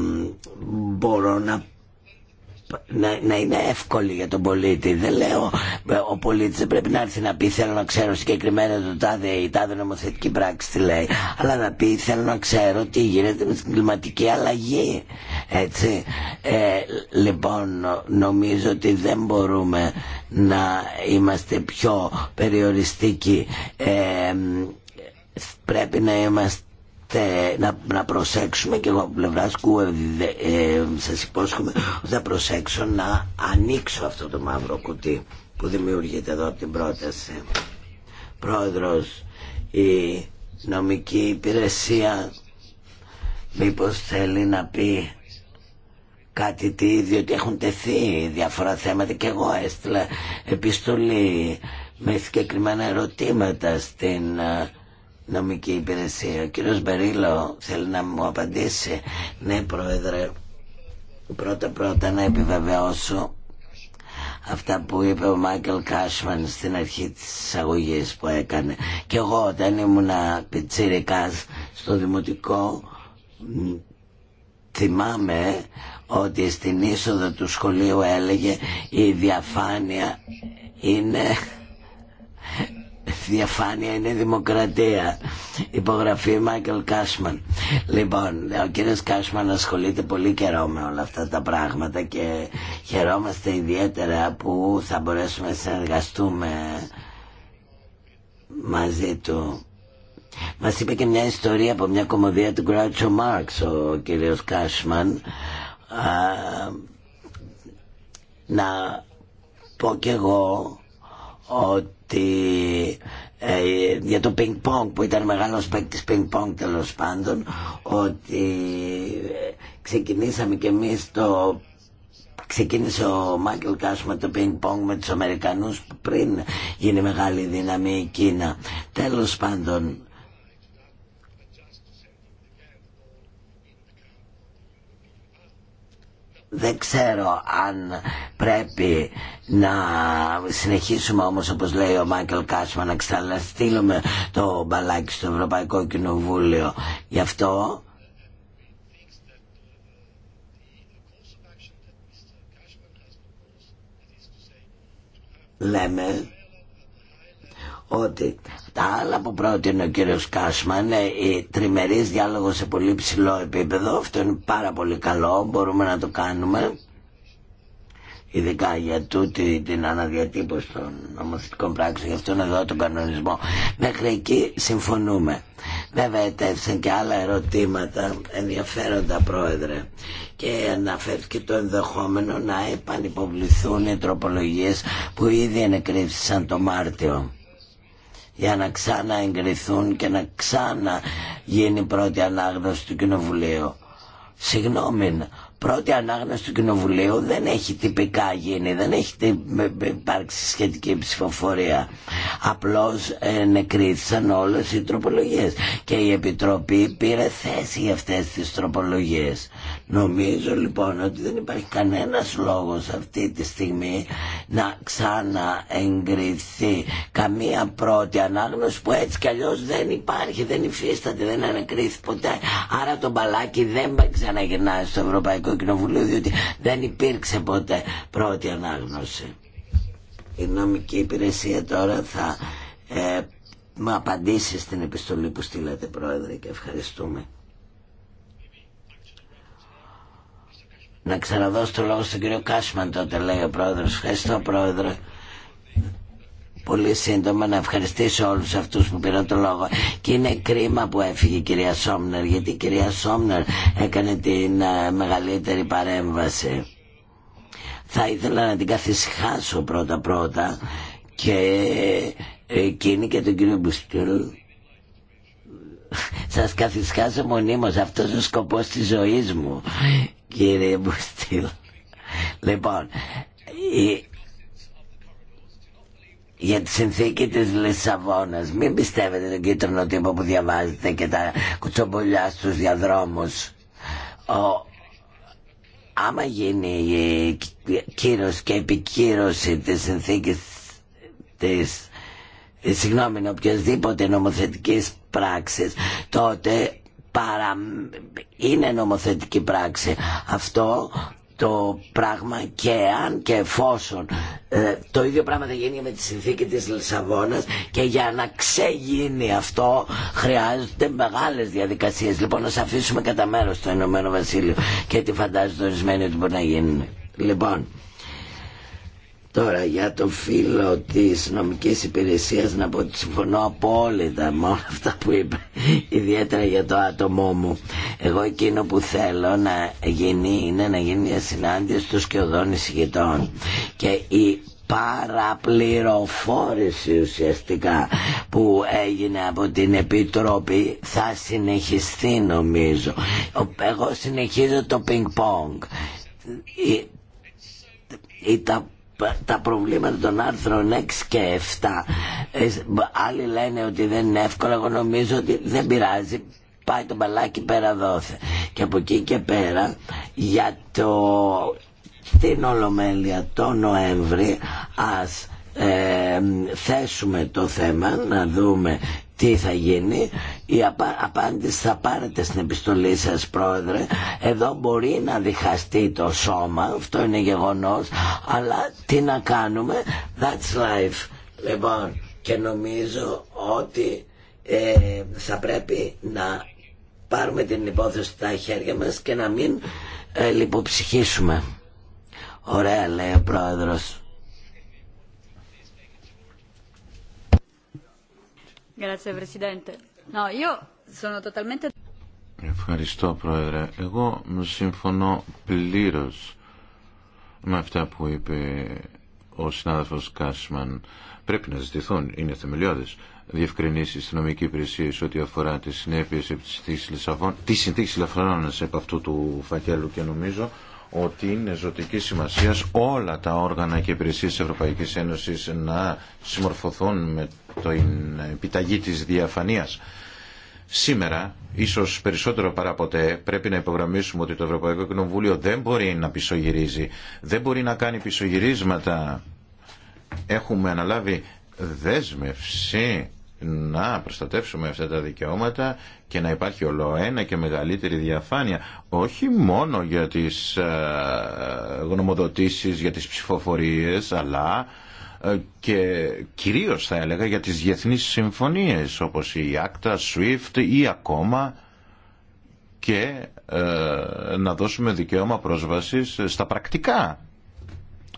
μπορώ να να, να είναι εύκολη για τον πολίτη. Δεν λέω ε, ο πολίτη δεν πρέπει να έρθει να πει θέλω να ξέρω συγκεκριμένα το τάδε η τάδε νομοθετική πράξη τι λέει, αλλά να πει θέλω να ξέρω τι γίνεται με την κλιματική αλλαγή. Έτσι, ε, λοιπόν, νομίζω ότι δεν μπορούμε να είμαστε πιο περιοριστικοί. Ε, πρέπει να είμαστε να, προσέξουμε και εγώ από πλευρά ε, σας υπόσχομαι ότι θα προσέξω να ανοίξω αυτό το μαύρο κουτί που δημιουργείται εδώ από την πρόταση Πρόεδρος η νομική υπηρεσία μήπως θέλει να πει κάτι τι, διότι έχουν τεθεί διάφορα θέματα και εγώ έστειλα επιστολή με συγκεκριμένα ερωτήματα στην ε, νομική υπηρεσία. Ο κύριος Μπερίλο θέλει να μου απαντήσει. Ναι, Πρόεδρε, πρώτα-πρώτα να επιβεβαιώσω αυτά που είπε ο Μάικλ Κάσμαν στην αρχή της εισαγωγή που έκανε. Και εγώ όταν ήμουνα πιτσίρικας στο δημοτικό Θυμάμαι ότι στην είσοδο του σχολείου έλεγε η διαφάνεια είναι διαφάνεια είναι δημοκρατία. Υπογραφή Μάικλ Κάσμαν. Λοιπόν, ο κύριο Κάσμαν ασχολείται πολύ καιρό με όλα αυτά τα πράγματα και χαιρόμαστε ιδιαίτερα που θα μπορέσουμε να συνεργαστούμε μαζί του μα είπε και μια ιστορία από μια κομμωδία του Γκράτσο Μάρξ ο κύριος Κάσμαν να πω κι εγώ ότι ε, για το πινκ πονγκ που ήταν μεγάλο παίκτη πινκ πονγκ τέλο πάντων ότι ε, ξεκινήσαμε και εμείς το ξεκίνησε ο Μάικλ Κάσου το πινκ πονγκ με τους Αμερικανούς πριν γίνει μεγάλη δύναμη η Κίνα τέλος πάντων δεν ξέρω αν πρέπει να συνεχίσουμε όμως όπως λέει ο Μάικλ Κάσμα να ξαναστείλουμε το μπαλάκι στο Ευρωπαϊκό Κοινοβούλιο γι' αυτό λέμε ότι άλλα που πρότεινε ο κύριος Κάσμαν, ε, η τριμερής διάλογος σε πολύ ψηλό επίπεδο, αυτό είναι πάρα πολύ καλό, μπορούμε να το κάνουμε ειδικά για τούτη την αναδιατύπωση των νομοθετικών πράξεων, για αυτόν εδώ τον κανονισμό. Μέχρι εκεί συμφωνούμε. Βέβαια ετέθησαν και άλλα ερωτήματα ενδιαφέροντα πρόεδρε και αναφέρθηκε το ενδεχόμενο να επανυποβληθούν οι τροπολογίες που ήδη ενεκρίθησαν το Μάρτιο για να ξαναεγκριθούν και να ξανά γίνει πρώτη ανάγνωση του Κοινοβουλίου. Συγγνώμη, πρώτη ανάγνωση του Κοινοβουλίου δεν έχει τυπικά γίνει, δεν έχει υπάρξει σχετική ψηφοφορία. Απλώς ε, νεκρίθησαν όλες οι τροπολογίες και η Επιτροπή πήρε θέση για αυτές τις τροπολογίες. Νομίζω λοιπόν ότι δεν υπάρχει κανένας λόγος αυτή τη στιγμή να ξαναεγκριθεί καμία πρώτη ανάγνωση που έτσι κι αλλιώς δεν υπάρχει, δεν υφίσταται, δεν ανακρίθη ποτέ. Άρα το μπαλάκι δεν ξαναγυρνάει στο Ευρωπαϊκό Κοινοβουλίο διότι δεν υπήρξε ποτέ πρώτη ανάγνωση. Η νομική υπηρεσία τώρα θα ε, μου απαντήσει στην επιστολή που στείλατε πρόεδρε και ευχαριστούμε. Να ξαναδώσω το λόγο στον κύριο Κάσμαν τότε λέει ο πρόεδρος. Ευχαριστώ πρόεδρε. Πολύ σύντομα να ευχαριστήσω όλους αυτούς που πήραν το λόγο και είναι κρίμα που έφυγε η κυρία Σόμνερ γιατί η κυρία Σόμνερ έκανε την ε, μεγαλύτερη παρέμβαση. Θα ήθελα να την καθισχάσω πρώτα πρώτα και ε, εκείνη και τον κύριο Μπουστήλ σας καθισχάσω μονίμως αυτός ο σκοπός της ζωής μου κύριε Μπουστήλ. Λοιπόν, για τη συνθήκη της Λισαβόνας, μην πιστεύετε τον κίτρινο τύπο που διαβάζετε και τα κουτσομπολιά στους διαδρόμους. Ο... Άμα γίνει η κύρος και επικύρωση της συνθήκης της συγγνώμη, οποιασδήποτε νομοθετικής πράξης, τότε παρα... είναι νομοθετική πράξη αυτό το πράγμα και αν και εφόσον ε, το ίδιο πράγμα θα γίνει με τη συνθήκη της Λισαβόνας και για να ξεγίνει αυτό χρειάζονται μεγάλες διαδικασίες λοιπόν να αφήσουμε κατά μέρος το Ηνωμένο Βασίλειο και τι φαντάζεται ορισμένοι ότι μπορεί να γίνει λοιπόν Τώρα για το φίλο της νομικής υπηρεσίας να πω ότι συμφωνώ απόλυτα με όλα αυτά που είπε, ιδιαίτερα για το άτομό μου. Εγώ εκείνο που θέλω να γίνει είναι να γίνει μια συνάντηση και σκιωδών εισηγητών και η παραπληροφόρηση ουσιαστικά που έγινε από την Επιτροπή θα συνεχιστεί νομίζω. Εγώ συνεχίζω το πινκ πονγκ. Ή, ή τα προβλήματα των άρθρων 6 και 7 ε, άλλοι λένε ότι δεν είναι εύκολο εγώ νομίζω ότι δεν πειράζει πάει το μπαλάκι πέρα δόθε και από εκεί και πέρα για το την Ολομέλεια το Νοέμβρη ας ε, θέσουμε το θέμα να δούμε τι θα γίνει. Η απα... απάντηση θα πάρετε στην επιστολή σας πρόεδρε. Εδώ μπορεί να διχαστεί το σώμα, αυτό είναι γεγονός, αλλά τι να κάνουμε, that's life. Λοιπόν, και νομίζω ότι ε, θα πρέπει να πάρουμε την υπόθεση στα χέρια μας και να μην ε, λιποψυχήσουμε. Ωραία λέει ο πρόεδρος. Ευχαριστώ Πρόεδρε. Εγώ συμφωνώ πλήρως με αυτά που είπε ο συνάδελφος Κάσμαν. Πρέπει να ζητηθούν, είναι θεμελιώδες, διευκρινήσεις στην νομική υπηρεσία ό,τι αφορά τις συνέπειες της συνθήκης Λαφρανώνας επ' αυτού του φακέλου και νομίζω ότι είναι ζωτική σημασία όλα τα όργανα και υπηρεσίε τη Ευρωπαϊκή Ένωση να συμμορφωθούν με την επιταγή της διαφανείας. Σήμερα, ίσως περισσότερο παρά ποτέ, πρέπει να υπογραμμίσουμε ότι το Ευρωπαϊκό Κοινοβούλιο δεν μπορεί να πισωγυρίζει, δεν μπορεί να κάνει πισωγυρίσματα. Έχουμε αναλάβει δέσμευση να προστατεύσουμε αυτά τα δικαιώματα και να υπάρχει ολοένα και μεγαλύτερη διαφάνεια όχι μόνο για τις ε, γνωμοδοτήσεις, για τις ψηφοφορίες αλλά ε, και κυρίως θα έλεγα για τις διεθνείς συμφωνίες όπως η ACTA, SWIFT ή ακόμα και ε, να δώσουμε δικαίωμα πρόσβασης στα πρακτικά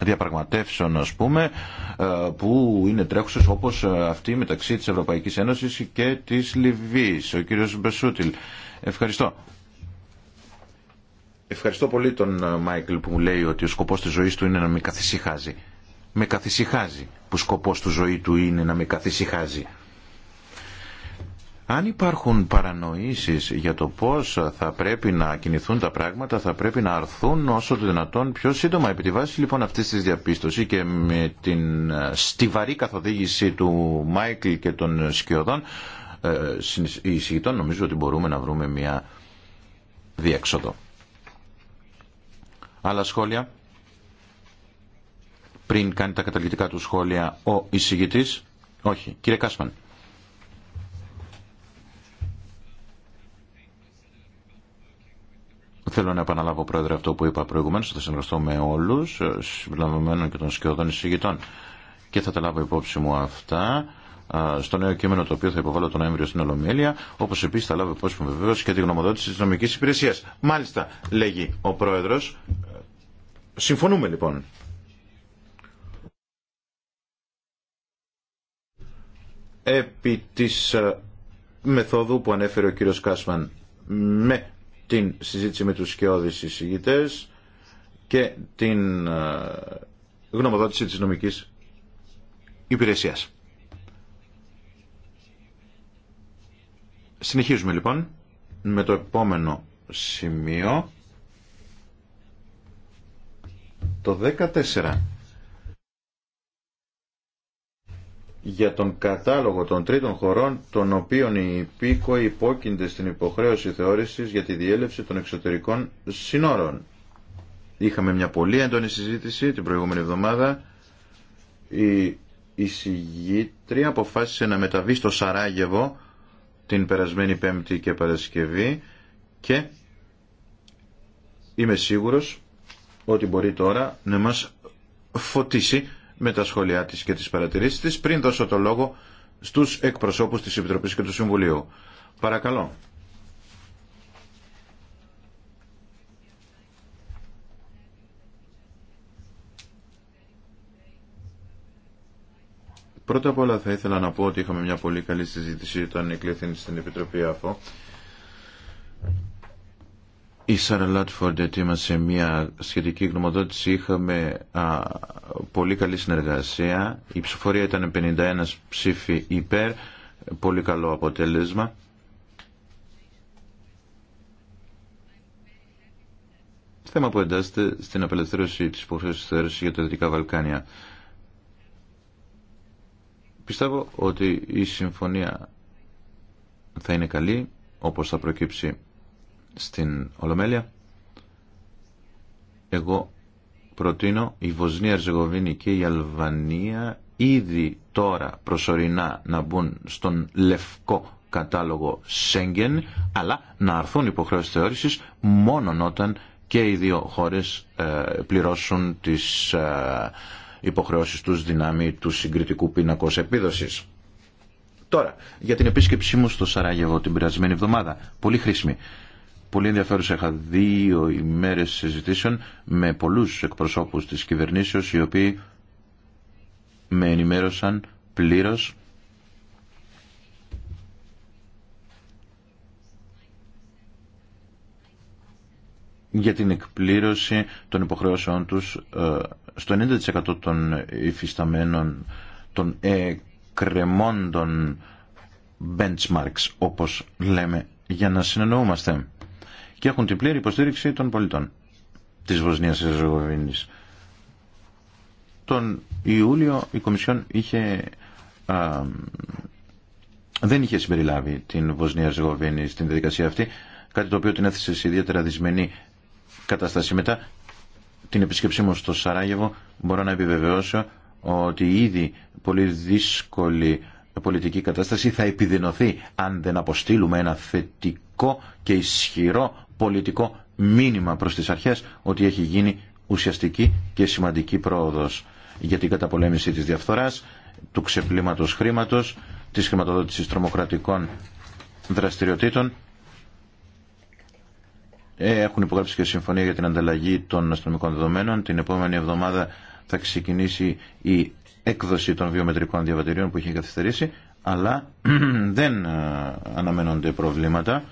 διαπραγματεύσεων ας πούμε ε, που είναι τρέχουσες όπως αυτή μεταξύ της Ευρωπαϊκής Ένωσης και της Λιβύης ο κύριος Μπεσούτιλ ευχαριστώ ευχαριστώ πολύ τον Μάικλ που μου λέει ότι ο σκοπός της ζωής του είναι να μην καθησυχάζει με καθησυχάζει, που σκοπός του ζωή του είναι να με καθησυχάζει. Αν υπάρχουν παρανοήσεις για το πώς θα πρέπει να κινηθούν τα πράγματα, θα πρέπει να αρθούν όσο το δυνατόν πιο σύντομα. Επί τη βάση λοιπόν αυτής της διαπίστωσης και με την ε, στιβαρή καθοδήγηση του Μάικλ και των σκιωδών, ε, εισηγητών νομίζω ότι μπορούμε να βρούμε μια διέξοδο. Άλλα σχόλια πριν κάνει τα καταληκτικά του σχόλια ο εισηγητής. Όχι. Κύριε Κάσμαν. Θέλω να επαναλάβω, Πρόεδρε, αυτό που είπα προηγουμένως. Θα συνεργαστώ με όλους, συμπεριλαμβανομένων και των σκιωδών εισηγητών. Και θα τα λάβω υπόψη μου αυτά στο νέο κείμενο το οποίο θα υποβάλω τον Νοέμβριο στην Ολομέλεια, όπω επίση θα λάβω υπόψη μου βεβαίω και τη γνωμοδότηση τη νομική υπηρεσία. Μάλιστα, λέγει ο Πρόεδρο. Συμφωνούμε λοιπόν. επί της ε, μεθόδου που ανέφερε ο κύριος Κάσμαν με την συζήτηση με τους σκιώδεις εισηγητές και την ε, γνωμοδότηση της νομικής υπηρεσίας. Συνεχίζουμε λοιπόν με το επόμενο σημείο το 14 για τον κατάλογο των τρίτων χωρών των οποίων οι υπήκοοι υπόκεινται στην υποχρέωση θεώρησης για τη διέλευση των εξωτερικών συνόρων. Είχαμε μια πολύ έντονη συζήτηση την προηγούμενη εβδομάδα. Η, η αποφάσισε να μεταβεί στο Σαράγεβο την περασμένη Πέμπτη και Παρασκευή και είμαι σίγουρος ότι μπορεί τώρα να μας φωτίσει με τα σχόλιά τη και τι παρατηρήσει τη πριν δώσω το λόγο στους εκπροσώπους της Επιτροπή και του Συμβουλίου. Παρακαλώ. Πρώτα απ' όλα θα ήθελα να πω ότι είχαμε μια πολύ καλή συζήτηση όταν εκλήθηκε στην Επιτροπή ΑΦΟ η Σάρα Λάτφορντ ετοίμασε μια σχετική γνωμοδότηση. Είχαμε πολύ καλή συνεργασία. Η ψηφορία ήταν 51 ψήφοι υπέρ. Πολύ καλό αποτέλεσμα. Θέμα που εντάσσεται στην απελευθέρωση της υποχρέωσης της για τα Δυτικά Βαλκάνια. Πιστεύω ότι η συμφωνία θα είναι καλή, όπως θα προκύψει στην Ολομέλεια εγώ προτείνω η Βοσνία, και η Αλβανία ήδη τώρα προσωρινά να μπουν στον λευκό κατάλογο Σέγγεν αλλά να αρθούν υποχρεώσεις θεώρησης μόνον όταν και οι δύο χώρες ε, πληρώσουν τις ε, υποχρεώσεις τους δυνάμει του συγκριτικού πίνακος επίδοσης. Τώρα, για την επίσκεψή μου στο Σαράγεβο την περασμένη εβδομάδα, πολύ χρήσιμη πολύ ενδιαφέρουσα. Είχα δύο ημέρες συζητήσεων με πολλούς εκπροσώπους της κυβερνήσεως οι οποίοι με ενημέρωσαν πλήρως για την εκπλήρωση των υποχρεώσεών τους ε, στο 90% των υφισταμένων των εκκρεμόντων benchmarks όπως λέμε για να συνεννοούμαστε και έχουν την πλήρη υποστήριξη των πολιτών της Βοσνίας και Ζεγοβίνης. Τον Ιούλιο η Κομισιόν είχε, α, δεν είχε συμπεριλάβει την Βοσνία Ζεγοβίνη στην διαδικασία αυτή, κάτι το οποίο την έθεσε σε ιδιαίτερα δυσμενή κατάσταση. Μετά την επισκεψή μου στο Σαράγεβο μπορώ να επιβεβαιώσω ότι ήδη πολύ δύσκολη πολιτική κατάσταση θα επιδεινωθεί αν δεν αποστείλουμε ένα θετικό και ισχυρό πολιτικό μήνυμα προς τις αρχές ότι έχει γίνει ουσιαστική και σημαντική πρόοδος για την καταπολέμηση της διαφθοράς, του ξεπλήματος χρήματος, της χρηματοδότησης τρομοκρατικών δραστηριοτήτων. Ε, έχουν υπογράψει και συμφωνία για την ανταλλαγή των αστυνομικών δεδομένων. Την επόμενη εβδομάδα θα ξεκινήσει η έκδοση των βιομετρικών διαβατηρίων που είχε καθυστερήσει, αλλά [CLEARS THROAT] δεν ε, αναμένονται προβλήματα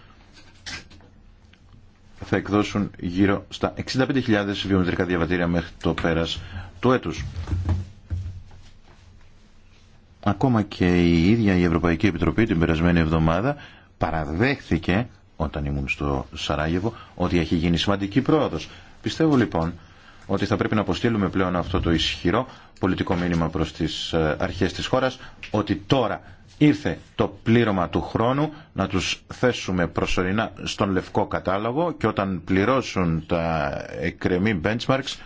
θα εκδώσουν γύρω στα 65.000 βιομετρικά διαβατήρια μέχρι το πέρας του έτους. Ακόμα και η ίδια η Ευρωπαϊκή Επιτροπή την περασμένη εβδομάδα παραδέχθηκε όταν ήμουν στο Σαράγεβο ότι έχει γίνει σημαντική πρόοδος. Πιστεύω λοιπόν ότι θα πρέπει να αποστείλουμε πλέον αυτό το ισχυρό πολιτικό μήνυμα προς τις ε, αρχές της χώρας ότι τώρα ήρθε το πλήρωμα του χρόνου να τους θέσουμε προσωρινά στον λευκό κατάλογο και όταν πληρώσουν τα εκκρεμή benchmarks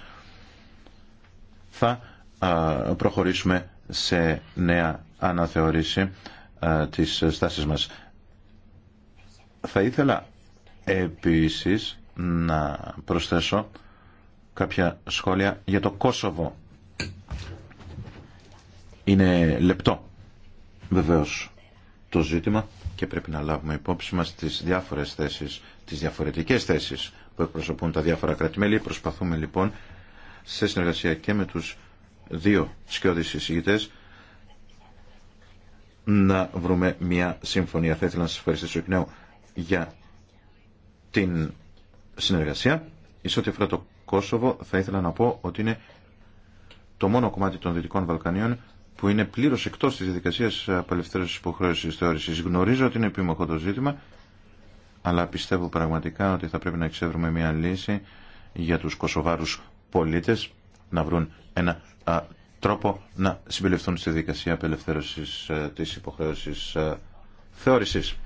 θα προχωρήσουμε σε νέα αναθεωρήση της στάσης μας. Θα ήθελα επίσης να προσθέσω κάποια σχόλια για το Κόσοβο. Είναι λεπτό Βεβαίως το ζήτημα και πρέπει να λάβουμε υπόψη μας τις διάφορες θέσεις, τις διαφορετικές θέσεις που εκπροσωπούν τα διάφορα κρατημέλη. Προσπαθούμε λοιπόν σε συνεργασία και με τους δύο σκιώδεις εισηγητές να βρούμε μια συμφωνία. Θα ήθελα να σας ευχαριστήσω εκ νέου για την συνεργασία. Εις ό,τι αφορά το Κόσοβο θα ήθελα να πω ότι είναι το μόνο κομμάτι των Δυτικών Βαλκανίων που είναι πλήρως εκτός της διαδικασίας απελευθέρωσης υποχρέωσης θεώρησης. Γνωρίζω ότι είναι επίμαχο το ζήτημα, αλλά πιστεύω πραγματικά ότι θα πρέπει να εξεύρουμε μια λύση για τους κόσοβάρους πολίτες να βρουν ένα τρόπο να συμπεριληφθούν στη διαδικασία απελευθέρωσης τη ε, της υποχρέωσης ε, θεώρησης.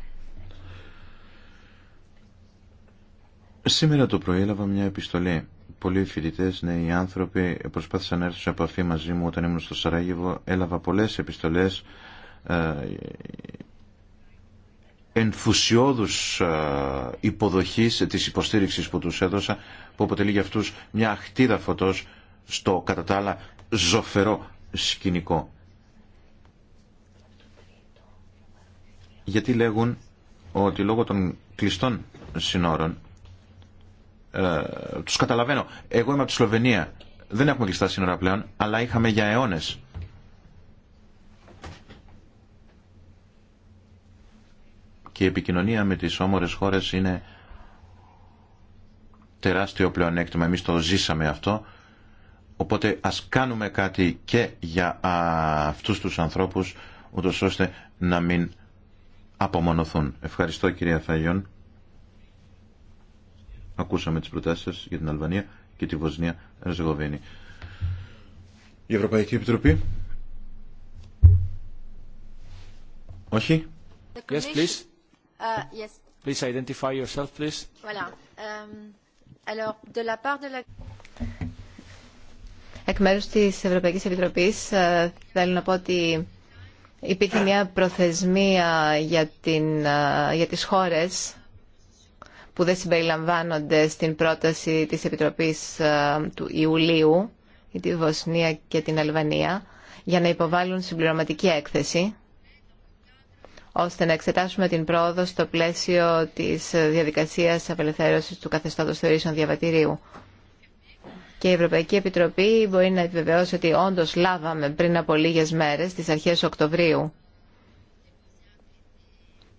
Σήμερα το πρωί έλαβα μια επιστολή πολλοί φοιτητέ, νέοι άνθρωποι προσπάθησαν να έρθουν σε επαφή μαζί μου όταν ήμουν στο Σαράγεβο. Έλαβα πολλέ επιστολέ ε, ενθουσιώδους ε, υποδοχή τη υποστηρίξη που του έδωσα που αποτελεί για αυτούς μια αχτίδα φωτό στο κατά τα άλλα ζωφερό σκηνικό. Γιατί λέγουν ότι λόγω των κλειστών συνόρων ε, τους καταλαβαίνω. Εγώ είμαι από τη Σλοβενία. Δεν έχουμε κλειστά σύνορα πλέον, αλλά είχαμε για αιώνες. Και η επικοινωνία με τις όμορες χώρες είναι τεράστιο πλεονέκτημα. Εμείς το ζήσαμε αυτό. Οπότε ας κάνουμε κάτι και για αυτούς τους ανθρώπους, ούτως ώστε να μην απομονωθούν. Ευχαριστώ κυρία Φαγιόν. Ακούσαμε τις προτάσεις σας για την Αλβανία και τη Βοσνία Ερζεγοβίνη. Η Ευρωπαϊκή Επιτροπή. Όχι. Yes, please. Uh, yes. Please identify yourself, please. Voilà. Um, alors, de la part de la... Εκ μέρους της Ευρωπαϊκής Επιτροπής ε, θέλω να πω ότι υπήρχε μια προθεσμία για, την, ε, για τις χώρες που δεν συμπεριλαμβάνονται στην πρόταση της Επιτροπής ε, του Ιουλίου για τη Βοσνία και την Αλβανία για να υποβάλουν συμπληρωματική έκθεση ώστε να εξετάσουμε την πρόοδο στο πλαίσιο της διαδικασίας απελευθέρωσης του καθεστώτος θεωρήσεων διαβατηρίου. Και η Ευρωπαϊκή Επιτροπή μπορεί να επιβεβαιώσει ότι όντως λάβαμε πριν από λίγες μέρες, στις αρχές Οκτωβρίου,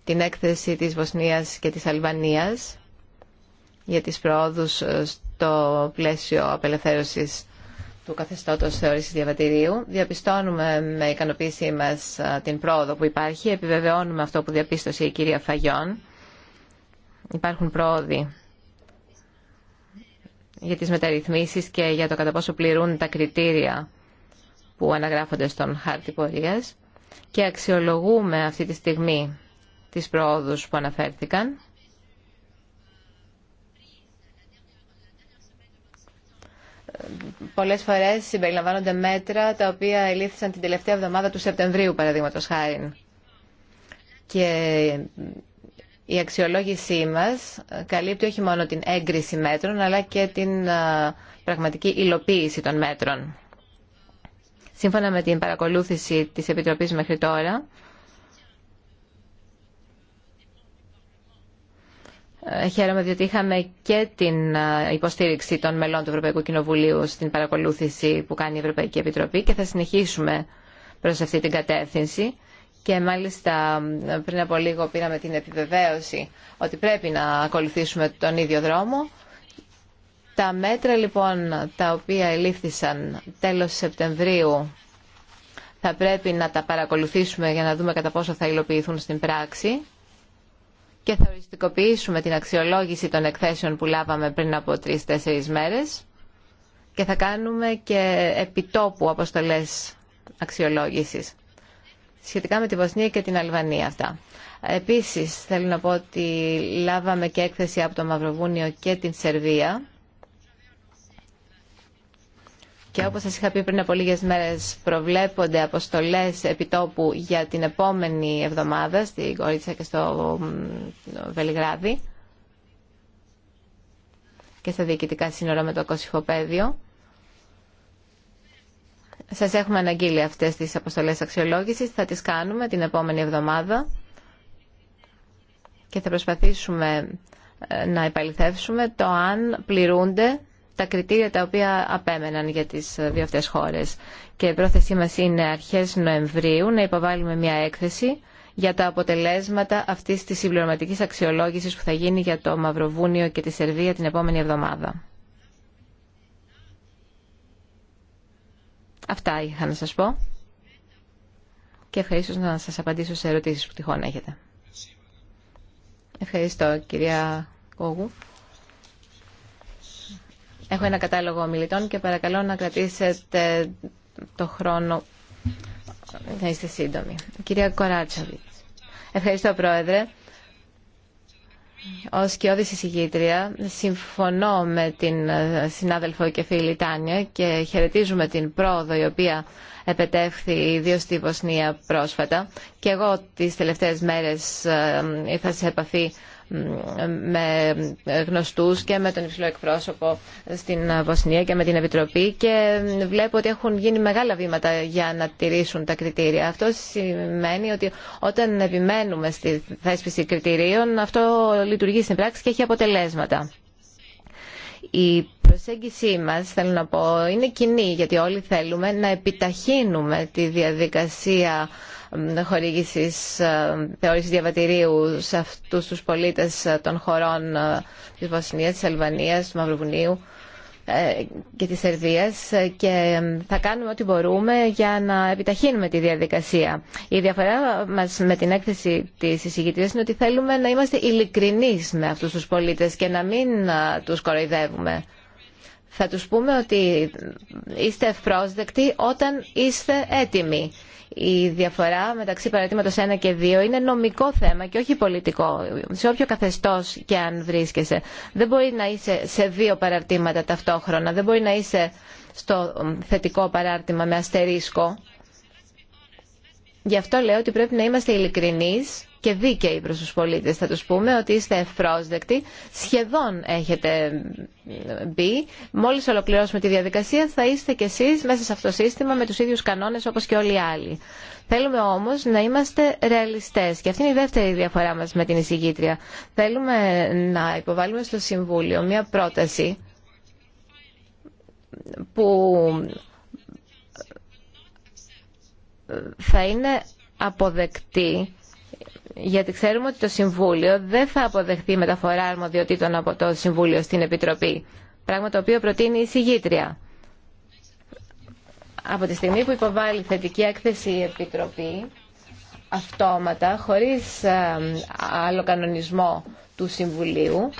την έκθεση της Βοσνίας και της Αλβανίας για τις προόδους ε, στο πλαίσιο απελευθέρωσης του καθεστώτος θεώρησης διαβατηρίου. Διαπιστώνουμε με ικανοποίησή μας ε, την πρόοδο που υπάρχει. Επιβεβαιώνουμε αυτό που διαπίστωσε η κυρία Φαγιόν. Υπάρχουν πρόοδοι για τις μεταρρυθμίσεις και για το κατά πόσο πληρούν τα κριτήρια που αναγράφονται στον χάρτη πορείας και αξιολογούμε αυτή τη στιγμή τις πρόοδους που αναφέρθηκαν. Πολλέ φορέ συμπεριλαμβάνονται μέτρα τα οποία ελήφθησαν την τελευταία εβδομάδα του Σεπτεμβρίου, παραδείγματο χάρη. Και η αξιολόγησή μας καλύπτει όχι μόνο την έγκριση μέτρων, αλλά και την πραγματική υλοποίηση των μέτρων. Σύμφωνα με την παρακολούθηση της Επιτροπής μέχρι τώρα, Ε, χαίρομαι διότι είχαμε και την ε, υποστήριξη των μελών του Ευρωπαϊκού Κοινοβουλίου στην παρακολούθηση που κάνει η Ευρωπαϊκή Επιτροπή και θα συνεχίσουμε προς αυτή την κατεύθυνση. Και μάλιστα ε, πριν από λίγο πήραμε την επιβεβαίωση ότι πρέπει να ακολουθήσουμε τον ίδιο δρόμο. Τα μέτρα λοιπόν τα οποία ελήφθησαν τέλος Σεπτεμβρίου θα πρέπει να τα παρακολουθήσουμε για να δούμε κατά πόσο θα υλοποιηθούν στην πράξη και θα οριστικοποιήσουμε την αξιολόγηση των εκθέσεων που λάβαμε πριν από τρεις-τέσσερις μέρες και θα κάνουμε και επιτόπου αποστολές αξιολόγησης σχετικά με τη Βοσνία και την Αλβανία αυτά. Επίσης θέλω να πω ότι λάβαμε και έκθεση από το Μαυροβούνιο και την Σερβία και όπως σας είχα πει πριν από λίγες μέρες, προβλέπονται αποστολές επιτόπου για την επόμενη εβδομάδα στην Κορίτσα και στο Βελιγράδι και στα διοικητικά σύνορα με το Κωσυχοπαίδιο. Σας έχουμε αναγγείλει αυτές τις αποστολές αξιολόγησης, θα τις κάνουμε την επόμενη εβδομάδα και θα προσπαθήσουμε ε, να επαληθεύσουμε το αν πληρούνται τα κριτήρια τα οποία απέμεναν για τις δύο αυτές χώρες. Και η πρόθεσή μας είναι αρχές Νοεμβρίου να υποβάλουμε μια έκθεση για τα αποτελέσματα αυτής της συμπληρωματικής αξιολόγησης που θα γίνει για το Μαυροβούνιο και τη Σερβία την επόμενη εβδομάδα. Αυτά είχα να σας πω και ευχαρίστω να σας απαντήσω σε ερωτήσεις που τυχόν έχετε. Ευχαριστώ κυρία Κόγου. Έχω ένα κατάλογο ομιλητών και παρακαλώ να κρατήσετε το χρόνο να είστε σύντομοι. Κυρία Κοράτσαβιτ. Ευχαριστώ, Πρόεδρε. Ω κοιόδηση εισηγήτρια, συμφωνώ με την συνάδελφο και φίλη Τάνια και χαιρετίζουμε την πρόοδο η οποία επετεύχθη ιδίω στη Βοσνία πρόσφατα. Και εγώ τις τελευταίες μέρες ε, ήρθα σε επαφή με γνωστούς και με τον υψηλό εκπρόσωπο στην Βοσνία και με την Επιτροπή και βλέπω ότι έχουν γίνει μεγάλα βήματα για να τηρήσουν τα κριτήρια. Αυτό σημαίνει ότι όταν επιμένουμε στη θέσπιση κριτηρίων αυτό λειτουργεί στην πράξη και έχει αποτελέσματα. Η προσέγγιση μας, θέλω να πω, είναι κοινή γιατί όλοι θέλουμε να επιταχύνουμε τη διαδικασία χορήγησης ε, θεώρησης διαβατηρίου σε αυτούς τους πολίτες ε, των χωρών ε, της Βοσνίας, της Αλβανίας, του Μαυροβουνίου και της Σερβίας και θα κάνουμε ό,τι μπορούμε για να επιταχύνουμε τη διαδικασία. Η διαφορά μας με την έκθεση της εισηγητρίας είναι ότι θέλουμε να είμαστε ειλικρινεί με αυτούς τους πολίτες και να μην τους κοροϊδεύουμε. Θα τους πούμε ότι είστε ευπρόσδεκτοι όταν είστε έτοιμοι. Η διαφορά μεταξύ παρατήματος 1 και 2 είναι νομικό θέμα και όχι πολιτικό, σε όποιο καθεστώς και αν βρίσκεσαι. Δεν μπορεί να είσαι σε δύο παρατήματα ταυτόχρονα, δεν μπορεί να είσαι στο θετικό παράρτημα με αστερίσκο. Γι' αυτό λέω ότι πρέπει να είμαστε ειλικρινείς και δίκαιοι προς τους πολίτες. Θα τους πούμε ότι είστε ευπρόσδεκτοι, σχεδόν έχετε μπει. Μόλις ολοκληρώσουμε τη διαδικασία θα είστε κι εσείς μέσα σε αυτό το σύστημα με τους ίδιους κανόνες όπως και όλοι οι άλλοι. Θέλουμε όμως να είμαστε ρεαλιστές και αυτή είναι η δεύτερη διαφορά μας με την εισηγήτρια. Θέλουμε να υποβάλουμε στο Συμβούλιο μια πρόταση που θα είναι αποδεκτή γιατί ξέρουμε ότι το Συμβούλιο δεν θα αποδεχτεί μεταφορά αρμοδιοτήτων από το Συμβούλιο στην Επιτροπή, πράγμα το οποίο προτείνει η συγγήτρια. Από τη στιγμή που υποβάλλει θετική έκθεση η Επιτροπή, αυτόματα, χωρίς ε, άλλο κανονισμό του Συμβουλίου,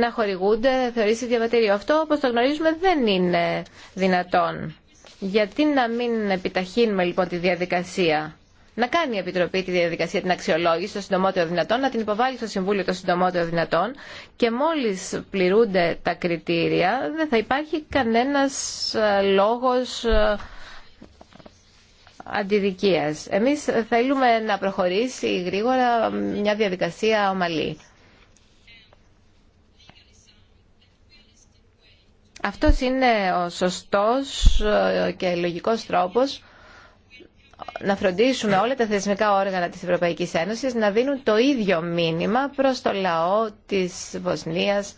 να χορηγούνται θεωρήσει διαβατήριο. Αυτό, όπως το γνωρίζουμε, δεν είναι δυνατόν. Γιατί να μην επιταχύνουμε λοιπόν τη διαδικασία. Να κάνει η Επιτροπή τη διαδικασία την αξιολόγηση το συντομότερο δυνατόν, να την υποβάλει στο Συμβούλιο το συντομότερο δυνατόν και μόλις πληρούνται τα κριτήρια δεν θα υπάρχει κανένας ε, λόγος ε, αντιδικίας. Εμείς θέλουμε να προχωρήσει γρήγορα μια διαδικασία ομαλή. Αυτός είναι ο σωστός ε, και λογικός τρόπος να φροντίσουμε όλα τα θεσμικά όργανα της Ευρωπαϊκής Ένωσης να δίνουν το ίδιο μήνυμα προς το λαό της Βοσνίας,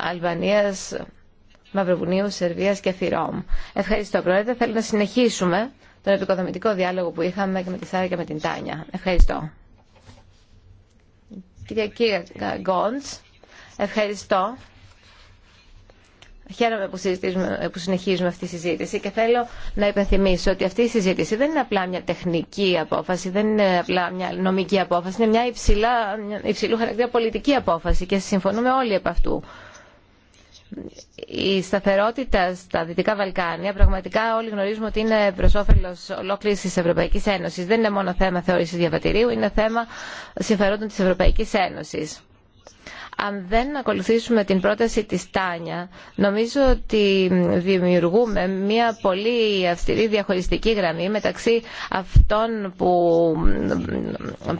Αλβανίας, Μαυροβουνίου, Σερβίας και Φιρόμ. Ευχαριστώ Πρόεδρε. Θέλω να συνεχίσουμε τον επικοδομητικό διάλογο που είχαμε και με τη Σάρα και με την Τάνια. Ευχαριστώ. Κυρία Γκόντς, ευχαριστώ. Χαίρομαι που, που συνεχίζουμε αυτή τη συζήτηση και θέλω να υπενθυμίσω ότι αυτή η συζήτηση δεν είναι απλά μια τεχνική απόφαση, δεν είναι απλά μια νομική απόφαση, είναι μια υψηλά, υψηλού χαρακτήρα πολιτική απόφαση και συμφωνούμε όλοι από αυτού. Η σταθερότητα στα Δυτικά Βαλκάνια, πραγματικά όλοι γνωρίζουμε ότι είναι προ όφελο ολόκληρη τη Ευρωπαϊκή Ένωση. Δεν είναι μόνο θέμα θεώρηση διαβατηρίου, είναι θέμα συμφερόντων τη Ευρωπαϊκή Ένωση. Αν δεν ακολουθήσουμε την πρόταση της Τάνια, νομίζω ότι δημιουργούμε μια πολύ αυστηρή διαχωριστική γραμμή μεταξύ αυτών που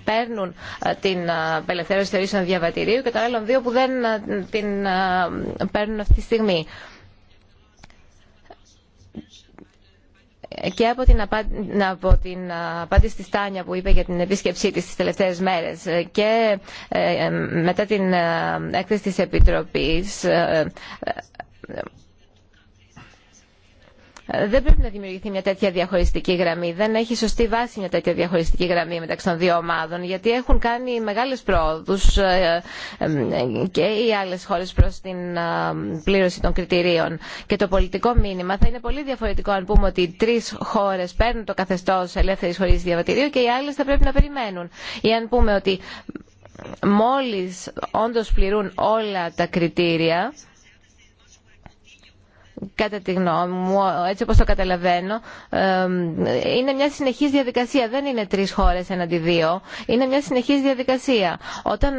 παίρνουν ε, την ε, απελευθέρωση θεωρήσεων διαβατηρίου και των άλλων δύο που δεν ε, την παίρνουν αυτή τη στιγμή. και από την, την απάντηση της Τάνια που είπε για την επίσκεψή της τις τελευταίες μέρες και ε, ε, μετά την ε, έκθεση της Επιτροπής δεν πρέπει να δημιουργηθεί μια τέτοια διαχωριστική γραμμή. Δεν έχει σωστή βάση μια τέτοια διαχωριστική γραμμή μεταξύ των δύο ομάδων, γιατί έχουν κάνει μεγάλε πρόοδου ε, ε, και οι άλλε χώρε προ την ε, πλήρωση των κριτηρίων. Και το πολιτικό μήνυμα θα είναι πολύ διαφορετικό αν πούμε ότι τρει χώρε παίρνουν το καθεστώ ελεύθερη χωρί διαβατηρίου και οι άλλε θα πρέπει να περιμένουν. Ή αν πούμε ότι μόλι όντω πληρούν όλα τα κριτήρια κατά τη γνώμη μου, έτσι όπως το καταλαβαίνω, είναι μια συνεχής διαδικασία. Δεν είναι τρεις χώρες έναντι δύο. Είναι μια συνεχής διαδικασία. Όταν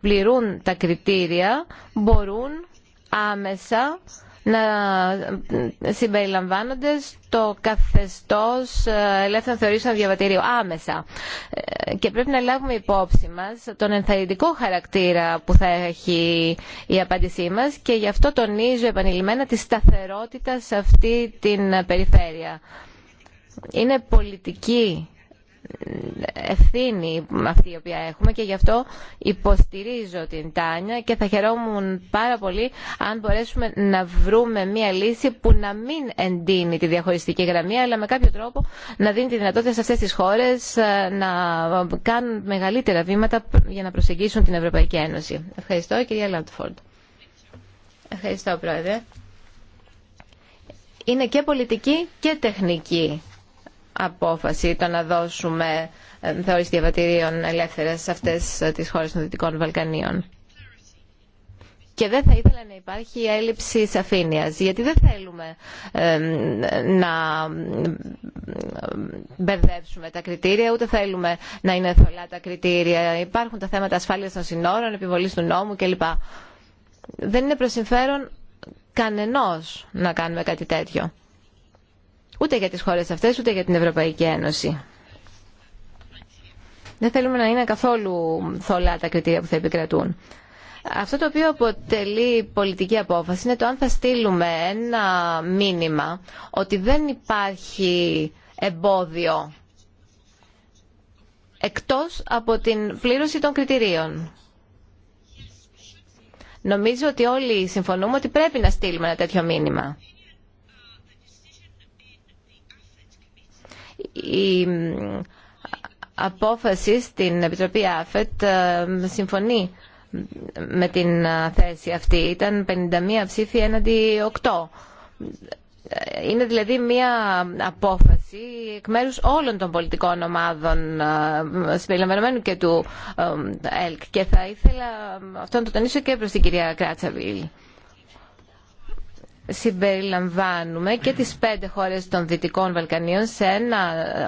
πληρούν τα κριτήρια, μπορούν άμεσα να συμπεριλαμβάνονται στο καθεστώς ε, ελεύθερων θεωρήσεων διαβατηρίου άμεσα. Ε, και πρέπει να λάβουμε υπόψη μας τον ενθαρρυντικό χαρακτήρα που θα έχει η απάντησή μας και γι' αυτό τονίζω επανειλημμένα τη σταθερότητα σε αυτή την περιφέρεια. Είναι πολιτική ευθύνη αυτή η οποία έχουμε και γι' αυτό υποστηρίζω την Τάνια και θα χαιρόμουν πάρα πολύ αν μπορέσουμε να βρούμε μια λύση που να μην εντείνει τη διαχωριστική γραμμή αλλά με κάποιο τρόπο να δίνει τη δυνατότητα σε αυτές τις χώρες ε, να κάνουν μεγαλύτερα βήματα για να προσεγγίσουν την Ευρωπαϊκή Ένωση. Ευχαριστώ κυρία Λαντφόρντ. Ευχαριστώ πρόεδρε. Είναι και πολιτική και τεχνική απόφαση το να δώσουμε ε, θεώρηση διαβατηρίων ελεύθερες σε αυτές ε, τις χώρες των Δυτικών Βαλκανίων. Και δεν θα ήθελα να υπάρχει έλλειψη σαφήνειας, γιατί δεν θέλουμε ε, να μπερδέψουμε τα κριτήρια, ούτε θέλουμε να είναι θολά τα κριτήρια. Υπάρχουν τα θέματα ασφάλειας των συνόρων, επιβολής του νόμου κλπ. Δεν είναι προς συμφέρον κανενός να κάνουμε κάτι τέτοιο ούτε για τις χώρες αυτές ούτε για την Ευρωπαϊκή Ένωση. Δεν θέλουμε να είναι καθόλου θολά τα κριτήρια που θα επικρατούν. Αυτό το οποίο αποτελεί πολιτική απόφαση είναι το αν θα στείλουμε ένα μήνυμα ότι δεν υπάρχει εμπόδιο εκτός από την πλήρωση των κριτηρίων. Νομίζω ότι όλοι συμφωνούμε ότι πρέπει να στείλουμε ένα τέτοιο μήνυμα. η απόφαση στην Επιτροπή ΑΦΕΤ ε, συμφωνεί με την ε, θέση αυτή. Ήταν 51 ψήφοι έναντι 8. Είναι δηλαδή μια απόφαση εκ μέρους όλων των πολιτικών ομάδων ε, συμπεριλαμβανομένου και του ΕΛΚ και θα ήθελα αυτό να το τονίσω και προς την κυρία Κράτσαβιλ συμπεριλαμβάνουμε και τις πέντε χώρες των Δυτικών Βαλκανίων σε ένα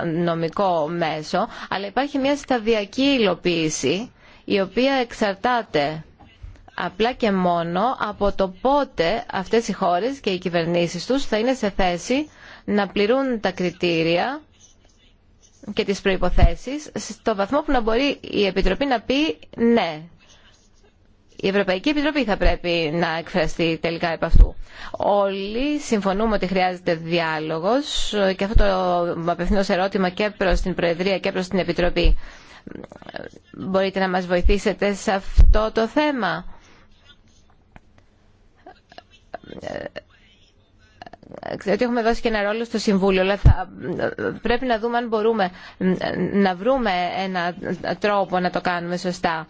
νομικό μέσο, αλλά υπάρχει μια σταδιακή υλοποίηση η οποία εξαρτάται απλά και μόνο από το πότε αυτές οι χώρες και οι κυβερνήσεις τους θα είναι σε θέση να πληρούν τα κριτήρια και τις προϋποθέσεις στο βαθμό που να μπορεί η Επιτροπή να πει ναι, η Ευρωπαϊκή Επιτροπή θα πρέπει να εκφραστεί τελικά επ' αυτού. Όλοι συμφωνούμε ότι χρειάζεται διάλογος και αυτό το απευθύνω σε ερώτημα και προ την Προεδρία και προ την Επιτροπή. Μπορείτε να μας βοηθήσετε σε αυτό το θέμα Ξέρετε ότι έχουμε δώσει και ένα ρόλο στο Συμβούλιο, αλλά πρέπει να δούμε αν μπορούμε να βρούμε ένα τρόπο να το κάνουμε σωστά.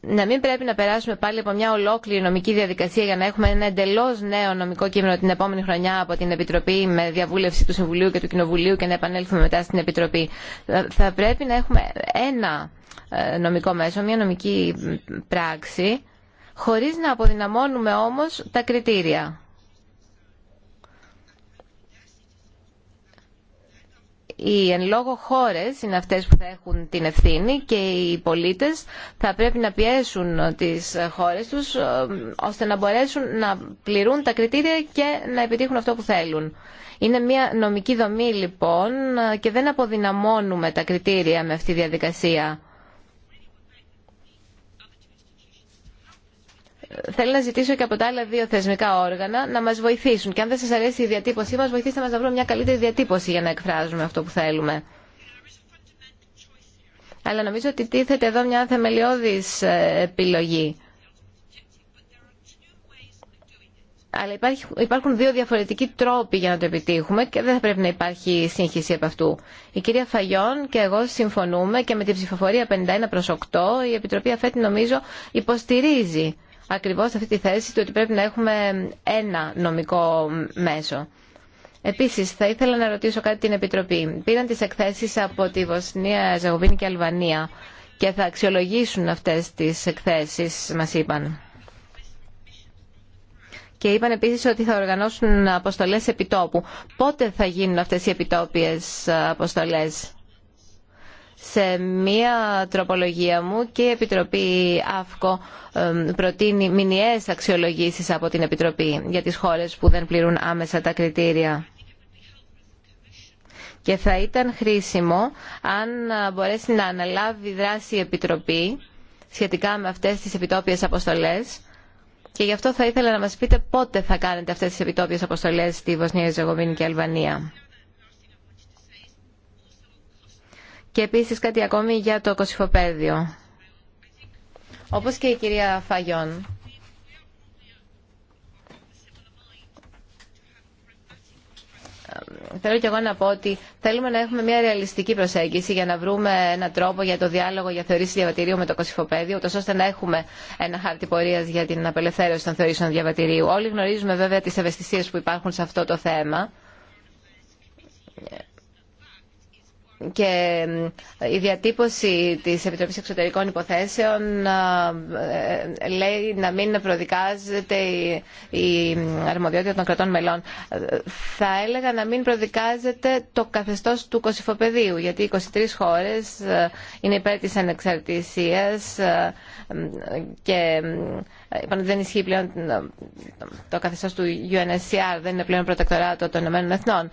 να μην πρέπει να περάσουμε πάλι από μια ολόκληρη νομική διαδικασία για να έχουμε ένα εντελώ νέο νομικό κείμενο την επόμενη χρονιά από την Επιτροπή με διαβούλευση του Συμβουλίου και του Κοινοβουλίου και να επανέλθουμε μετά στην Επιτροπή. Θα πρέπει να έχουμε ένα ε, νομικό μέσο, μια νομική πράξη, χωρίς να αποδυναμώνουμε όμως τα κριτήρια. οι εν λόγω χώρες είναι αυτές που θα έχουν την ευθύνη και οι πολίτες θα πρέπει να πιέσουν τις χώρες τους ε, ώστε να μπορέσουν να πληρούν τα κριτήρια και να επιτύχουν αυτό που θέλουν. Είναι μια νομική δομή λοιπόν ε, και δεν αποδυναμώνουμε τα κριτήρια με αυτή τη διαδικασία. θέλω να ζητήσω και από τα άλλα δύο θεσμικά όργανα να μα βοηθήσουν. Και αν δεν σα αρέσει η διατύπωσή μα βοηθήστε μα να βρούμε μια καλύτερη διατύπωση για να εκφράζουμε αυτό που θέλουμε. Αλλά νομίζω ότι τίθεται εδώ μια θεμελιώδη ε, επιλογή. Αλλά υπάρχουν δύο διαφορετικοί τρόποι για να το επιτύχουμε και δεν θα πρέπει να υπάρχει σύγχυση από αυτού. Η κυρία Φαγιόν και εγώ συμφωνούμε και με την ψηφοφορία 51 προς 8 η Επιτροπή Αφέτη νομίζω υποστηρίζει ακριβώς αυτή τη θέση του ότι πρέπει να έχουμε ένα νομικό μέσο. Επίσης, θα ήθελα να ρωτήσω κάτι την Επιτροπή. Πήραν τις εκθέσεις από τη Βοσνία, Ζαγοβίνη και Αλβανία και θα αξιολογήσουν αυτές τις εκθέσεις, μας είπαν. Και είπαν επίσης ότι θα οργανώσουν αποστολές επιτόπου. Πότε θα γίνουν αυτές οι επιτόπιες αποστολές σε μία τροπολογία μου και η Επιτροπή ΑΦΚΟ προτείνει μηνιαίες αξιολογήσεις από την Επιτροπή για τις χώρες που δεν πληρούν άμεσα τα κριτήρια και θα ήταν χρήσιμο αν μπορέσει να αναλάβει δράση η Επιτροπή σχετικά με αυτές τις επιτόπιες αποστολές και γι' αυτό θα ήθελα να μας πείτε πότε θα κάνετε αυτές τις επιτόπιες αποστολές στη Βοσνία, Ζεγοβίνη και Αλβανία. Και επίσης κάτι ακόμη για το κοσυφοπαίδιο. Όπως και η κυρία Φαγιόν. Θέλω και εγώ να πω ότι θέλουμε να έχουμε μια ρεαλιστική προσέγγιση για να βρούμε έναν τρόπο για το διάλογο για θεωρήσει διαβατηρίου με το Κωσυφοπαίδιο, ούτω ώστε να έχουμε ένα χάρτη πορεία για την απελευθέρωση των θεωρήσεων διαβατηρίου. Όλοι γνωρίζουμε βέβαια τι ευαισθησίε που υπάρχουν σε αυτό το θέμα και ε, η διατύπωση της Επιτροπής Εξωτερικών Υποθέσεων ε, ε, λέει να μην προδικάζεται η αρμοδιότητα των κρατών μελών. Θα έλεγα να μην προδικάζεται το καθεστώς του κοσυφοπεδίου, γιατί 23 χώρες είναι υπέρ της ανεξαρτησίας και είπαν δεν ισχύει πλέον το καθεστώς του UNSCR, δεν είναι πλέον προτεκτοράτο των Ηνωμένων Εθνών.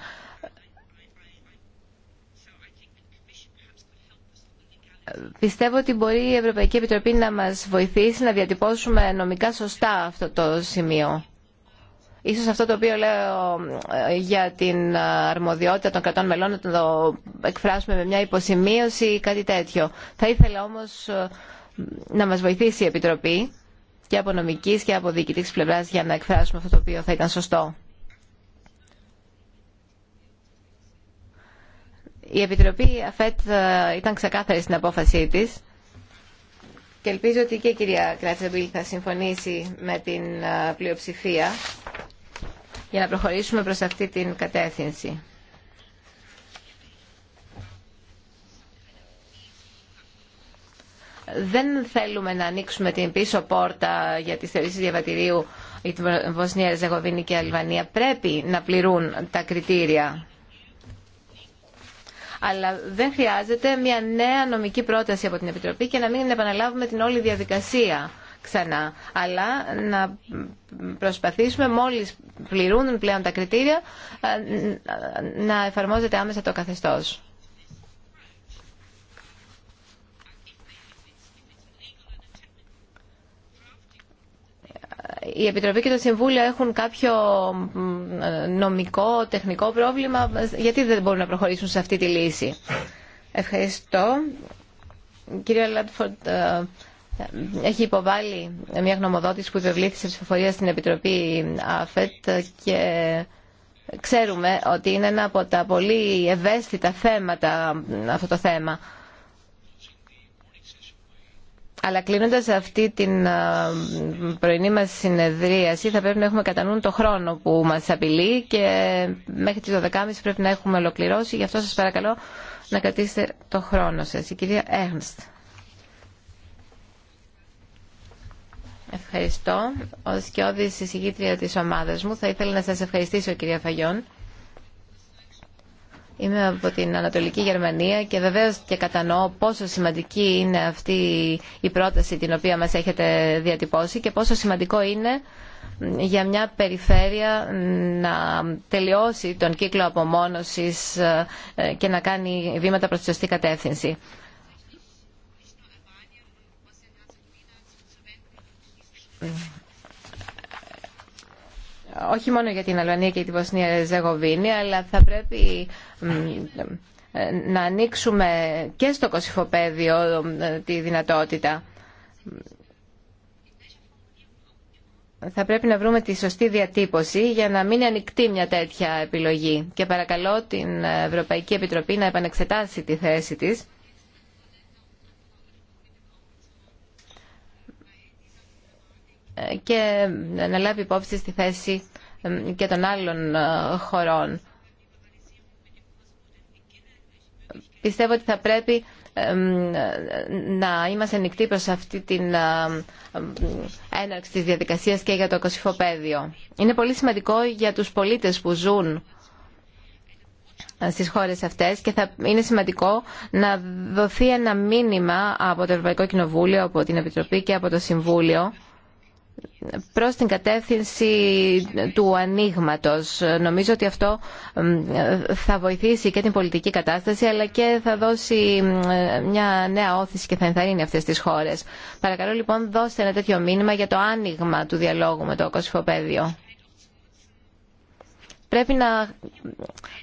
Πιστεύω ότι μπορεί η Ευρωπαϊκή Επιτροπή να μας βοηθήσει να διατυπώσουμε νομικά σωστά αυτό το σημείο. Ίσως αυτό το οποίο λέω ε, για την ε, αρμοδιότητα των κρατών μελών να το εκφράσουμε με μια υποσημείωση ή κάτι τέτοιο. Θα ήθελα όμως ε, να μας βοηθήσει η Επιτροπή και από νομικής και από διοικητής πλευράς για να εκφράσουμε αυτό το οποίο θα ήταν σωστό. Η Επιτροπή ΑΦΕΤ ε, ήταν ξεκάθαρη στην απόφασή της και ελπίζω ότι και η κυρία Κράτσαμπίλ θα συμφωνήσει με την ε, πλειοψηφία για να προχωρήσουμε προς αυτή την κατεύθυνση. Δεν θέλουμε να ανοίξουμε την πίσω πόρτα για τις θεωρήσεις διαβατηρίου για την Βοσνία, και Αλβανία. Πρέπει να πληρούν τα κριτήρια αλλά δεν χρειάζεται μια νέα νομική πρόταση από την Επιτροπή και να μην επαναλάβουμε την όλη διαδικασία ξανά. Αλλά να προσπαθήσουμε μόλις πληρούν πλέον τα κριτήρια ε, να εφαρμόζεται άμεσα το καθεστώς. η Επιτροπή και το Συμβούλιο έχουν κάποιο νομικό, τεχνικό πρόβλημα, γιατί δεν μπορούν να προχωρήσουν σε αυτή τη λύση. Ευχαριστώ. Κύριε Λάντφορντ ε, έχει υποβάλει μια γνωμοδότηση που υπευλήθησε σε ψηφοφορία στην Επιτροπή ΑΦΕΤ και ξέρουμε ότι είναι ένα από τα πολύ ευαίσθητα θέματα αυτό το θέμα. Αλλά κλείνοντα αυτή την ε, πρωινή μα συνεδρίαση θα πρέπει να έχουμε κατά νου το χρόνο που μας απειλεί και μέχρι τις 12.30 πρέπει να έχουμε ολοκληρώσει. Γι' αυτό σας παρακαλώ να κρατήσετε το χρόνο σας. Η κυρία Έρνστ. Ευχαριστώ. Ω και όδη της ομάδας μου θα ήθελα να σας ευχαριστήσω κυρία Φαγιόν Είμαι από την Ανατολική Γερμανία και βεβαίως και κατανοώ πόσο σημαντική είναι αυτή η πρόταση την οποία μας έχετε διατυπώσει και πόσο σημαντικό είναι για μια περιφέρεια να τελειώσει τον κύκλο απομόνωσης ε, και να κάνει βήματα προς τη σωστή κατεύθυνση όχι μόνο για την Αλβανία και την Βοσνία Ζεγοβίνη, αλλά θα πρέπει να ανοίξουμε και στο κοσυφοπέδιο τη δυνατότητα. Θα πρέπει να βρούμε τη σωστή διατύπωση για να μην ανοιχτεί μια τέτοια επιλογή. Και παρακαλώ την Ευρωπαϊκή Επιτροπή να επανεξετάσει τη θέση της και να λάβει υπόψη στη θέση και των άλλων ε, χωρών. Πιστεύω ότι θα πρέπει να είμαστε ανοιχτοί προς αυτή την ε, έναρξη της διαδικασίας και για το κοσυφοπαίδιο. Είναι πολύ σημαντικό για τους πολίτες που ζουν ε, στις χώρες αυτές και θα είναι σημαντικό να δοθεί ένα μήνυμα από το Ευρωπαϊκό Κοινοβούλιο, από την Επιτροπή και από το Συμβούλιο προς την κατεύθυνση του ανοίγματο. Νομίζω ότι αυτό θα βοηθήσει και την πολιτική κατάσταση αλλά και θα δώσει μια νέα όθηση και θα ενθαρρύνει αυτές τις χώρες. Παρακαλώ λοιπόν δώστε ένα τέτοιο μήνυμα για το άνοιγμα του διαλόγου με το κοσφοπέδιο. Πρέπει να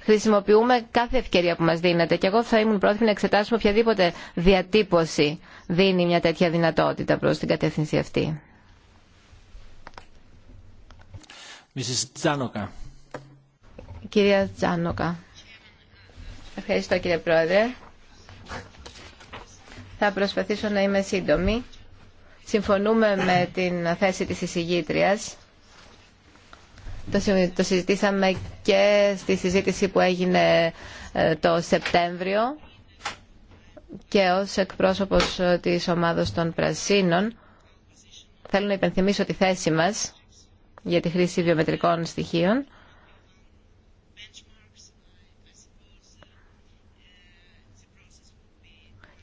χρησιμοποιούμε κάθε ευκαιρία που μας δίνεται και εγώ θα ήμουν πρόθυμη να εξετάσουμε οποιαδήποτε διατύπωση δίνει μια τέτοια δυνατότητα προς την κατεύθυνση αυτή. Κυρία Τζάνοκα. Ευχαριστώ κύριε Πρόεδρε. Θα προσπαθήσω να είμαι σύντομη. Συμφωνούμε με την θέση της εισηγήτριας. Το συζητήσαμε και στη συζήτηση που έγινε ε, το Σεπτέμβριο και ως εκπρόσωπος ε, της ομάδος των Πρασίνων θέλω να υπενθυμίσω τη θέση μας για τη χρήση βιομετρικών στοιχείων.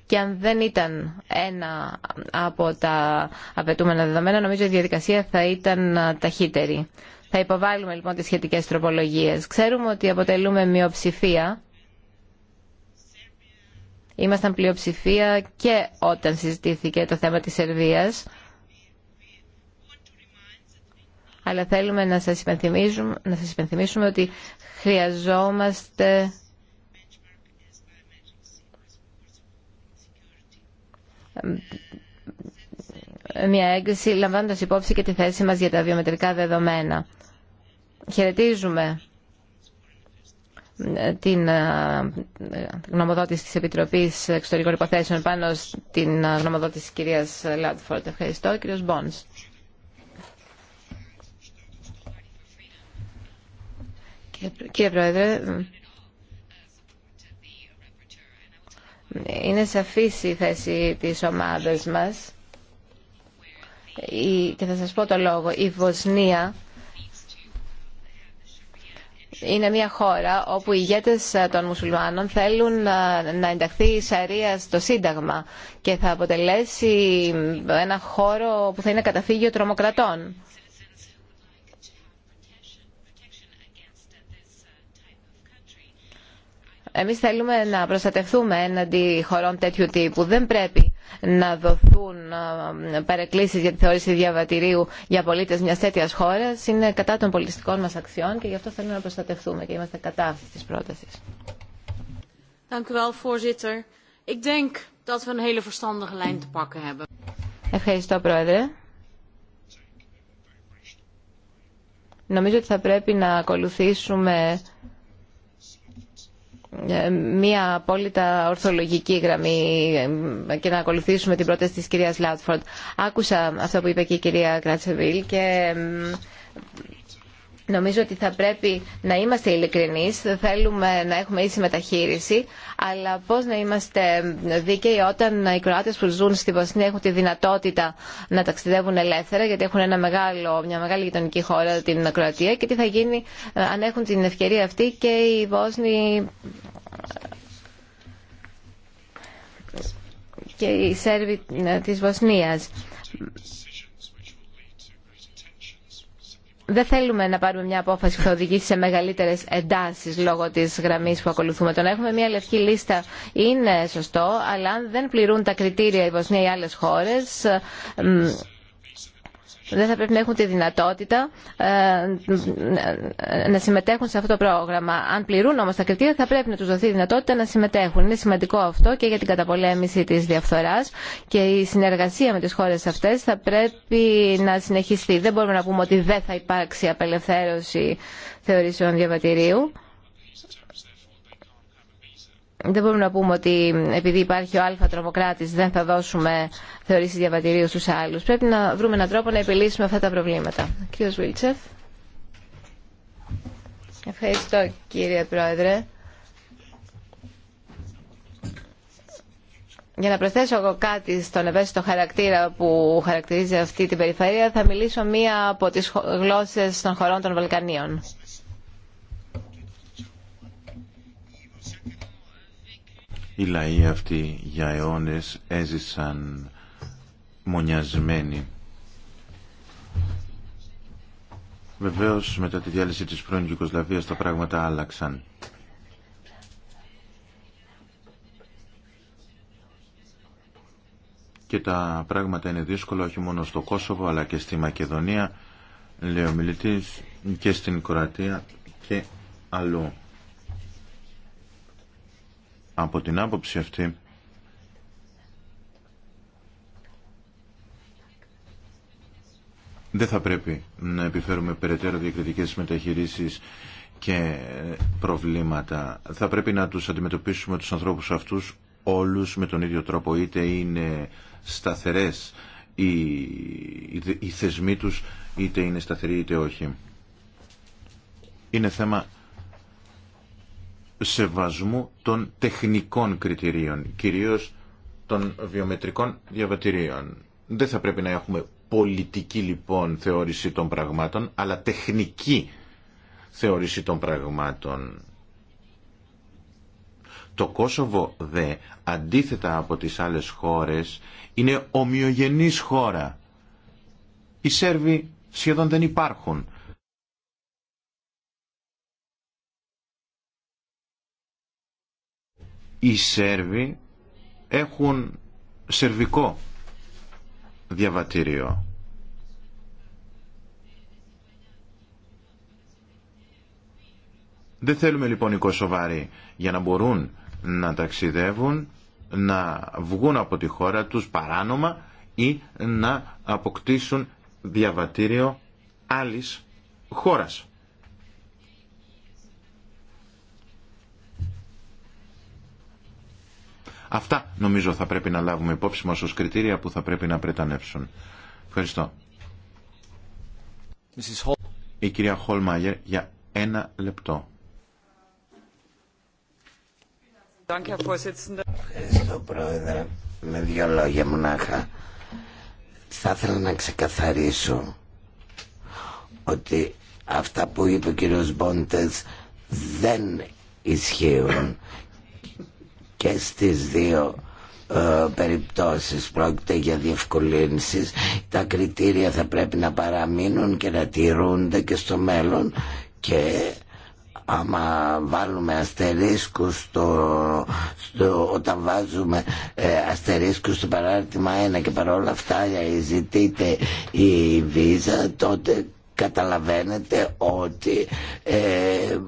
και αν δεν ήταν ένα από τα απαιτούμενα δεδομένα, νομίζω η διαδικασία θα ήταν ταχύτερη. Θα υποβάλουμε λοιπόν τις σχετικές τροπολογίες. Ξέρουμε ότι αποτελούμε μειοψηφία. Ήμασταν πλειοψηφία και όταν συζητήθηκε το θέμα της Σερβίας αλλά θέλουμε να σας υπενθυμίσουμε, να σας υπενθυμίσουμε ότι χρειαζόμαστε μια έγκριση λαμβάνοντας υπόψη και τη θέση μας για τα βιομετρικά δεδομένα. Χαιρετίζουμε την γνωμοδότηση της Επιτροπής Εξωτερικών Υποθέσεων πάνω στην γνωμοδότηση της κυρίας Λάντφορτ. Ευχαριστώ. Κύριος Μπόνς. Κύριε Πρόεδρε, είναι σαφής η θέση της ομάδας μας και θα σας πω το λόγο. Η Βοσνία είναι μια χώρα όπου οι ηγέτες των μουσουλμάνων θέλουν να ενταχθεί η Σαρία στο Σύνταγμα και θα αποτελέσει ένα χώρο που θα είναι καταφύγιο τρομοκρατών. Εμείς θέλουμε να προστατευτούμε έναντι χωρών τέτοιου τύπου. Δεν πρέπει να δοθούν παρεκκλήσεις για τη θεώρηση διαβατηρίου για πολίτες μιας τέτοιας χώρας. Είναι κατά των πολιτιστικών μας αξιών και γι' αυτό θέλουμε να προστατευτούμε και είμαστε κατά αυτής της πρότασης. Ευχαριστώ, Πρόεδρε. Νομίζω ότι θα πρέπει να ακολουθήσουμε ε, μία απόλυτα ορθολογική γραμμή ε, και να ακολουθήσουμε την πρόταση της κυρίας Λάτφορντ. Άκουσα αυτό που είπε και η κυρία Κράτσεβιλ και ε, Νομίζω ότι θα πρέπει να είμαστε ειλικρινεί. θέλουμε να έχουμε ίση μεταχείριση, αλλά πώ να είμαστε δίκαιοι όταν οι κροατέ που ζουν στη Βοσνία έχουν τη δυνατότητα να ταξιδεύουν ελεύθερα, γιατί έχουν ένα μεγάλο, μια μεγάλη γειτονική χώρα, την Κροατία, και τι θα γίνει ε, αν έχουν την ευκαιρία αυτή και οι Βόσνοι και οι Σέρβοι ε, της Βοσνίας δεν θέλουμε να πάρουμε μια απόφαση που θα οδηγήσει σε μεγαλύτερε εντάσει λόγω τη γραμμή που ακολουθούμε. Το να έχουμε μια λευκή λίστα είναι σωστό, αλλά αν δεν πληρούν τα κριτήρια η Βοσνία ή άλλε χώρε, δεν θα πρέπει να έχουν τη δυνατότητα ε, ε, να συμμετέχουν σε αυτό το πρόγραμμα. Αν πληρούν όμως τα κριτήρια θα πρέπει να τους δοθεί η δυνατότητα να συμμετέχουν. Είναι σημαντικό αυτό και για την καταπολέμηση της διαφθοράς και η συνεργασία με τι χώρε αυτέ θα πρέπει να συνεχιστεί. Δεν μπορούμε να πούμε ότι δεν θα υπάρξει απελευθέρωση θεωρήσεων διαβατηρίου δεν μπορούμε να πούμε ότι επειδή υπάρχει ο αλφα τρομοκράτης δεν θα δώσουμε θεωρήσεις διαβατηρίου στους άλλους. Πρέπει να βρούμε έναν τρόπο να επιλύσουμε αυτά τα προβλήματα. Κύριος Βίλτσεφ. Ευχαριστώ κύριε Πρόεδρε. Για να προσθέσω εγώ κάτι στον ευαίσθητο χαρακτήρα που χαρακτηρίζει αυτή την περιφέρεια, θα μιλήσω μία από τις γλώσσες των χωρών των Βαλκανίων. Οι λαοί αυτοί για αιώνες έζησαν μονιασμένοι. Βεβαίως μετά τη διάλυση της πρώην Γιουγκοσλαβίας τα πράγματα άλλαξαν. και τα πράγματα είναι δύσκολα όχι μόνο στο Κόσοβο αλλά και στη Μακεδονία, λέει ο και στην Κροατία και αλλού. Από την άποψη αυτή δεν θα πρέπει να επιφέρουμε περαιτέρω διακριτικές μεταχειρήσεις και προβλήματα. Θα πρέπει να τους αντιμετωπίσουμε τους ανθρώπους αυτούς όλους με τον ίδιο τρόπο. Είτε είναι σταθερές οι, οι θεσμοί τους, είτε είναι σταθεροί είτε όχι. Είναι θέμα σεβασμού των τεχνικών κριτηρίων, κυρίως των βιομετρικών διαβατηρίων. Δεν θα πρέπει να έχουμε πολιτική λοιπόν θεώρηση των πραγμάτων, αλλά τεχνική θεώρηση των πραγμάτων. Το Κόσοβο δε, αντίθετα από τις άλλες χώρες, είναι ομοιογενής χώρα. Οι Σέρβοι σχεδόν δεν υπάρχουν. οι Σέρβοι έχουν σερβικό διαβατήριο. Δεν θέλουμε λοιπόν οι Κωσοβάροι για να μπορούν να ταξιδεύουν, να βγουν από τη χώρα τους παράνομα ή να αποκτήσουν διαβατήριο άλλης χώρας. Αυτά νομίζω θα πρέπει να λάβουμε υπόψη μας ως κριτήρια που θα πρέπει να πρετανεύσουν. Ευχαριστώ. Η κυρία Χολμάγερ για ένα λεπτό. Ευχαριστώ πρόεδρε. Με δύο λόγια μονάχα. Θα ήθελα να ξεκαθαρίσω ότι αυτά που είπε ο κύριος Μπόντες δεν ισχύουν και στις δύο ε, περιπτώσεις πρόκειται για διευκολύνσεις τα κριτήρια θα πρέπει να παραμείνουν και να τηρούνται και στο μέλλον και άμα βάλουμε αστερίσκους στο, όταν βάζουμε ε, αστερίσκους στο παράρτημα 1 και παρόλα αυτά ζητείτε η βίζα τότε καταλαβαίνετε ότι ε,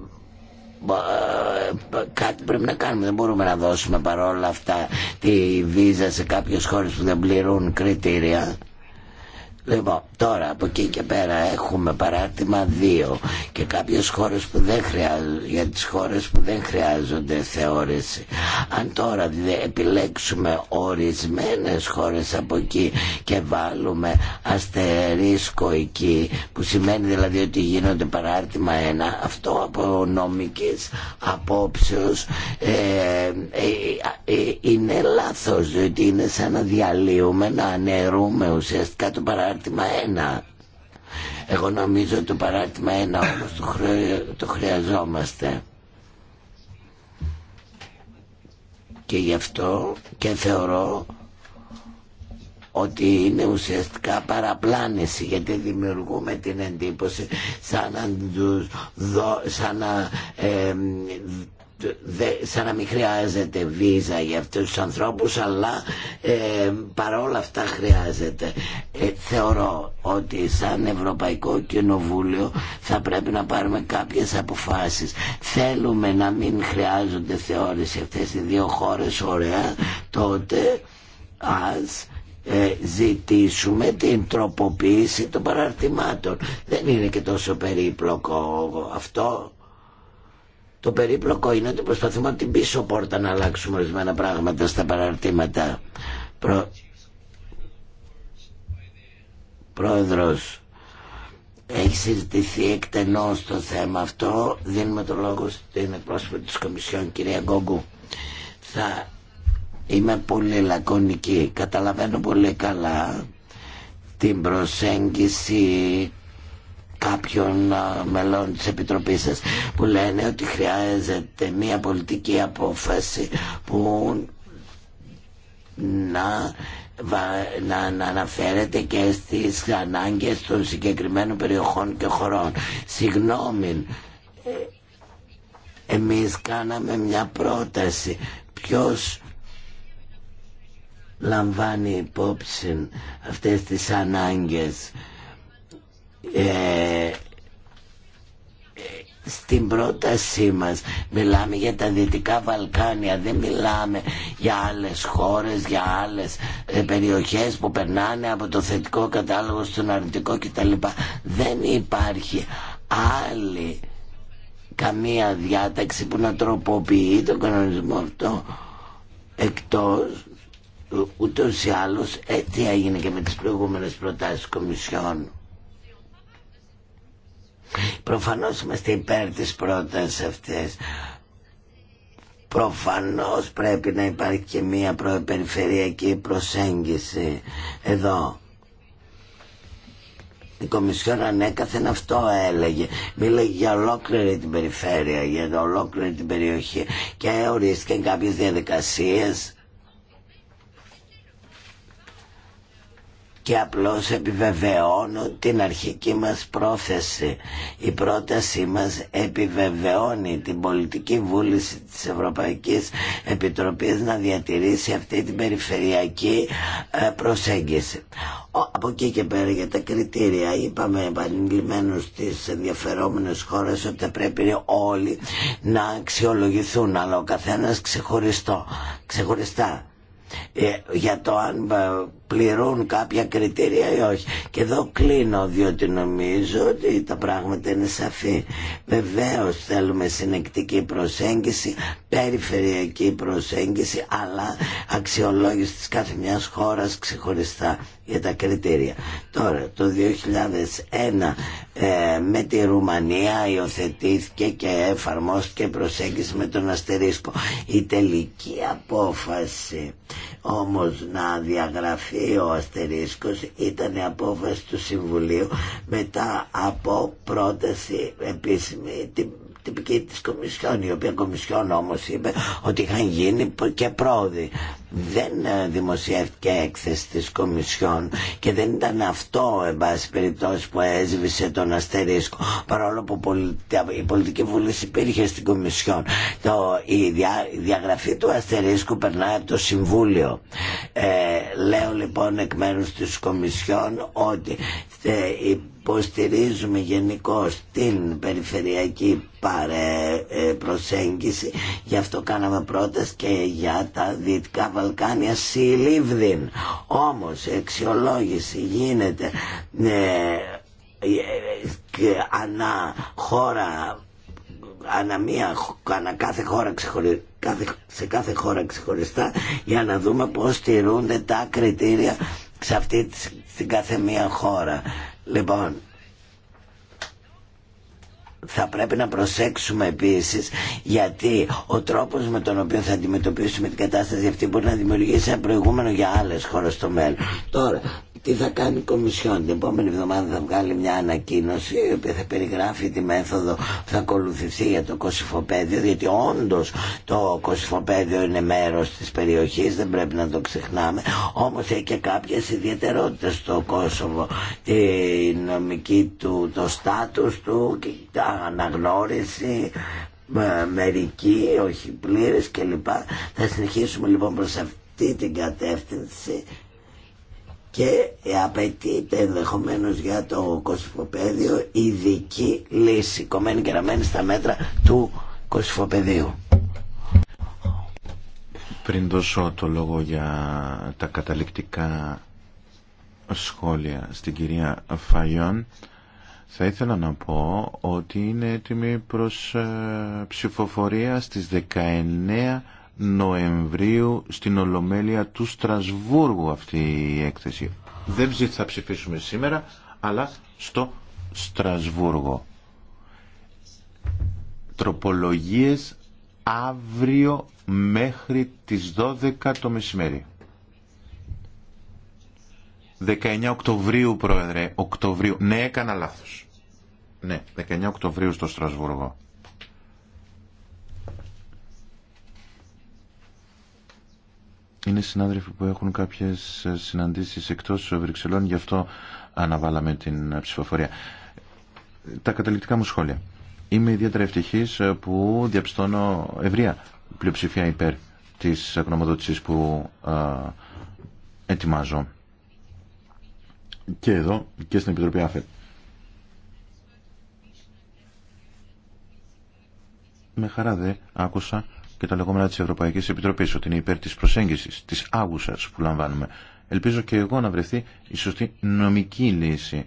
ε, κάτι πρέπει να κάνουμε δεν μπορούμε να δώσουμε παρόλα αυτά τη βίζα σε κάποιες χώρες που δεν πληρούν κριτήρια Λοιπόν, τώρα από εκεί και πέρα έχουμε παράτημα 2 και κάποιες χώρες που δεν χρειάζονται, για τις χώρες που δεν χρειάζονται θεώρηση. Αν τώρα επιλέξουμε ορισμένες χώρες από εκεί και βάλουμε αστερίσκο εκεί, που σημαίνει δηλαδή ότι γίνονται παράρτημα 1, αυτό από νομική απόψεως ε, ε, ε, είναι λάθος, διότι είναι σαν να διαλύουμε, να αναιρούμε ουσιαστικά το παράρτημα παράρτημα 1. Εγώ νομίζω ότι το παράρτημα 1 όμως το, το χρειαζόμαστε. Και γι' αυτό και θεωρώ ότι είναι ουσιαστικά παραπλάνηση γιατί δημιουργούμε την εντύπωση σαν να, δω, σαν να σαν να μην χρειάζεται βίζα για αυτούς τους ανθρώπους αλλά ε, παρόλα αυτά χρειάζεται ε, θεωρώ ότι σαν Ευρωπαϊκό Κοινοβούλιο θα πρέπει να πάρουμε κάποιες αποφάσεις θέλουμε να μην χρειάζονται θεώρηση αυτές οι δύο χώρες ωραία τότε ας ε, ζητήσουμε την τροποποίηση των παραρτημάτων δεν είναι και τόσο περίπλοκο αυτό το περίπλοκο είναι ότι προσπαθούμε από την πίσω πόρτα να αλλάξουμε ορισμένα πράγματα στα παραρτήματα. Προ... Πρόεδρος, έχει συζητηθεί εκτενώς το θέμα αυτό. Δίνουμε το λόγο στην εκπρόσωπο της Κομισιόν, κυρία Γκόγκου. Θα είμαι πολύ λακωνική. Καταλαβαίνω πολύ καλά την προσέγγιση κάποιων μελών της Επιτροπής σας που λένε ότι χρειάζεται μια πολιτική απόφαση που να να, να αναφέρεται και στις ανάγκες των συγκεκριμένων περιοχών και χωρών. Συγγνώμη, ε, εμείς κάναμε μια πρόταση. Ποιος λαμβάνει υπόψη αυτές τις ανάγκες ε, στην πρότασή μας μιλάμε για τα Δυτικά Βαλκάνια δεν μιλάμε για άλλες χώρες για άλλες ε, περιοχές που περνάνε από το θετικό κατάλογο στον αρνητικό κτλ δεν υπάρχει άλλη καμία διάταξη που να τροποποιεί τον κανονισμό αυτό εκτός ούτως ή άλλως έτσι ε, έγινε και με τις προηγούμενες προτάσεις κομισιών Προφανώς είμαστε υπέρ της πρότασης αυτή. Προφανώς πρέπει να υπάρχει και μία περιφερειακή προσέγγιση εδώ. Η Κομισιόν ανέκαθεν αυτό έλεγε. Μίλαγε για ολόκληρη την περιφέρεια, για ολόκληρη την περιοχή και ορίστηκαν κάποιες διαδικασίες και απλώς επιβεβαιώνω την αρχική μας πρόθεση. Η πρότασή μας επιβεβαιώνει την πολιτική βούληση της Ευρωπαϊκής Επιτροπής να διατηρήσει αυτή την περιφερειακή ε, προσέγγιση. Από εκεί και πέρα για τα κριτήρια είπαμε επανειλημμένως στις ενδιαφερόμενες χώρες ότι θα πρέπει όλοι να αξιολογηθούν αλλά ο καθένας ξεχωριστά ε, για το αν ε, πληρούν κάποια κριτήρια ή όχι. Και εδώ κλείνω διότι νομίζω ότι τα πράγματα είναι σαφή. Βεβαίω θέλουμε συνεκτική προσέγγιση, περιφερειακή προσέγγιση, αλλά αξιολόγηση της κάθε μιας χώρας ξεχωριστά για τα κριτήρια. Τώρα, το 2001 ε, με τη Ρουμανία υιοθετήθηκε και εφαρμόστηκε προσέγγιση με τον αστερίσκο. Η τελική απόφαση όμως να διαγραφεί ο αστερίσκος ήταν η απόφαση του Συμβουλίου μετά από πρόταση επίσημη την τυπική της Κομισιόν η οποία Κομισιόν όμως είπε ότι είχαν γίνει και πρόοδοι δεν ε, δημοσιεύτηκε έκθεση της Κομισιόν και δεν ήταν αυτό εν πάση που έσβησε τον αστερίσκο παρόλο που η πολιτική βούληση υπήρχε στην Κομισιόν το, η, δια, διαγραφή του αστερίσκου περνάει από το Συμβούλιο ε, λέω λοιπόν εκ μέρους της Κομισιόν ότι υποστηρίζουμε γενικώ την περιφερειακή παρε, ε, προσέγγιση γι' αυτό κάναμε πρόταση και για τα δυτικά Βαλκάνια συλλήβδην. Όμως η αξιολόγηση γίνεται ε, ε, ε, ανά χώρα ανά μία, ανά κάθε χώρα ξεχωρι... κάθε, σε κάθε χώρα ξεχωριστά για να δούμε πώς τηρούνται τα κριτήρια σε αυτή, την κάθε μία χώρα. Λοιπόν, θα πρέπει να προσέξουμε επίσης γιατί ο τρόπος με τον οποίο θα αντιμετωπίσουμε την κατάσταση αυτή μπορεί να δημιουργήσει ένα προηγούμενο για άλλες χώρες στο μέλλον. Τώρα, τι θα κάνει η Κομισιόν. Την επόμενη εβδομάδα θα βγάλει μια ανακοίνωση η οποία θα περιγράφει τη μέθοδο που θα ακολουθηθεί για το κοσυφοπέδιο διότι όντω το κοσυφοπέδιο είναι μέρος της περιοχής δεν πρέπει να το ξεχνάμε όμως έχει και κάποιες ιδιαιτερότητε στο Κόσοβο τη νομική του, το στάτους του και τα αναγνώριση ε, μερική, όχι πλήρες κλπ. Θα συνεχίσουμε λοιπόν προς αυτή την κατεύθυνση και απαιτείται ενδεχομένω για το κοσυφοπαίδιο ειδική λύση κομμένη και ραμμένη στα μέτρα του κοσυφοπαιδίου. Πριν δώσω το λόγο για τα καταληκτικά σχόλια στην κυρία Φαϊόν, θα ήθελα να πω ότι είναι έτοιμη προς ε, ψηφοφορία στις 19 Νοεμβρίου στην Ολομέλεια του Στρασβούργου αυτή η έκθεση. Δεν θα ψηφίσουμε σήμερα, αλλά στο Στρασβούργο. Τροπολογίες αύριο μέχρι τις 12 το μεσημέρι. 19 Οκτωβρίου, Πρόεδρε. Οκτωβρίου. Ναι, έκανα λάθος. Ναι, 19 Οκτωβρίου στο Στρασβούργο. είναι συνάδελφοι που έχουν κάποιες ε, συναντήσεις εκτός Βρυξελών, γι' αυτό αναβάλαμε την ε, ψηφοφορία. Τα καταληκτικά μου σχόλια. Είμαι ιδιαίτερα ευτυχή ε, που διαπιστώνω ευρεία πλειοψηφία υπέρ της γνωμοδότηση που ετοιμάζω και εδώ και στην Επιτροπή ΑΦΕΤ. Με χαρά δε άκουσα και τα λεγόμενα της Ευρωπαϊκής Επιτροπής ότι είναι υπέρ της προσέγγισης, της άγουσας που λαμβάνουμε. Ελπίζω και εγώ να βρεθεί η σωστή νομική λύση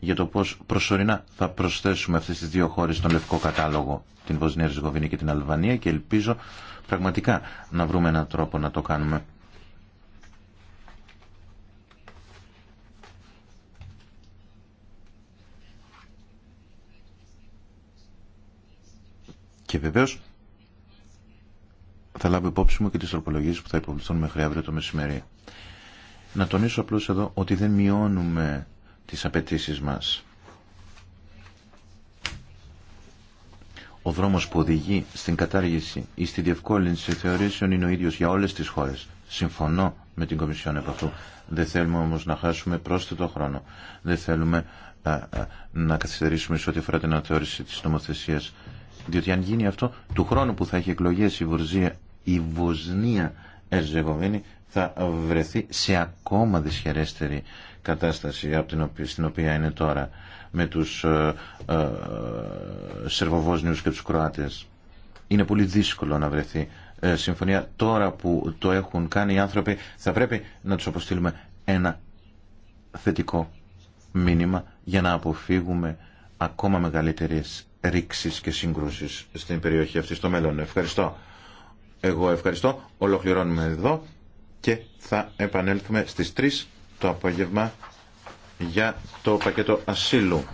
για το πώς προσωρινά θα προσθέσουμε αυτές τις δύο χώρες στον λευκό κατάλογο, την Βοσνία, Ριζεγοβίνη και την Αλβανία και ελπίζω πραγματικά να βρούμε έναν τρόπο να το κάνουμε. Και βεβαίως θα λάβω υπόψη μου και τις τροπολογίες που θα υποβληθούν μέχρι αύριο το μεσημέρι. Να τονίσω απλώς εδώ ότι δεν μειώνουμε τις απαιτήσει μας. Ο δρόμος που οδηγεί στην κατάργηση ή στη διευκόλυνση θεωρήσεων είναι ο ίδιος για όλες τις χώρες. Συμφωνώ με την Κομισιόν επ' αυτού. Δεν θέλουμε όμως να χάσουμε πρόσθετο χρόνο. Δεν θέλουμε να καθυστερήσουμε σε ό,τι αφορά την αναθεώρηση τη νομοθεσίας. Διότι αν γίνει αυτό, του χρόνου που θα έχει εκλογές η Βουρζία η Βοσνία Ερζεγοβίνη θα βρεθεί σε ακόμα δυσχερέστερη κατάσταση από την οποία, είναι τώρα με τους ε, ε, Σερβοβόσνιους και τους Κροάτες. Είναι πολύ δύσκολο να βρεθεί ε, συμφωνία. Τώρα που το έχουν κάνει οι άνθρωποι θα πρέπει να τους αποστείλουμε ένα θετικό μήνυμα για να αποφύγουμε ακόμα μεγαλύτερες ρήξεις και σύγκρουσεις στην περιοχή αυτή στο μέλλον. Ευχαριστώ. Εγώ ευχαριστώ. Ολοκληρώνουμε εδώ και θα επανέλθουμε στις 3 το απόγευμα για το πακέτο ασύλου.